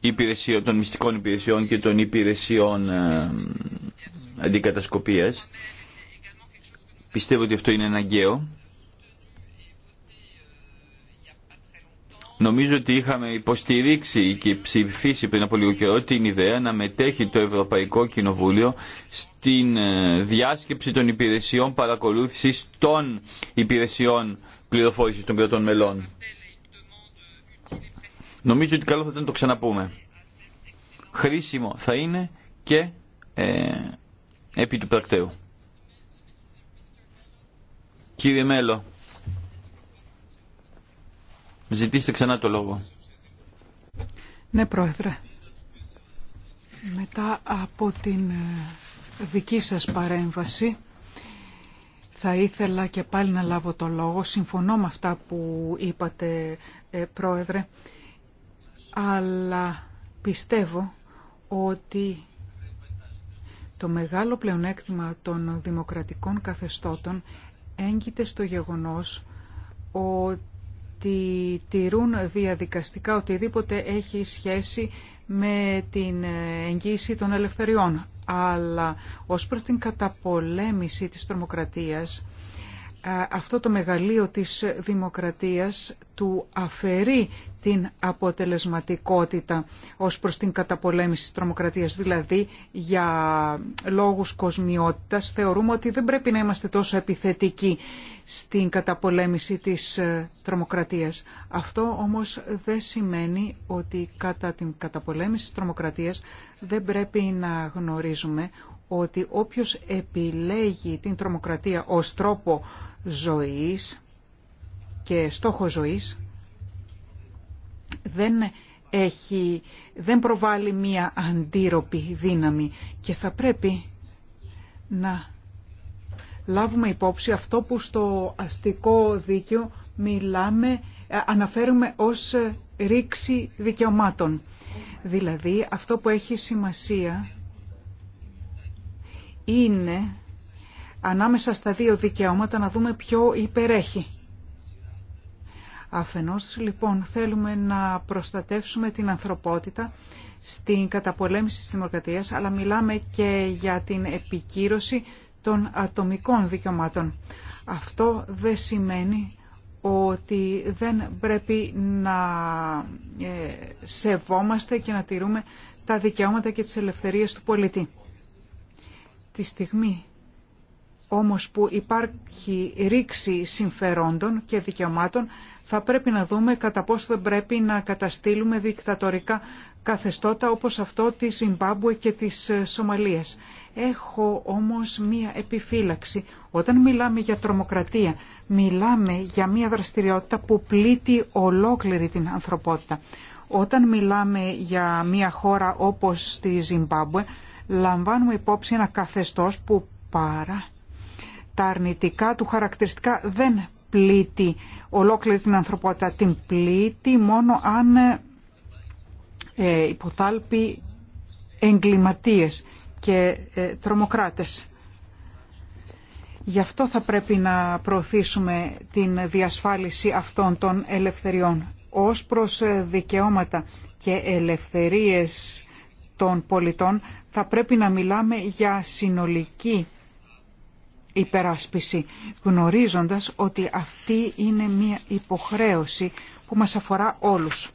υπηρεσιών, των μυστικών υπηρεσιών και των υπηρεσιών ε, αντικατασκοπίας. Πιστεύω ότι αυτό είναι αναγκαίο Νομίζω ότι είχαμε υποστηρίξει και ψηφίσει πριν από λίγο καιρό την ιδέα να μετέχει το Ευρωπαϊκό Κοινοβούλιο στην ε, διάσκεψη των υπηρεσιών παρακολούθησης των υπηρεσιών πληροφόρησης των κρατών μελών. Νομίζω ότι καλό θα ήταν να το ξαναπούμε. Χρήσιμο θα είναι και ε, επί του πρακτέου. Κύριε Μέλο, Ζητήστε ξανά το λόγο. Ναι, Πρόεδρε. Μετά από την ε, δική σας παρέμβαση θα ήθελα και πάλι να λάβω το λόγο. Συμφωνώ με αυτά που είπατε, ε, Πρόεδρε, αλλά πιστεύω ότι το μεγάλο πλεονέκτημα των δημοκρατικών καθεστώτων έγκυται στο γεγονός ότι ότι τηρούν διαδικαστικά οτιδήποτε έχει σχέση με την εγγύηση των ελευθεριών. Αλλά ως προς την καταπολέμηση της τρομοκρατίας αυτό το μεγαλείο της δημοκρατίας του αφαιρεί την αποτελεσματικότητα ως προς την καταπολέμηση της τρομοκρατίας. Δηλαδή, για λόγους κοσμιότητας θεωρούμε ότι δεν πρέπει να είμαστε τόσο επιθετικοί στην καταπολέμηση της ε, τρομοκρατίας. Αυτό όμως δεν σημαίνει ότι κατά την καταπολέμηση της τρομοκρατίας δεν πρέπει να γνωρίζουμε ότι όποιος επιλέγει την τρομοκρατία ως τρόπο ζωής και στόχο ζωής δεν έχει, δεν προβάλλει μία αντίρροπη δύναμη και θα πρέπει να λάβουμε υπόψη αυτό που στο αστικό δίκαιο μιλάμε, ε, αναφέρουμε ως ρήξη δικαιωμάτων. Δηλαδή αυτό που έχει σημασία είναι ανάμεσα στα δύο δικαιώματα να δούμε ποιο υπερέχει. Αφενός, λοιπόν, θέλουμε να προστατεύσουμε την ανθρωπότητα στην καταπολέμηση της δημοκρατίας, αλλά μιλάμε και για την επικύρωση των ατομικών δικαιωμάτων. Αυτό δεν σημαίνει ότι δεν πρέπει να ε, σεβόμαστε και να τηρούμε τα δικαιώματα και τις ελευθερίες του πολιτή. Τη στιγμή όμως που υπάρχει ρήξη συμφερόντων και δικαιωμάτων θα πρέπει να δούμε κατά πόσο δεν πρέπει να καταστήλουμε δικτατορικά καθεστώτα όπως αυτό της Ζιμπάμπουε και της ε, Σομαλίας. Έχω όμως μία επιφύλαξη. Όταν μιλάμε για τρομοκρατία, μιλάμε για μία δραστηριότητα που πλήττει ολόκληρη την ανθρωπότητα. Όταν μιλάμε για μία χώρα όπως τη Ζιμπάμπουε, λαμβάνουμε υπόψη ένα καθεστώς που παρά τα αρνητικά του χαρακτηριστικά δεν πλήττει ολόκληρη την ανθρωπότητα. Την πλήττει μόνο αν ε, ε υποθάλπει εγκληματίες και ε, τρομοκράτες. Γι' αυτό θα πρέπει να προωθήσουμε την διασφάλιση αυτών των ελευθεριών ως προς ε, δικαιώματα και ελευθερίες των πολιτών θα πρέπει να μιλάμε για συνολική υπεράσπιση, γνωρίζοντας ότι αυτή είναι μια υποχρέωση που μας αφορά όλους.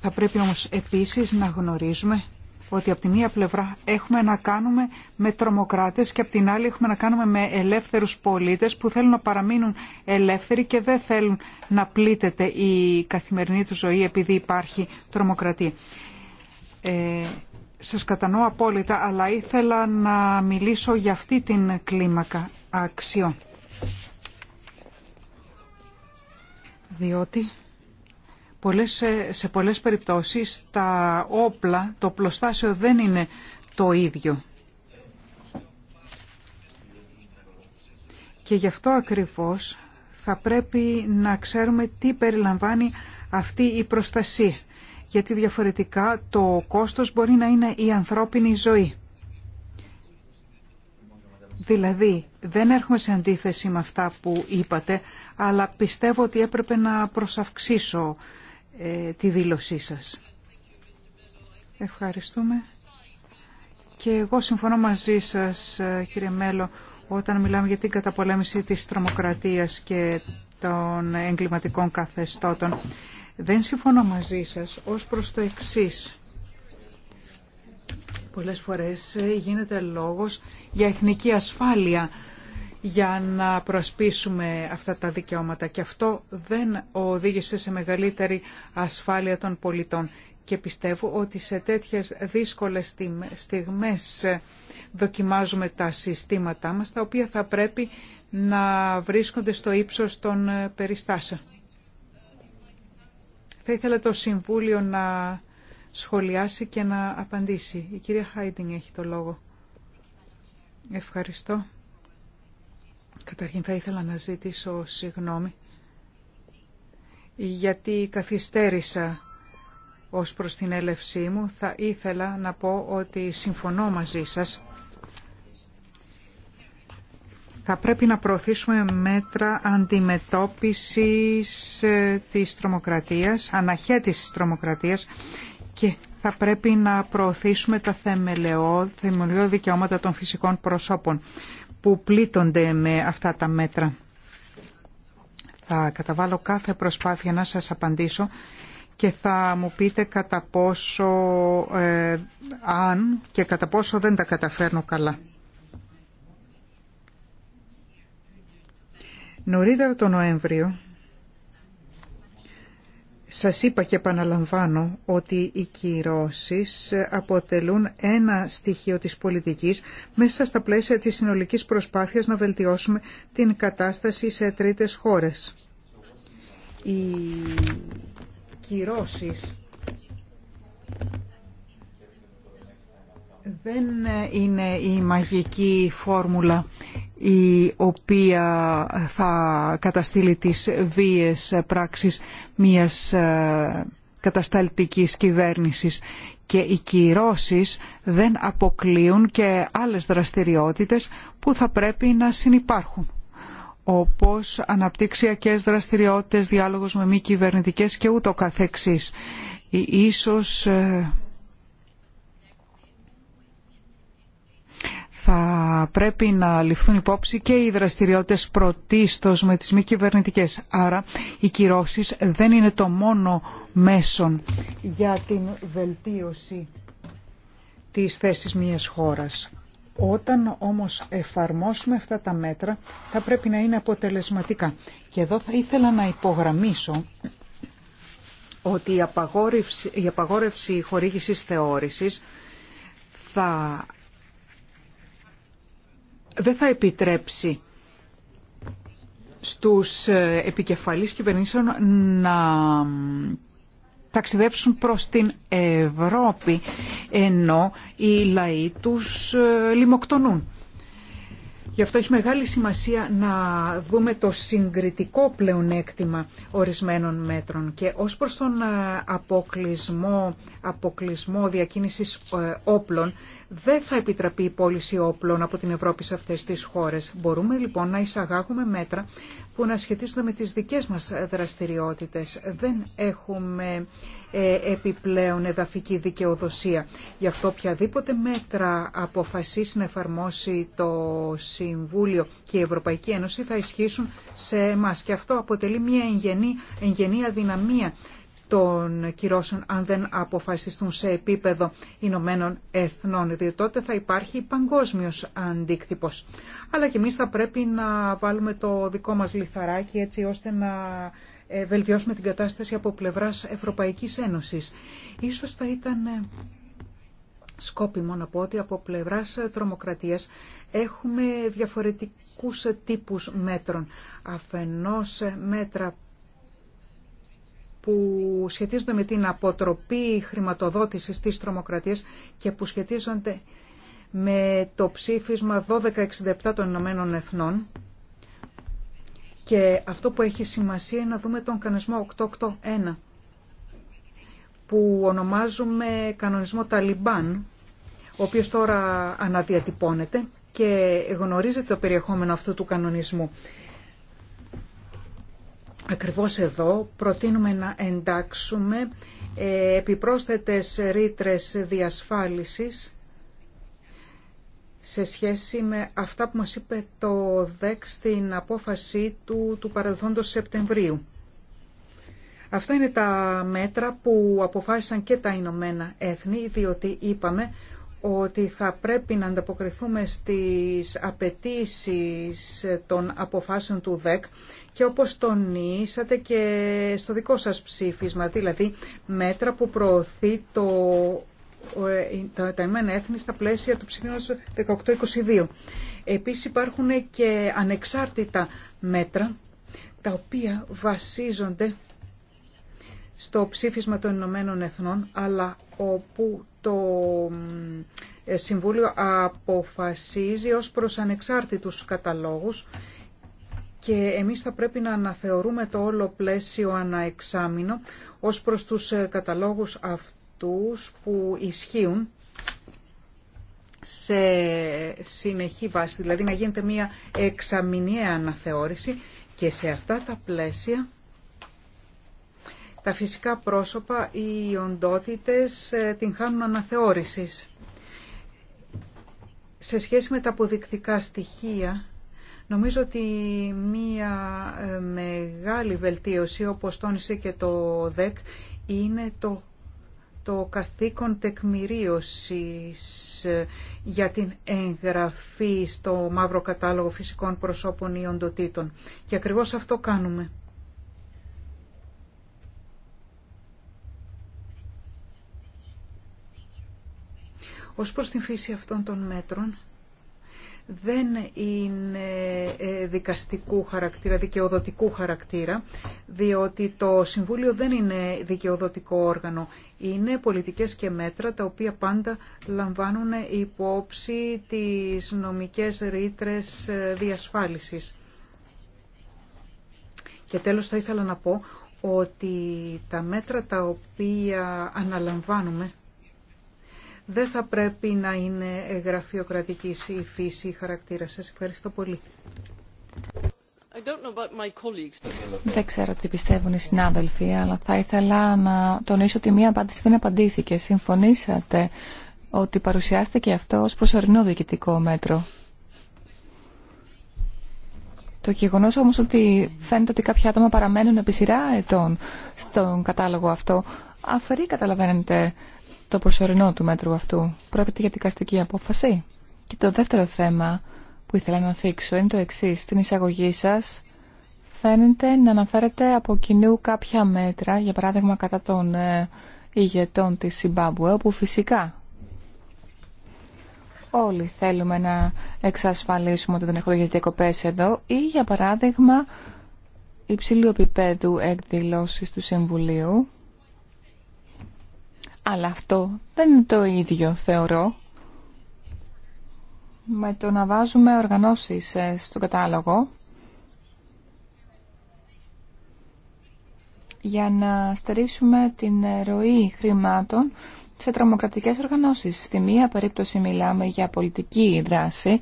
Θα πρέπει όμως επίσης να γνωρίζουμε ότι από τη μία πλευρά έχουμε να κάνουμε με τρομοκράτες και από την άλλη έχουμε να κάνουμε με ελεύθερους πολίτες που θέλουν να παραμείνουν ελεύθεροι και δεν θέλουν να πλήτεται η καθημερινή του ζωή επειδή υπάρχει τρομοκρατία. Ε, σας κατανοώ απόλυτα, αλλά ήθελα να μιλήσω για αυτή την κλίμακα αξιών. Διότι πολλές, σε πολλές περιπτώσεις τα όπλα, το πλωστάσιο δεν είναι το ίδιο. Και γι' αυτό ακριβώς θα πρέπει να ξέρουμε τι περιλαμβάνει αυτή η προστασία γιατί διαφορετικά το κόστος μπορεί να είναι η ανθρώπινη ζωή. Δηλαδή, δεν έρχομαι σε αντίθεση με αυτά που είπατε, αλλά πιστεύω ότι έπρεπε να προσαυξήσω ε, τη δήλωσή σας. Ευχαριστούμε. Και εγώ συμφωνώ μαζί σας, ε, κύριε Μέλο, όταν μιλάμε για την καταπολέμηση της τρομοκρατίας και των εγκληματικών καθεστώτων. Δεν συμφωνώ μαζί σας ως προς το εξής. Πολλές φορές γίνεται λόγος για εθνική ασφάλεια για να προσπίσουμε αυτά τα δικαιώματα και αυτό δεν οδήγησε σε μεγαλύτερη ασφάλεια των πολιτών. Και πιστεύω ότι σε τέτοιες δύσκολες στιγμές δοκιμάζουμε τα συστήματά μας, τα οποία θα πρέπει να βρίσκονται στο ύψος των περιστάσεων. Θα ήθελα το Συμβούλιο να σχολιάσει και να απαντήσει. Η κυρία Χάιντινγκ έχει το λόγο. Ευχαριστώ. Καταρχήν θα ήθελα να ζητήσω συγγνώμη γιατί καθυστέρησα ως προς την έλευσή μου. Θα ήθελα να πω ότι συμφωνώ μαζί σας θα πρέπει να προωθήσουμε μέτρα αντιμετώπισης ε, της τρομοκρατίας, αναχέτησης της τρομοκρατίας και θα πρέπει να προωθήσουμε τα θεμελιώδη δικαιώματα των φυσικών προσώπων που πλήττονται με αυτά τα μέτρα. Θα καταβάλω κάθε προσπάθεια να σας απαντήσω και θα μου πείτε κατά πόσο ε, αν και κατά πόσο δεν τα καταφέρνω καλά. Νωρίτερα τον Νοέμβριο σας είπα και επαναλαμβάνω ότι οι κυρώσεις αποτελούν ένα στοιχείο της πολιτικής μέσα στα πλαίσια της συνολικής προσπάθειας να βελτιώσουμε την κατάσταση σε τρίτες χώρες. Οι κυρώσεις δεν είναι η μαγική φόρμουλα η οποία θα καταστήλει τις βίες πράξεις μιας ε, κατασταλτικής κυβέρνησης και οι κυρώσεις δεν αποκλείουν και άλλες δραστηριότητες που θα πρέπει να συνεπάρχουν όπως αναπτυξιακές δραστηριότητες, διάλογος με μη κυβερνητικές και ούτω καθεξής. Ίσως ε, θα πρέπει να ληφθούν υπόψη και οι δραστηριότητες πρωτίστως με τις μη κυβερνητικέ. Άρα οι κυρώσεις δεν είναι το μόνο μέσον για την βελτίωση της θέσης μιας χώρας. Όταν όμως εφαρμόσουμε αυτά τα μέτρα θα πρέπει να είναι αποτελεσματικά. Και εδώ θα ήθελα να υπογραμμίσω ότι η απαγόρευση, η απαγόρευση χορήγησης θεώρησης θα δεν θα επιτρέψει στους ε, επικεφαλείς κυβερνήσεων να ταξιδέψουν προς την Ευρώπη ενώ οι λαοί τους ε, λιμοκτονούν. Γι' αυτό έχει μεγάλη σημασία να δούμε το συγκριτικό πλεονέκτημα ορισμένων μέτρων και ως προς τον ε, αποκλεισμό, αποκλεισμό διακίνησης όπλων δεν θα επιτραπεί η πώληση όπλων από την Ευρώπη σε αυτές τις χώρες. Μπορούμε λοιπόν να εισαγάγουμε μέτρα που να σχετίζονται με τις δικές μας δραστηριότητες. Δεν έχουμε ε, επιπλέον εδαφική δικαιοδοσία. Γι' αυτό οποιαδήποτε μέτρα αποφασίσει να εφαρμόσει το Συμβούλιο και η Ευρωπαϊκή Ένωση θα ισχύσουν σε εμά. Και αυτό αποτελεί μια εγγενή αδυναμία των κυρώσεων αν δεν αποφασιστούν σε επίπεδο Ηνωμένων Εθνών, διότι τότε θα υπάρχει παγκόσμιος αντίκτυπος. Αλλά και εμείς θα πρέπει να βάλουμε το δικό μας λιθαράκι έτσι ώστε να ε, βελτιώσουμε την κατάσταση από πλευράς Ευρωπαϊκής Ένωσης. Ίσως θα ήταν ε, σκόπιμο να πω ότι από πλευράς ε, τρομοκρατίας έχουμε διαφορετικούς τύπους μέτρων. Αφενός μέτρα που σχετίζονται με την αποτροπή χρηματοδότησης της τρομοκρατίας και που σχετίζονται με το ψήφισμα 1267 των Ηνωμένων Εθνών. Και αυτό που έχει σημασία είναι να δούμε τον κανονισμό 881 που ονομάζουμε κανονισμό Ταλιμπάν, ο οποίος τώρα αναδιατυπώνεται και γνωρίζεται το περιεχόμενο αυτού του κανονισμού. Ακριβώς εδώ προτείνουμε να εντάξουμε ε, επιπρόσθετες ρήτρες διασφάλισης σε σχέση με αυτά που μας είπε το ΔΕΚ στην απόφαση του, του παρελθόντος Σεπτεμβρίου. Αυτά είναι τα μέτρα που αποφάσισαν και τα Ηνωμένα Έθνη, διότι είπαμε ότι θα πρέπει να ανταποκριθούμε στις απαιτήσει των αποφάσεων του ΔΕΚ και όπως τονίσατε και στο δικό σας ψήφισμα, δηλαδή μέτρα που προωθεί το, ε, τα Ηνωμένα Έθνη στα πλαίσια του ψηφίματος 18-22. Επίσης υπάρχουν και ανεξάρτητα μέτρα τα οποία βασίζονται στο ψήφισμα των Ηνωμένων Εθνών, αλλά όπου το ε, Συμβούλιο αποφασίζει ως προς ανεξάρτητους καταλόγους και εμείς θα πρέπει να αναθεωρούμε το όλο πλαίσιο αναεξάμεινο ως προς τους ε, καταλόγους αυτούς που ισχύουν σε συνεχή βάση, δηλαδή να γίνεται μια εξαμηνιαία αναθεώρηση και σε αυτά τα πλαίσια τα φυσικά πρόσωπα, οι οντότητες ε, την χάνουν αναθεώρησης. Σε σχέση με τα αποδεικτικά στοιχεία, νομίζω ότι μία ε, μεγάλη βελτίωση, όπως τόνισε και το ΔΕΚ, είναι το το καθήκον τεκμηρίωσης ε, για την εγγραφή στο μαύρο κατάλογο φυσικών προσώπων ή οντοτήτων. Και ακριβώς αυτό κάνουμε. Ως προς την φύση αυτών των μέτρων, δεν είναι ε, δικαστικού χαρακτήρα, δικαιοδοτικού χαρακτήρα, διότι το Συμβούλιο δεν είναι δικαιοδοτικό όργανο. Είναι πολιτικές και μέτρα τα οποία πάντα λαμβάνουν υπόψη τις νομικές ρήτρες ε, διασφάλισης. Και τέλος θα ήθελα να πω ότι τα μέτρα τα οποία αναλαμβάνουμε δεν θα πρέπει να είναι γραφειοκρατική η φύση η χαρακτήρα σας. Ευχαριστώ πολύ. Δεν ξέρω τι πιστεύουν οι συνάδελφοι, αλλά θα ήθελα να τονίσω ότι μία απάντηση δεν απαντήθηκε. Συμφωνήσατε ότι παρουσιάστηκε αυτό ως προσωρινό διοικητικό μέτρο. Το γεγονό όμως ότι φαίνεται ότι κάποια άτομα παραμένουν επί σειρά ετών στον κατάλογο αυτό, αφαιρεί καταλαβαίνετε το προσωρινό του μέτρου αυτού. Πρόκειται για δικαστική απόφαση. Και το δεύτερο θέμα που ήθελα να θίξω είναι το εξή. Στην εισαγωγή σα φαίνεται να αναφέρετε από κοινού κάποια μέτρα, για παράδειγμα κατά των ε, ηγετών της Σιμπάμπουε, όπου φυσικά όλοι θέλουμε να εξασφαλίσουμε ότι δεν έχουμε για εδώ ή για παράδειγμα υψηλού επίπεδου εκδηλώσεις του Συμβουλίου αλλά αυτό δεν είναι το ίδιο, θεωρώ, με το να βάζουμε οργανώσεις ε, στο κατάλογο για να στερήσουμε την ροή χρημάτων σε τρομοκρατικές οργανώσεις. Στη μία περίπτωση μιλάμε για πολιτική δράση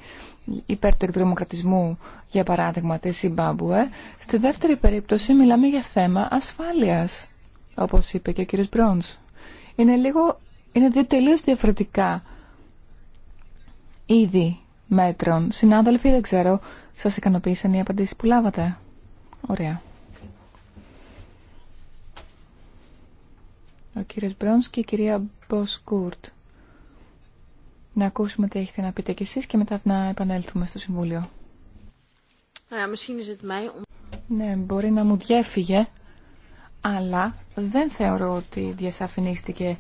υπέρ του εκδρομοκρατισμού, για παράδειγμα της Ιμπάμπουε. Στη δεύτερη περίπτωση μιλάμε για θέμα ασφάλειας, όπως είπε και ο κ. Μπρόντς είναι λίγο, είναι δύο τελείως διαφορετικά είδη μέτρων. Συνάδελφοι, δεν ξέρω, σας ικανοποίησαν οι απαντήσεις που λάβατε. Ωραία. Ο κύριος Μπρόνς και η κυρία Μποσκούρτ. Να ακούσουμε τι έχετε να πείτε κι εσείς και μετά να επανέλθουμε στο Συμβούλιο. Ναι, μπορεί να μου διέφυγε αλλά δεν θεωρώ ότι διασαφηνίστηκε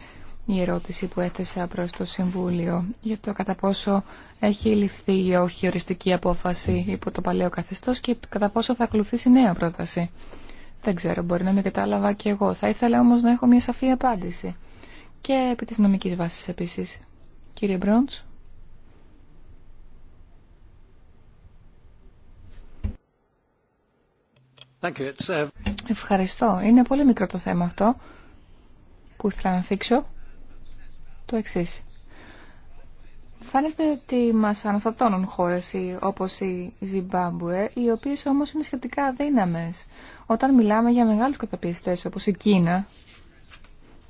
η ερώτηση που έθεσα προς το Συμβούλιο για το κατά πόσο έχει ληφθεί ή όχι οριστική απόφαση υπό το παλαιό καθεστώς και κατά πόσο θα ακολουθήσει νέα πρόταση. Δεν ξέρω, μπορεί να μην κατάλαβα και εγώ. Θα ήθελα όμως να έχω μια σαφή απάντηση. Και επί της νομικής βάσης επίσης. Κύριε Μπρόντς. Uh, Ευχαριστώ. Είναι πολύ μικρό το θέμα αυτό που ήθελα να θίξω. Το εξή. Φαίνεται ότι μας αναστατώνουν χώρε όπως η Ζιμπάμπουε, οι οποίες όμως είναι σχετικά αδύναμες. Όταν μιλάμε για μεγάλους καταπιεστές όπως η Κίνα,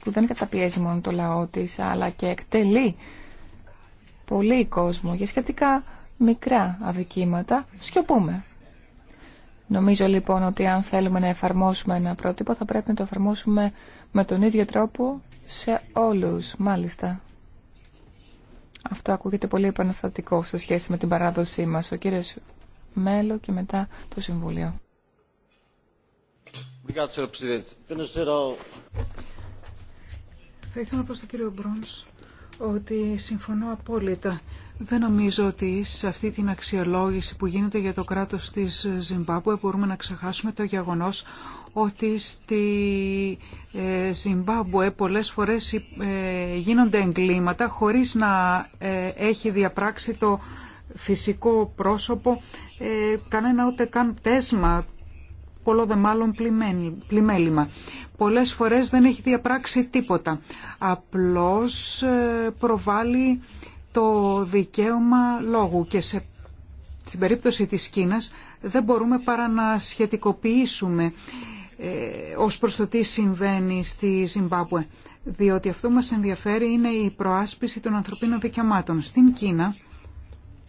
που δεν καταπιέζει μόνο το λαό τη, αλλά και εκτελεί πολύ κόσμο για σχετικά μικρά αδικήματα, σιωπούμε. Νομίζω λοιπόν ότι αν θέλουμε να εφαρμόσουμε ένα πρότυπο θα πρέπει να το εφαρμόσουμε με τον ίδιο τρόπο σε όλους, μάλιστα. Αυτό ακούγεται πολύ επαναστατικό σε σχέση με την παράδοσή μας. Ο κύριος Μέλο και μετά το Συμβούλιο. Θα ήθελα να πω στον κύριο Μπρόνς ότι συμφωνώ απόλυτα δεν νομίζω ότι σε αυτή την αξιολόγηση που γίνεται για το κράτος της Ζιμπάμπουε μπορούμε να ξεχάσουμε το γεγονός ότι στη ε, Ζιμπάμπουε πολλές φορές ε, γίνονται εγκλήματα χωρίς να ε, έχει διαπράξει το φυσικό πρόσωπο κανένα ούτε καν τέσμα πολλό δε μάλλον πλημέλημα. Πολλές φορές δεν έχει διαπράξει τίποτα. Απλώς προβάλλει το δικαίωμα λόγου και σε, στην περίπτωση της Κίνας δεν μπορούμε παρά να σχετικοποιήσουμε ε, ως προς το τι συμβαίνει στη Ζιμπάμπουε. Διότι αυτό που μας ενδιαφέρει είναι η προάσπιση των ανθρωπίνων δικαιωμάτων. Στην Κίνα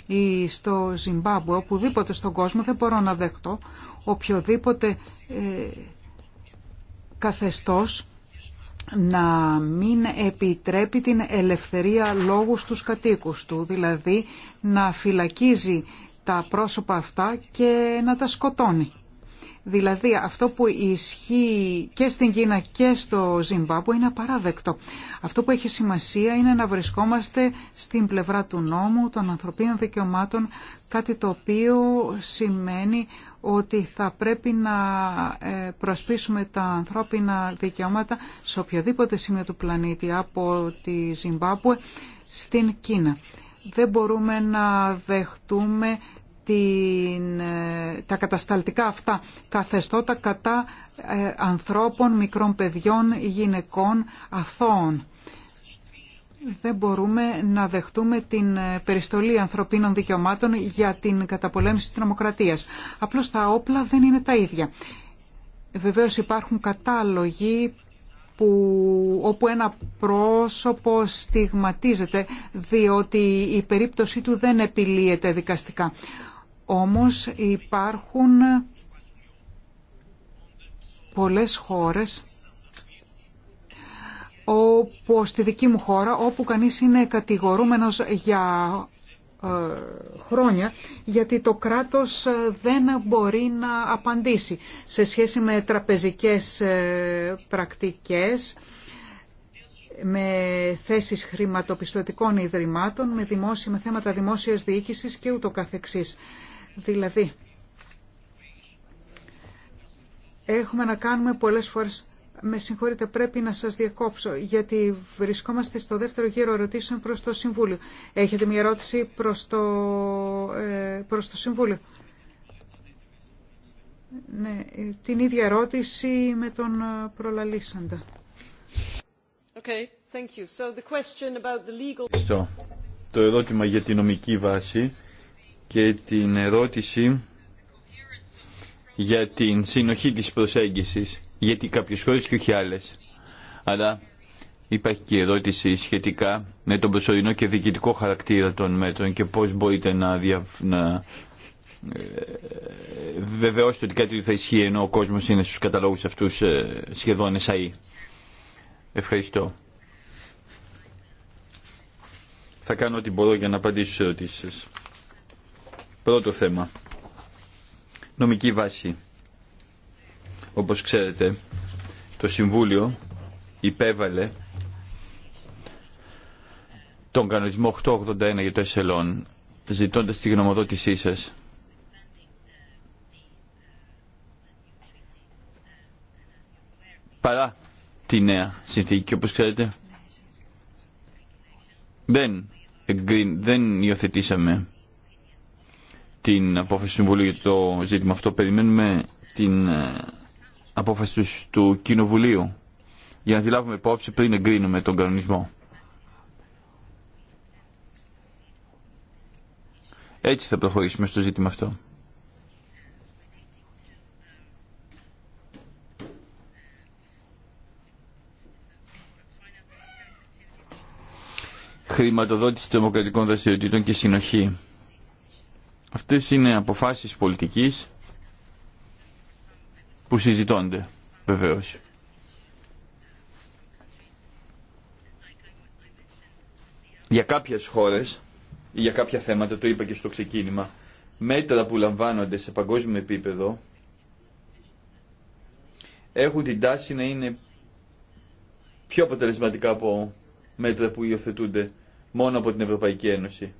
ή στο Ζιμπάμπουε, οπουδήποτε στον κόσμο, δεν μπορώ να δεχτώ οποιοδήποτε ε, καθεστώς να μην επιτρέπει την ελευθερία λόγου στους κατοίκους του, δηλαδή να φυλακίζει τα πρόσωπα αυτά και να τα σκοτώνει. Δηλαδή αυτό που ισχύει και στην Κίνα και στο Ζιμπάμπου είναι απαράδεκτο. Αυτό που έχει σημασία είναι να βρισκόμαστε στην πλευρά του νόμου, των ανθρωπίνων δικαιωμάτων, κάτι το οποίο σημαίνει ότι θα πρέπει να ε, προσπίσουμε τα ανθρώπινα δικαιώματα σε οποιοδήποτε σημείο του πλανήτη από τη Ζιμπάμπουε στην Κίνα. Δεν μπορούμε να δεχτούμε την, ε, τα κατασταλτικά αυτά καθεστώτα κατά ε, ανθρώπων, μικρών παιδιών, γυναικών, αθώων δεν μπορούμε να δεχτούμε την περιστολή ανθρωπίνων δικαιωμάτων για την καταπολέμηση της τρομοκρατίας. Απλώς τα όπλα δεν είναι τα ίδια. Βεβαίως υπάρχουν κατάλογοι που, όπου ένα πρόσωπο στιγματίζεται διότι η περίπτωσή του δεν επιλύεται δικαστικά. Όμως υπάρχουν πολλές χώρες όπου στη δική μου χώρα, όπου κανείς είναι κατηγορούμενος για ε, χρόνια, γιατί το κράτος ε, δεν μπορεί να απαντήσει σε σχέση με τραπεζικές ε, πρακτικές, με θέσεις χρηματοπιστωτικών ιδρυμάτων, με, δημόσια, με θέματα δημόσιας διοίκησης και ούτω καθεξής. Δηλαδή, έχουμε να κάνουμε πολλές φορές με συγχωρείτε, πρέπει να σας διακόψω, γιατί βρισκόμαστε στο δεύτερο γύρο ερωτήσεων προς το Συμβούλιο. Έχετε μια ερώτηση προς το, ε, προς το Συμβούλιο. Ναι, ε, την ίδια ερώτηση με τον ε, προλαλήσαντα. Okay, thank you. So Το ερώτημα για την νομική βάση και την ερώτηση για την συνοχή της προσέγγισης γιατί κάποιες χώρες και όχι άλλες. Αλλά υπάρχει και ερώτηση σχετικά με τον προσωρινό και διοικητικό χαρακτήρα των μέτρων και πώς μπορείτε να, δια... Ε, βεβαιώσετε ότι κάτι θα ισχύει ενώ ο κόσμος είναι στους καταλόγους αυτούς ε, σχεδόν εσαΐ. Ευχαριστώ. Θα κάνω ό,τι μπορώ για να απαντήσω σε ερωτήσεις. Πρώτο θέμα. Νομική βάση. Όπως ξέρετε, το Συμβούλιο υπέβαλε τον κανονισμό 881 για το ΕΣΕΛΟΝ, ζητώντας τη γνωμοδότησή σας παρά τη νέα συνθήκη και όπως ξέρετε δεν, δεν υιοθετήσαμε την απόφαση του Συμβουλίου για το ζήτημα αυτό. Περιμένουμε την ε, απόφαση του Κοινοβουλίου για να τη λάβουμε υπόψη πριν εγκρίνουμε τον κανονισμό. Έτσι θα προχωρήσουμε στο ζήτημα αυτό. Χρηματοδότηση δημοκρατικών δραστηριοτήτων και συνοχή. Αυτές είναι αποφάσεις πολιτικής που συζητώνται βεβαίως. Για κάποιες χώρες ή για κάποια θέματα, το είπα και στο ξεκίνημα, μέτρα που λαμβάνονται σε παγκόσμιο επίπεδο έχουν την τάση να είναι πιο αποτελεσματικά από μέτρα που υιοθετούνται μόνο από την Ευρωπαϊκή Ένωση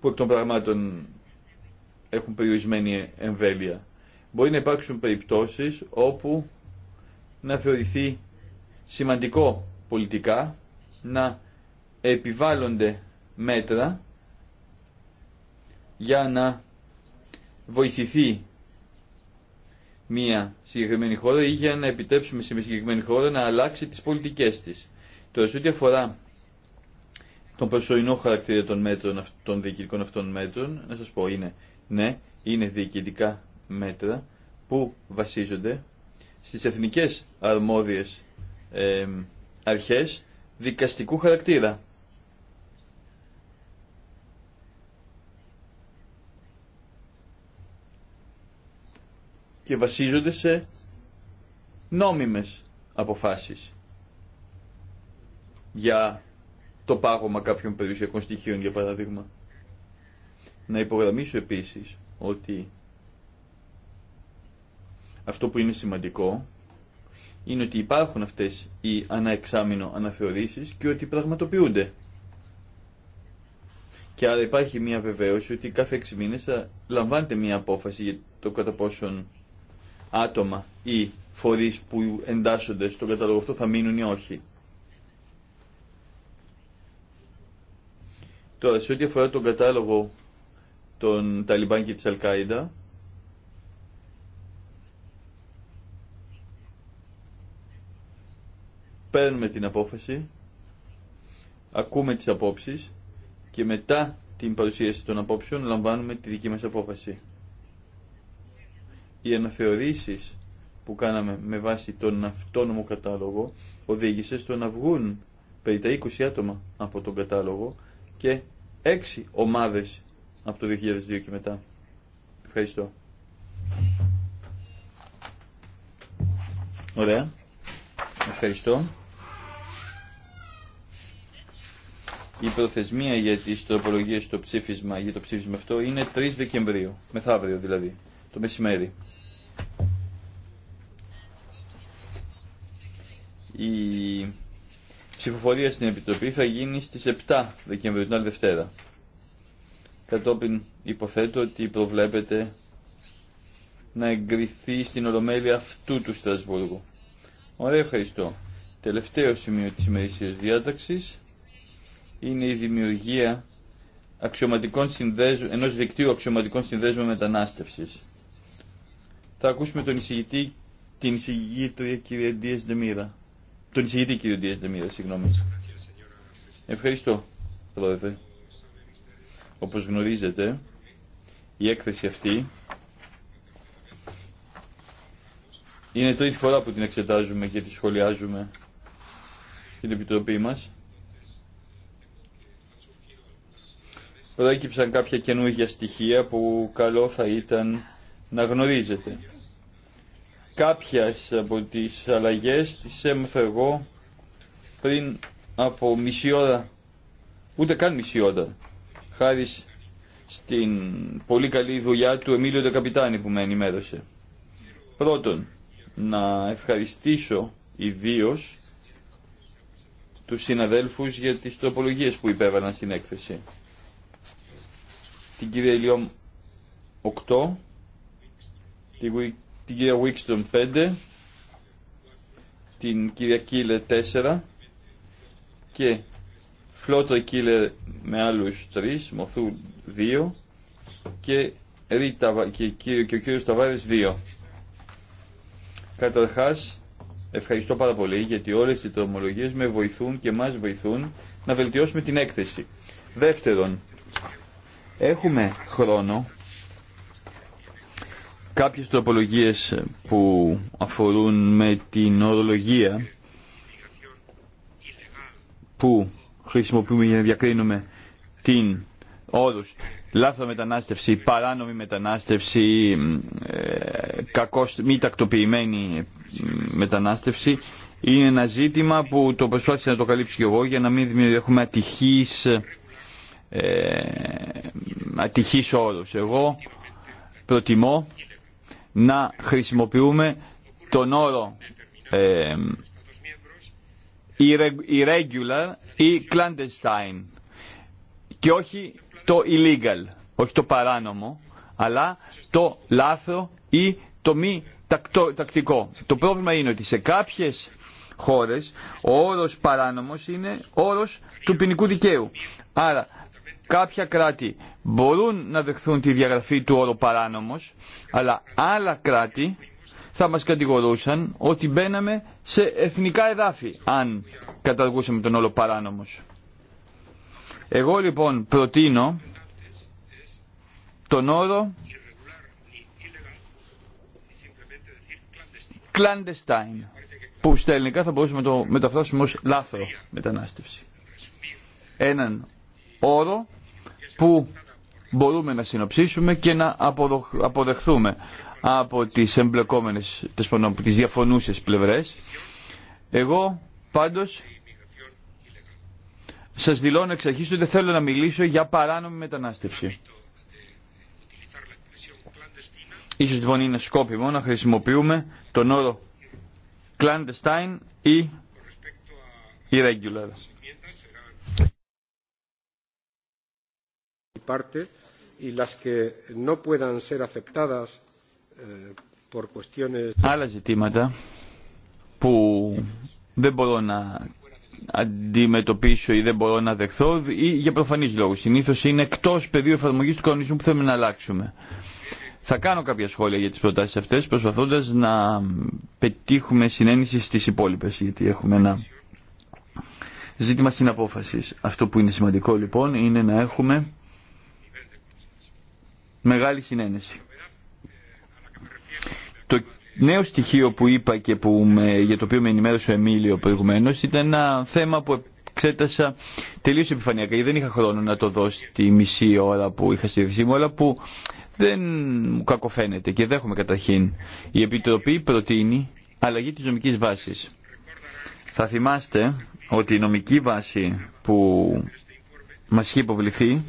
που εκ των πραγμάτων έχουν περιορισμένη εμβέλεια μπορεί να υπάρξουν περιπτώσεις όπου να θεωρηθεί σημαντικό πολιτικά να επιβάλλονται μέτρα για να βοηθηθεί μία συγκεκριμένη χώρα ή για να επιτρέψουμε σε μία συγκεκριμένη χώρα να αλλάξει τις πολιτικές της. Τώρα, σε ό,τι αφορά τον προσωρινό χαρακτήρα των, μέτρων, των διοικητικών αυτών μέτρων, να σας πω, είναι, ναι, είναι διοικητικά μέτρα που βασίζονται στις εθνικές αρμόδιες ε, αρχές δικαστικού χαρακτήρα. και βασίζονται σε νόμιμες αποφάσεις για το πάγωμα κάποιων περιουσιακών στοιχείων, για παράδειγμα. Να υπογραμμίσω επίσης ότι αυτό που είναι σημαντικό είναι ότι υπάρχουν αυτές οι αναεξάμεινο αναθεωρήσεις και ότι πραγματοποιούνται. Και άρα υπάρχει μια βεβαίωση ότι κάθε έξι μήνες θα λαμβάνεται μια απόφαση για το κατά πόσον άτομα ή φορείς που εντάσσονται στον κατάλογο αυτό θα μείνουν ή όχι. Τώρα, σε ό,τι αφορά τον κατάλογο των Ταλιμπάν και της Αλκάιδα, παίρνουμε την απόφαση, ακούμε τις απόψεις και μετά την παρουσίαση των απόψεων λαμβάνουμε τη δική μας απόφαση. Οι αναθεωρήσεις που κάναμε με βάση τον αυτόνομο κατάλογο οδήγησε στο να βγουν περί τα 20 άτομα από τον κατάλογο και 6 ομάδες από το 2002 και μετά. Ευχαριστώ. Ωραία. Ευχαριστώ. Η προθεσμία για τις τροπολογίε στο ψήφισμα, για το ψήφισμα αυτό είναι 3 Δεκεμβρίου, μεθαύριο δηλαδή, το μεσημέρι. Η ψηφοφορία στην Επιτροπή θα γίνει στις 7 Δεκεμβρίου, την άλλη Δευτέρα. Κατόπιν υποθέτω ότι προβλέπεται να εγκριθεί στην Ολομέλεια αυτού του Στρασβούργου. Ωραία, ευχαριστώ. Τελευταίο σημείο της ημερήσιας διάταξης είναι η δημιουργία αξιωματικών ενός δικτύου αξιωματικών συνδέσμων μετανάστευσης. Θα ακούσουμε τον εισηγητή, την εισηγήτρια κυρία Τον εισηγητή κύριο Ντίας συγγνώμη. Ευχαριστώ, πρόεδρε. Όπως γνωρίζετε, η έκθεση αυτή Είναι τρίτη φορά που την εξετάζουμε και τη σχολιάζουμε στην Επιτροπή μας. Προέκυψαν κάποια καινούργια στοιχεία που καλό θα ήταν να γνωρίζετε. Κάποια από τις αλλαγές τις έμαθα εγώ πριν από μισή ώρα, ούτε καν μισή ώρα, χάρη στην πολύ καλή δουλειά του Εμίλιο Τεκαπιτάνη που με ενημέρωσε. Πρώτον, να ευχαριστήσω ιδίω τους συναδέλφους για τις τροπολογίε που υπέβαλαν στην έκθεση. Την κυρία Ηλιόμ 8, την κυρία Βίξτον 5, την κυρία Κίλε 4 και Φλότο Κίλε με άλλους 3, Μοθού 2 και, Ρίτα, και, κύριο, και ο κύριος Ταβάρης 2. Καταρχάς, ευχαριστώ πάρα πολύ γιατί όλες οι τρομολογίες με βοηθούν και μας βοηθούν να βελτιώσουμε την έκθεση. Δεύτερον, έχουμε χρόνο κάποιες τροπολογίες που αφορούν με την ορολογία που χρησιμοποιούμε για να διακρίνουμε την όρου λάθρο μετανάστευση, παράνομη μετανάστευση, ε, κακός, μη τακτοποιημένη μετανάστευση είναι ένα ζήτημα που το προσπάθησα να το καλύψω και εγώ για να μην δημιουργούμε ατυχείς, ε, Εγώ προτιμώ να χρησιμοποιούμε τον όρο ε, irregular ή clandestine και όχι το illegal, όχι το παράνομο, αλλά το λάθρο ή το μη τακτικό. Το πρόβλημα είναι ότι σε κάποιες χώρες ο όρος παράνομος είναι όρος του ποινικού δικαίου. Άρα κάποια κράτη μπορούν να δεχθούν τη διαγραφή του όρου παράνομος, αλλά άλλα κράτη θα μας κατηγορούσαν ότι μπαίναμε σε εθνικά εδάφη αν καταργούσαμε τον όλο παράνομος. Εγώ λοιπόν προτείνω τον όρο clandestine που στα ελληνικά θα μπορούσαμε να το μεταφράσουμε ως λάθρο μετανάστευση. Έναν όρο που μπορούμε να συνοψίσουμε και να αποδεχθούμε από τις εμπλεκόμενες, τις διαφωνούσες πλευρές. Εγώ πάντως σας δηλώνω εξ αρχή ότι δεν θέλω να μιλήσω για παράνομη μετανάστευση. Ίσως λοιπόν είναι σκόπιμο να χρησιμοποιούμε τον όρο clandestine ή irregular. Άλλα ζητήματα που δεν μπορώ να αντιμετωπίσω ή δεν μπορώ να δεχθώ ή για προφανείς λόγους. Συνήθως είναι εκτός πεδίου εφαρμογής του κανονισμού που θέλουμε να αλλάξουμε. Θα κάνω κάποια σχόλια για τις προτάσεις αυτές προσπαθώντας να πετύχουμε συνένεση στις υπόλοιπες γιατί έχουμε ένα ζήτημα στην απόφαση. Αυτό που είναι σημαντικό λοιπόν είναι να έχουμε μεγάλη συνένεση νέο στοιχείο που είπα και για το οποίο με ενημέρωσε ο Εμίλιο προηγουμένω ήταν ένα θέμα που εξέτασα τελείω επιφανειακά γιατί δεν είχα χρόνο να το δω στη μισή ώρα που είχα στη διάθεσή μου, αλλά που δεν μου κακοφαίνεται και δέχομαι καταρχήν. Η Επιτροπή προτείνει αλλαγή τη νομική βάση. Θα θυμάστε ότι η νομική βάση που μα είχε υποβληθεί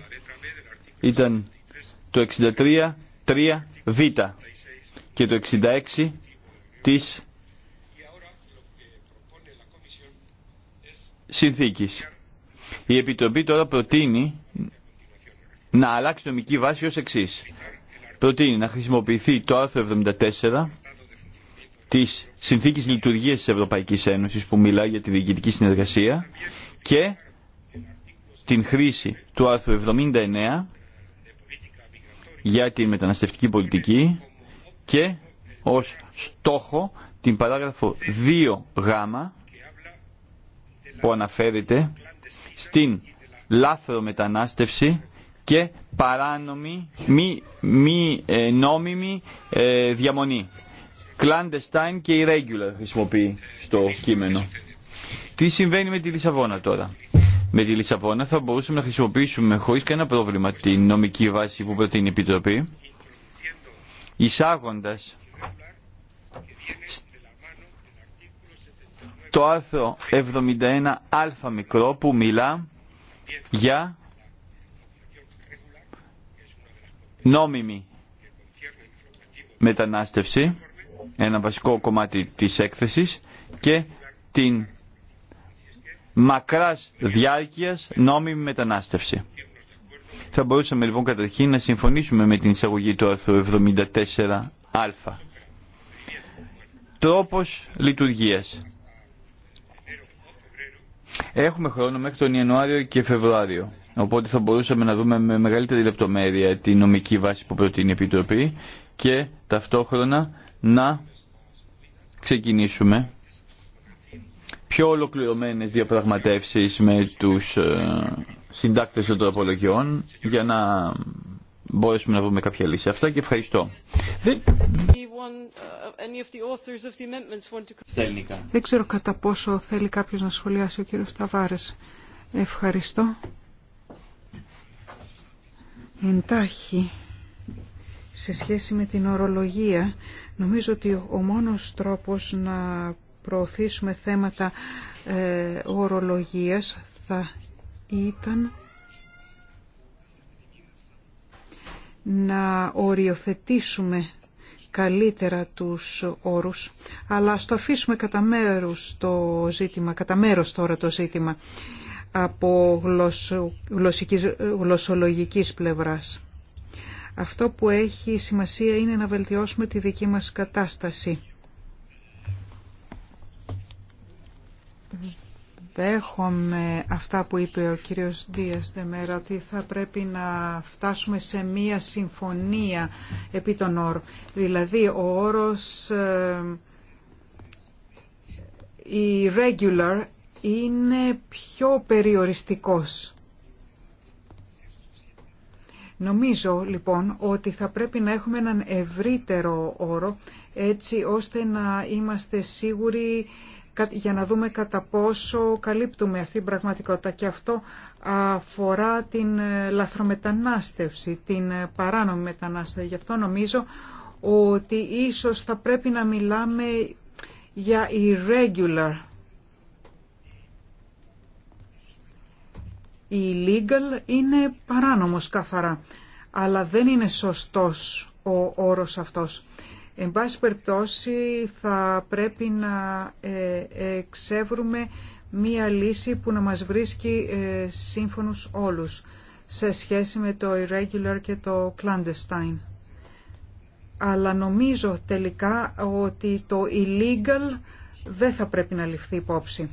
ήταν το 63-3-Β και το 66 της συνθήκης. Η Επιτροπή τώρα προτείνει να αλλάξει νομική βάση ως εξής. Προτείνει να χρησιμοποιηθεί το άρθρο 74 της Συνθήκης Λειτουργίας της Ευρωπαϊκής Ένωσης που μιλά για τη διοικητική συνεργασία και την χρήση του άρθρου 79 για τη μεταναστευτική πολιτική και ως στόχο την παράγραφο 2 γάμα που αναφέρεται στην λάθρο μετανάστευση και παράνομη, μη, μη ε, νόμιμη ε, διαμονή. Clandestine και irregular χρησιμοποιεί στο κείμενο. Τι συμβαίνει με τη Λισαβόνα τώρα. Με τη Λισαβόνα θα μπορούσαμε να χρησιμοποιήσουμε χωρίς κανένα πρόβλημα την νομική βάση που προτείνει η Επιτροπή εισάγοντας το άρθρο 71α μικρό που μιλά για νόμιμη μετανάστευση, ένα βασικό κομμάτι της έκθεσης και την μακράς διάρκειας νόμιμη μετανάστευση. Θα μπορούσαμε λοιπόν καταρχήν να συμφωνήσουμε με την εισαγωγή του άρθρου 74α. Τρόπος λειτουργίας. Έχουμε χρόνο μέχρι τον Ιανουάριο και Φεβρουάριο. Οπότε θα μπορούσαμε να δούμε με μεγαλύτερη λεπτομέρεια τη νομική βάση που προτείνει η Επιτροπή και ταυτόχρονα να ξεκινήσουμε πιο ολοκληρωμένες διαπραγματεύσεις με τους ε, συντάκτες των απολογιών για να μπορέσουμε να βρούμε κάποια λύση. Αυτά και ευχαριστώ. Δεν ξέρω κατά πόσο θέλει κάποιος να σχολιάσει ο κύριος Ταβάρες. Ευχαριστώ. Εντάχει, σε σχέση με την ορολογία, νομίζω ότι ο μόνος τρόπος να προωθήσουμε θέματα ε, ορολογίας θα ήταν να οριοθετήσουμε καλύτερα τους όρους, αλλά στο αφήσουμε κατά το ζήτημα, κατά μέρος τώρα το ζήτημα από γλωσσικής, γλωσσολογικής πλευράς. Αυτό που έχει σημασία είναι να βελτιώσουμε τη δική μας κατάσταση δέχομαι αυτά που είπε ο κύριος Δίας Δεμέρα ότι θα πρέπει να φτάσουμε σε μία συμφωνία επί των όρων. Δηλαδή ο όρος ε, η regular είναι πιο περιοριστικός. Νομίζω λοιπόν ότι θα πρέπει να έχουμε έναν ευρύτερο όρο έτσι ώστε να είμαστε σίγουροι για να δούμε κατά πόσο καλύπτουμε αυτή την πραγματικότητα και αυτό αφορά την ε, λαθρομετανάστευση, την ε, παράνομη μετανάστευση. Γι' αυτό νομίζω ότι ίσως θα πρέπει να μιλάμε για irregular Η illegal είναι παράνομος καθαρά, αλλά δεν είναι σωστός ο όρος αυτός. Εν πάση περιπτώσει θα πρέπει να ε, εξεύρουμε μία λύση που να μας βρίσκει ε, σύμφωνους όλους σε σχέση με το irregular και το clandestine. Αλλά νομίζω τελικά ότι το illegal δεν θα πρέπει να ληφθεί υπόψη.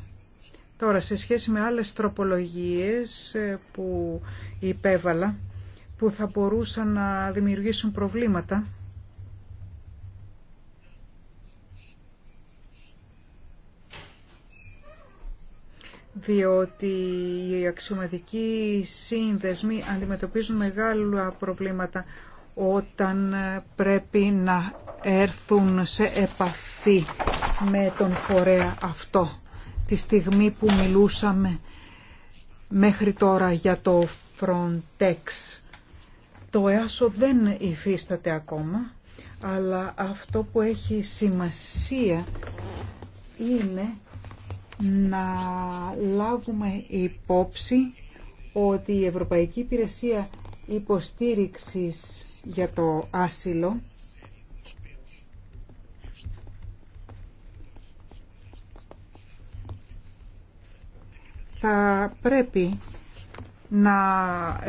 Τώρα, σε σχέση με άλλες τροπολογίες ε, που υπέβαλα, που θα μπορούσαν να δημιουργήσουν προβλήματα, διότι οι αξιωματικοί σύνδεσμοι αντιμετωπίζουν μεγάλα προβλήματα όταν πρέπει να έρθουν σε επαφή με τον φορέα αυτό. Τη στιγμή που μιλούσαμε μέχρι τώρα για το Frontex, το ΕΑΣΟ δεν υφίσταται ακόμα, αλλά αυτό που έχει σημασία είναι να λάβουμε υπόψη ότι η Ευρωπαϊκή Υπηρεσία Υποστήριξης για το Άσυλο θα πρέπει να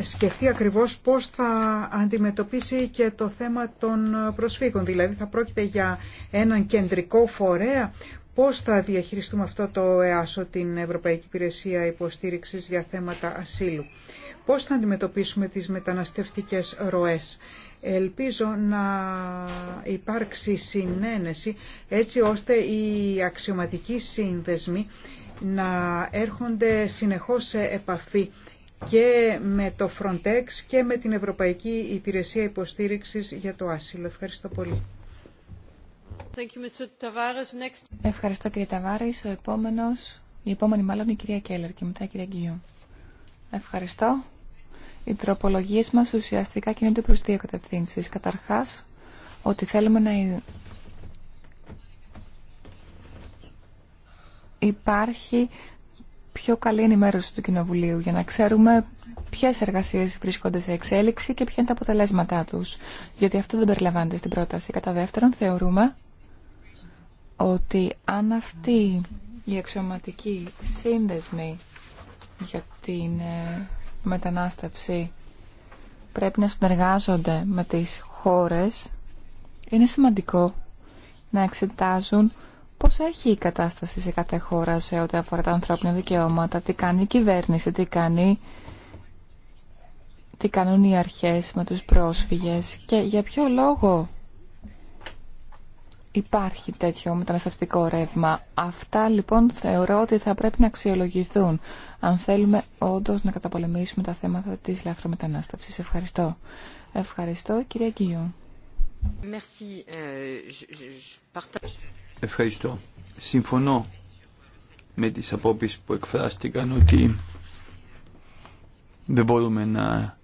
σκεφτεί ακριβώς πώς θα αντιμετωπίσει και το θέμα των προσφύγων. Δηλαδή θα πρόκειται για έναν κεντρικό φορέα πώς θα διαχειριστούμε αυτό το ΕΑΣΟ, την Ευρωπαϊκή Υπηρεσία Υποστήριξης για θέματα ασύλου. Πώς θα αντιμετωπίσουμε τις μεταναστευτικές ροές. Ελπίζω να υπάρξει συνένεση έτσι ώστε οι αξιωματικοί σύνδεσμοι να έρχονται συνεχώς σε επαφή και με το Frontex και με την Ευρωπαϊκή Υπηρεσία Υποστήριξης για το Άσυλο. Ευχαριστώ πολύ. Ευχαριστώ κύριε Ταβάρη. Ο επόμενος, η επόμενη μάλλον η κυρία Κέλλερ και μετά η κυρία Γκίου. Ευχαριστώ. Οι τροπολογίε μας ουσιαστικά κινούνται προ δύο κατευθύνσει. Καταρχάς, ότι θέλουμε να υπάρχει πιο καλή ενημέρωση του Κοινοβουλίου για να ξέρουμε ποιε εργασίες βρίσκονται σε εξέλιξη και ποια είναι τα αποτελέσματά του. Γιατί αυτό δεν περιλαμβάνεται στην πρόταση. Κατά δεύτερον, θεωρούμε ότι αν αυτοί οι αξιωματικοί σύνδεσμοι για την ε, μετανάστευση πρέπει να συνεργάζονται με τις χώρες, είναι σημαντικό να εξετάζουν πώς έχει η κατάσταση σε κάθε χώρα σε ό,τι αφορά τα ανθρώπινα δικαιώματα, τι κάνει η κυβέρνηση, τι, κάνει, τι κάνουν οι αρχές με τους πρόσφυγες και για ποιο λόγο υπάρχει τέτοιο μεταναστευτικό ρεύμα. Αυτά λοιπόν θεωρώ ότι θα πρέπει να αξιολογηθούν αν θέλουμε όντω να καταπολεμήσουμε τα θέματα τη λαθρομετανάστευση. Ευχαριστώ. Ευχαριστώ κυρία Κιού. Ε, Ευχαριστώ. Συμφωνώ με τις απόψεις που εκφράστηκαν ότι δεν μπορούμε να,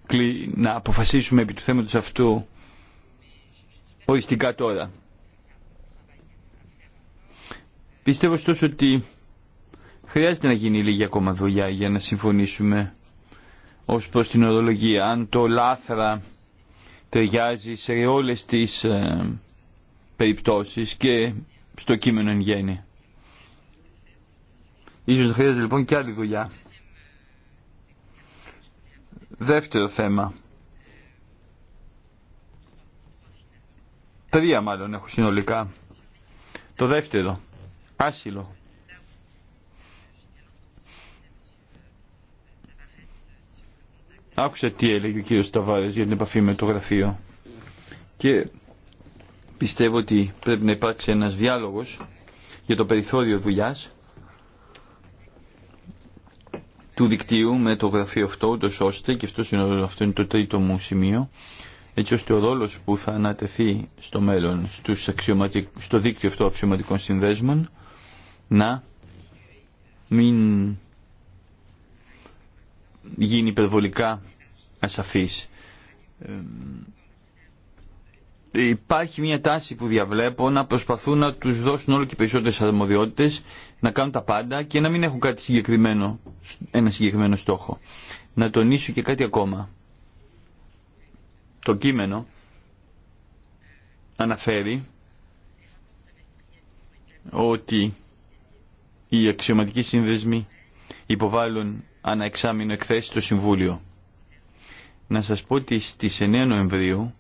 να αποφασίσουμε επί του θέματος αυτού οριστικά τώρα. Πιστεύω ωστόσο ότι χρειάζεται να γίνει λίγη ακόμα δουλειά για να συμφωνήσουμε ως προς την ορολογία. Αν το λάθρα ταιριάζει σε όλες τις ε, περιπτώσεις και στο κείμενο εν γέννη. Ίσως χρειάζεται λοιπόν και άλλη δουλειά. Δεύτερο θέμα. Τρία μάλλον έχω συνολικά. Το δεύτερο άσυλο. Άκουσα τι έλεγε ο κύριος Σταβάρης για την επαφή με το γραφείο και πιστεύω ότι πρέπει να υπάρξει ένας διάλογος για το περιθώριο δουλειάς του δικτύου με το γραφείο αυτό, ούτως ώστε, και αυτό είναι, αυτό είναι το τρίτο μου σημείο, έτσι ώστε ο ρόλο που θα ανατεθεί στο μέλλον στους στο δίκτυο αυτό αξιωματικών συνδέσμων να μην γίνει υπερβολικά ασαφής. Ε, υπάρχει μια τάση που διαβλέπω να προσπαθούν να τους δώσουν όλο και περισσότερες αρμοδιότητες, να κάνουν τα πάντα και να μην έχουν κάτι συγκεκριμένο, ένα συγκεκριμένο στόχο. Να τονίσω και κάτι ακόμα. Το κείμενο αναφέρει ότι οι αξιωματικοί σύνδεσμοι υποβάλλουν αναεξάμεινο εκθέσει στο Συμβούλιο. Να σας πω ότι στις 9 Νοεμβρίου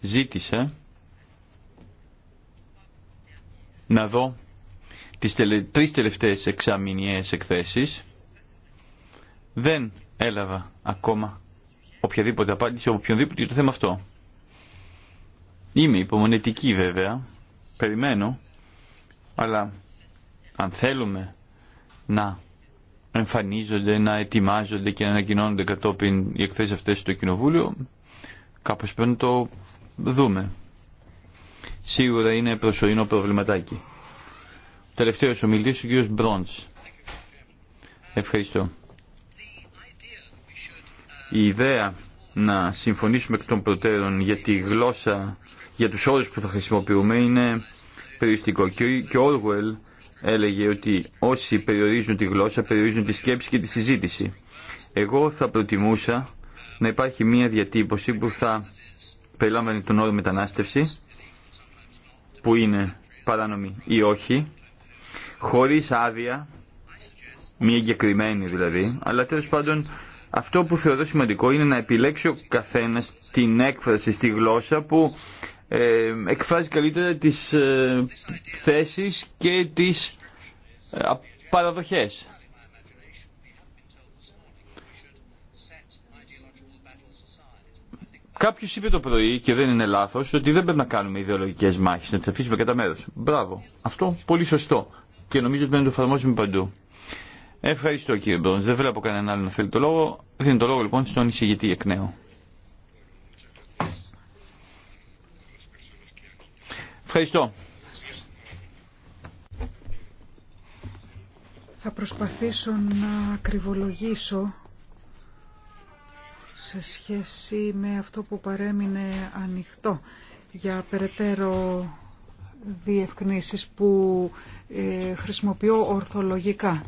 ζήτησα να δω τις τελε... τρεις τελευταίες εξαμηνιαίες εκθέσεις. Δεν έλαβα ακόμα οποιαδήποτε απάντηση από οποιονδήποτε για το θέμα αυτό. Είμαι υπομονετική βέβαια, περιμένω, αλλά αν θέλουμε να εμφανίζονται, να ετοιμάζονται και να ανακοινώνονται κατόπιν οι εκθέσεις αυτές στο Κοινοβούλιο, κάπως πρέπει να το δούμε. Σίγουρα είναι προσωρινό προβληματάκι. Τελευταίος ομιλητής ο κύριος Μπρόντς. Ευχαριστώ. Η ιδέα να συμφωνήσουμε εκ των προτέρων για τη γλώσσα, για τους όρους που θα χρησιμοποιούμε είναι περιοριστικό. Και ο Όργουελ έλεγε ότι όσοι περιορίζουν τη γλώσσα περιορίζουν τη σκέψη και τη συζήτηση. Εγώ θα προτιμούσα να υπάρχει μια διατύπωση που θα περιλάμβανε τον όρο μετανάστευση, που είναι παράνομη ή όχι, χωρίς άδεια, μια εγκεκριμένη δηλαδή, αλλά τέλος πάντων αυτό που θεωρώ σημαντικό είναι να επιλέξει ο καθένας την έκφραση στη γλώσσα που ε, εκφράζει καλύτερα τις ε, θέσεις και τις ε, παραδοχές. Κάποιο είπε το πρωί, και δεν είναι λάθο, ότι δεν πρέπει να κάνουμε ιδεολογικέ μάχε, να τι αφήσουμε κατά μέρο. Μπράβο. Αυτό πολύ σωστό. Και νομίζω ότι πρέπει να το εφαρμόσουμε παντού. Ευχαριστώ κύριε Μπροντ. Δεν βλέπω κανέναν άλλο να θέλει το λόγο. Δίνω το λόγο λοιπόν στον εισηγητή εκ νέου. Ευχαριστώ. Θα προσπαθήσω να ακριβολογήσω σε σχέση με αυτό που παρέμεινε ανοιχτό για περαιτέρω διευκνήσεις που ε, χρησιμοποιώ ορθολογικά.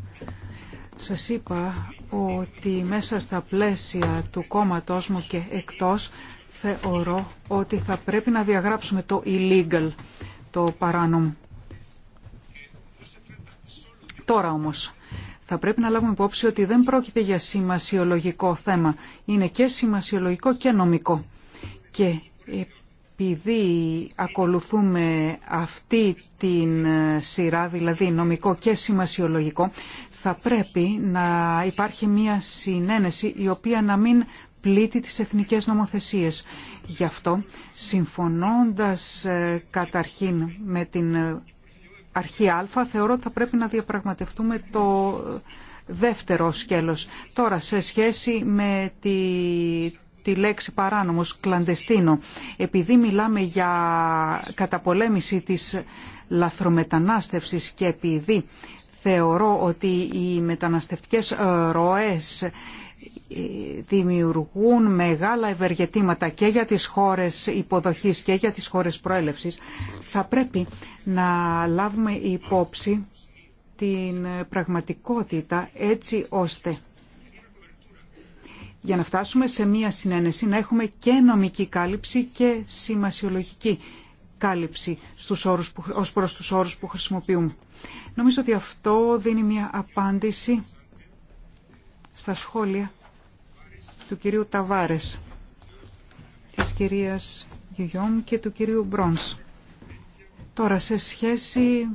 Σας είπα ότι μέσα στα πλαίσια του κόμματός μου και εκτός θεωρώ ότι θα πρέπει να διαγράψουμε το illegal, το παράνομο. Τώρα όμως, θα πρέπει να λάβουμε υπόψη ότι δεν πρόκειται για σημασιολογικό θέμα. Είναι και σημασιολογικό και νομικό. Και επειδή ακολουθούμε αυτή την σειρά, δηλαδή νομικό και σημασιολογικό, θα πρέπει να υπάρχει μια συνένεση η οποία να μην πλήττει τις εθνικές νομοθεσίες. Γι' αυτό, συμφωνώντας ε, καταρχήν με την ε, αρχή Α, θεωρώ ότι θα πρέπει να διαπραγματευτούμε το ε, δεύτερο σκέλος. Τώρα, σε σχέση με τη, τη λέξη παράνομος, κλαντεστίνο, επειδή μιλάμε για καταπολέμηση της λαθρομετανάστευσης και επειδή θεωρώ ότι οι μεταναστευτικές ροές δημιουργούν μεγάλα ευεργετήματα και για τις χώρες υποδοχής και για τις χώρες προέλευσης, θα πρέπει να λάβουμε υπόψη την πραγματικότητα έτσι ώστε για να φτάσουμε σε μία συνένεση να έχουμε και νομική κάλυψη και σημασιολογική κάλυψη στους όρους που, ως προς τους όρους που χρησιμοποιούμε. Νομίζω ότι αυτό δίνει μία απάντηση στα σχόλια του κυρίου Ταβάρες, της κυρίας Γιουγιόμ και του κυρίου Μπρόνς. Τώρα, σε σχέση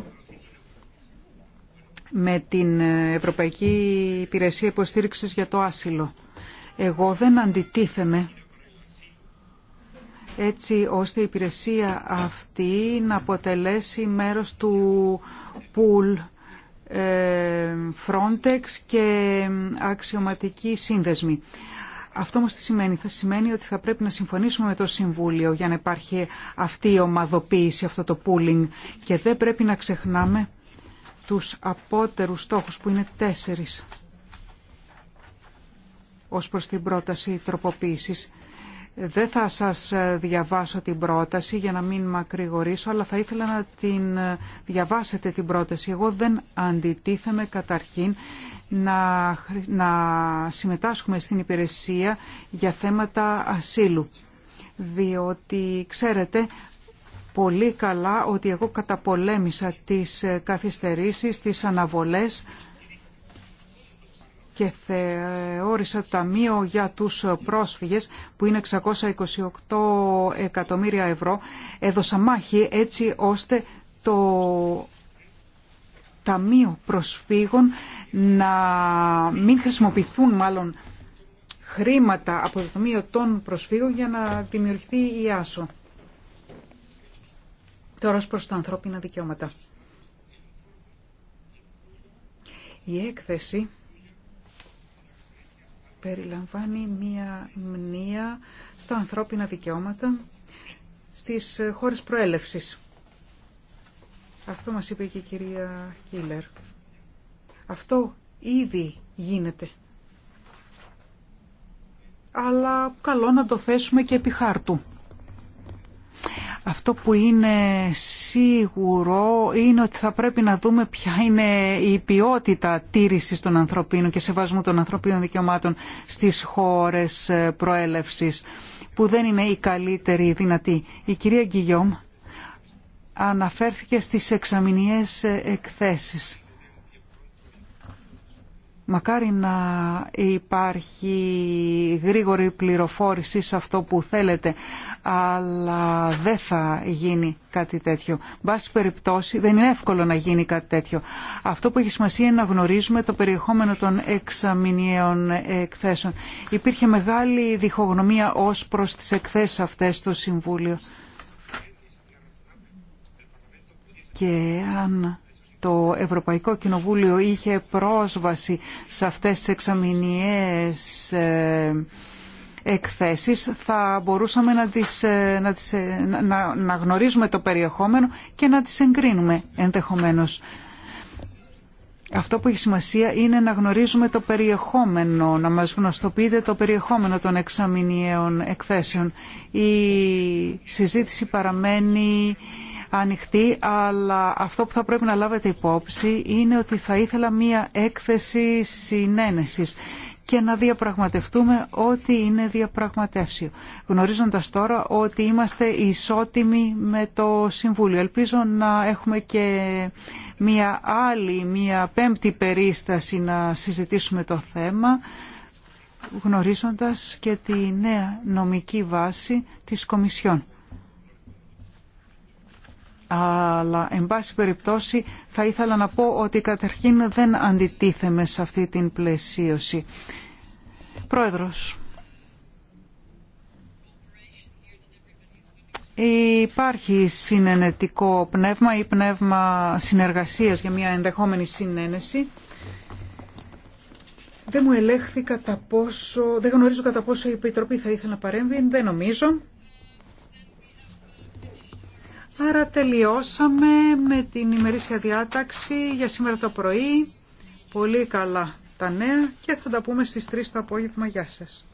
με την Ευρωπαϊκή Υπηρεσία Υποστήριξης για το Άσυλο, εγώ δεν αντιτίθεμαι έτσι ώστε η υπηρεσία αυτή να αποτελέσει μέρος του πουλ ε, Frontex και ε, αξιωματική σύνδεσμη. Αυτό μας τι σημαίνει. Θα σημαίνει ότι θα πρέπει να συμφωνήσουμε με το Συμβούλιο για να υπάρχει αυτή η ομαδοποίηση, αυτό το pooling και δεν πρέπει να ξεχνάμε τους απότερους στόχους που είναι τέσσερις ως προς την πρόταση τροποποίησης. Δεν θα σας διαβάσω την πρόταση για να μην μακρηγορήσω, αλλά θα ήθελα να την διαβάσετε την πρόταση. Εγώ δεν αντιτίθεμαι καταρχήν να, να συμμετάσχουμε στην υπηρεσία για θέματα ασύλου. Διότι ξέρετε πολύ καλά ότι εγώ καταπολέμησα τις ε, καθυστερήσεις, τις αναβολές και θεώρησα το Ταμείο για τους πρόσφυγες που είναι 628 εκατομμύρια ευρώ έδωσα μάχη έτσι ώστε το Ταμείο Προσφύγων να μην χρησιμοποιηθούν μάλλον χρήματα από το Ταμείο των Προσφύγων για να δημιουργηθεί η Άσο. Τώρα ως προς τα ανθρώπινα δικαιώματα. Η έκθεση περιλαμβάνει μία μνήα στα ανθρώπινα δικαιώματα στις χώρες προέλευσης. Αυτό μας είπε και η κυρία Χίλερ. Αυτό ήδη γίνεται. Αλλά καλό να το θέσουμε και επί χάρτου. Αυτό που είναι σίγουρο είναι ότι θα πρέπει να δούμε ποια είναι η ποιότητα τήρησης των ανθρωπίνων και σεβασμού των ανθρωπίνων δικαιωμάτων στις χώρες προέλευσης που δεν είναι η καλύτερη δυνατή. Η κυρία Γκυγιόμ αναφέρθηκε στις εξαμηνιές εκθέσεις. Μακάρι να υπάρχει γρήγορη πληροφόρηση σε αυτό που θέλετε, αλλά δεν θα γίνει κάτι τέτοιο. Μπάς περιπτώσει, δεν είναι εύκολο να γίνει κάτι τέτοιο. Αυτό που έχει σημασία είναι να γνωρίζουμε το περιεχόμενο των εξαμηνιαίων εκθέσεων. Υπήρχε μεγάλη διχογνωμία ως προς τις εκθέσεις αυτές στο Συμβούλιο. και αν το Ευρωπαϊκό Κοινοβούλιο είχε πρόσβαση σε αυτές τις εξαμηνιές ε, εκθέσεις θα μπορούσαμε να, τις, ε, ε, να, γνωρίζουμε το περιεχόμενο και να τις εγκρίνουμε ενδεχομένως. Αυτό που έχει σημασία είναι να γνωρίζουμε το περιεχόμενο, να μας γνωστοποιείτε το περιεχόμενο των εξαμηνιαίων εκθέσεων. Η συζήτηση παραμένει ανοιχτή, αλλά αυτό που θα πρέπει να λάβετε υπόψη είναι ότι θα ήθελα μία έκθεση συνένεσης και να διαπραγματευτούμε ό,τι είναι διαπραγματεύσιο. Γνωρίζοντας τώρα ότι είμαστε ισότιμοι με το Συμβούλιο. Ελπίζω να έχουμε και μία άλλη, μία πέμπτη περίσταση να συζητήσουμε το θέμα γνωρίζοντας και τη νέα νομική βάση της Κομισιόν. Αλλά, εν πάση περιπτώσει, θα ήθελα να πω ότι καταρχήν δεν αντιτίθεμαι σε αυτή την πλαισίωση. Πρόεδρος. Υπάρχει συνενετικό πνεύμα ή πνεύμα συνεργασίας για μια ενδεχόμενη συνένεση. Δεν μου ελέγχθη κατά πόσο, δεν γνωρίζω κατά πόσο η Επιτροπή θα ήθελε να παρέμβει, δεν νομίζω. Άρα τελειώσαμε με την ημερήσια διάταξη για σήμερα το πρωί. Πολύ καλά τα νέα και θα τα πούμε στις 3 το απόγευμα. Γεια σας.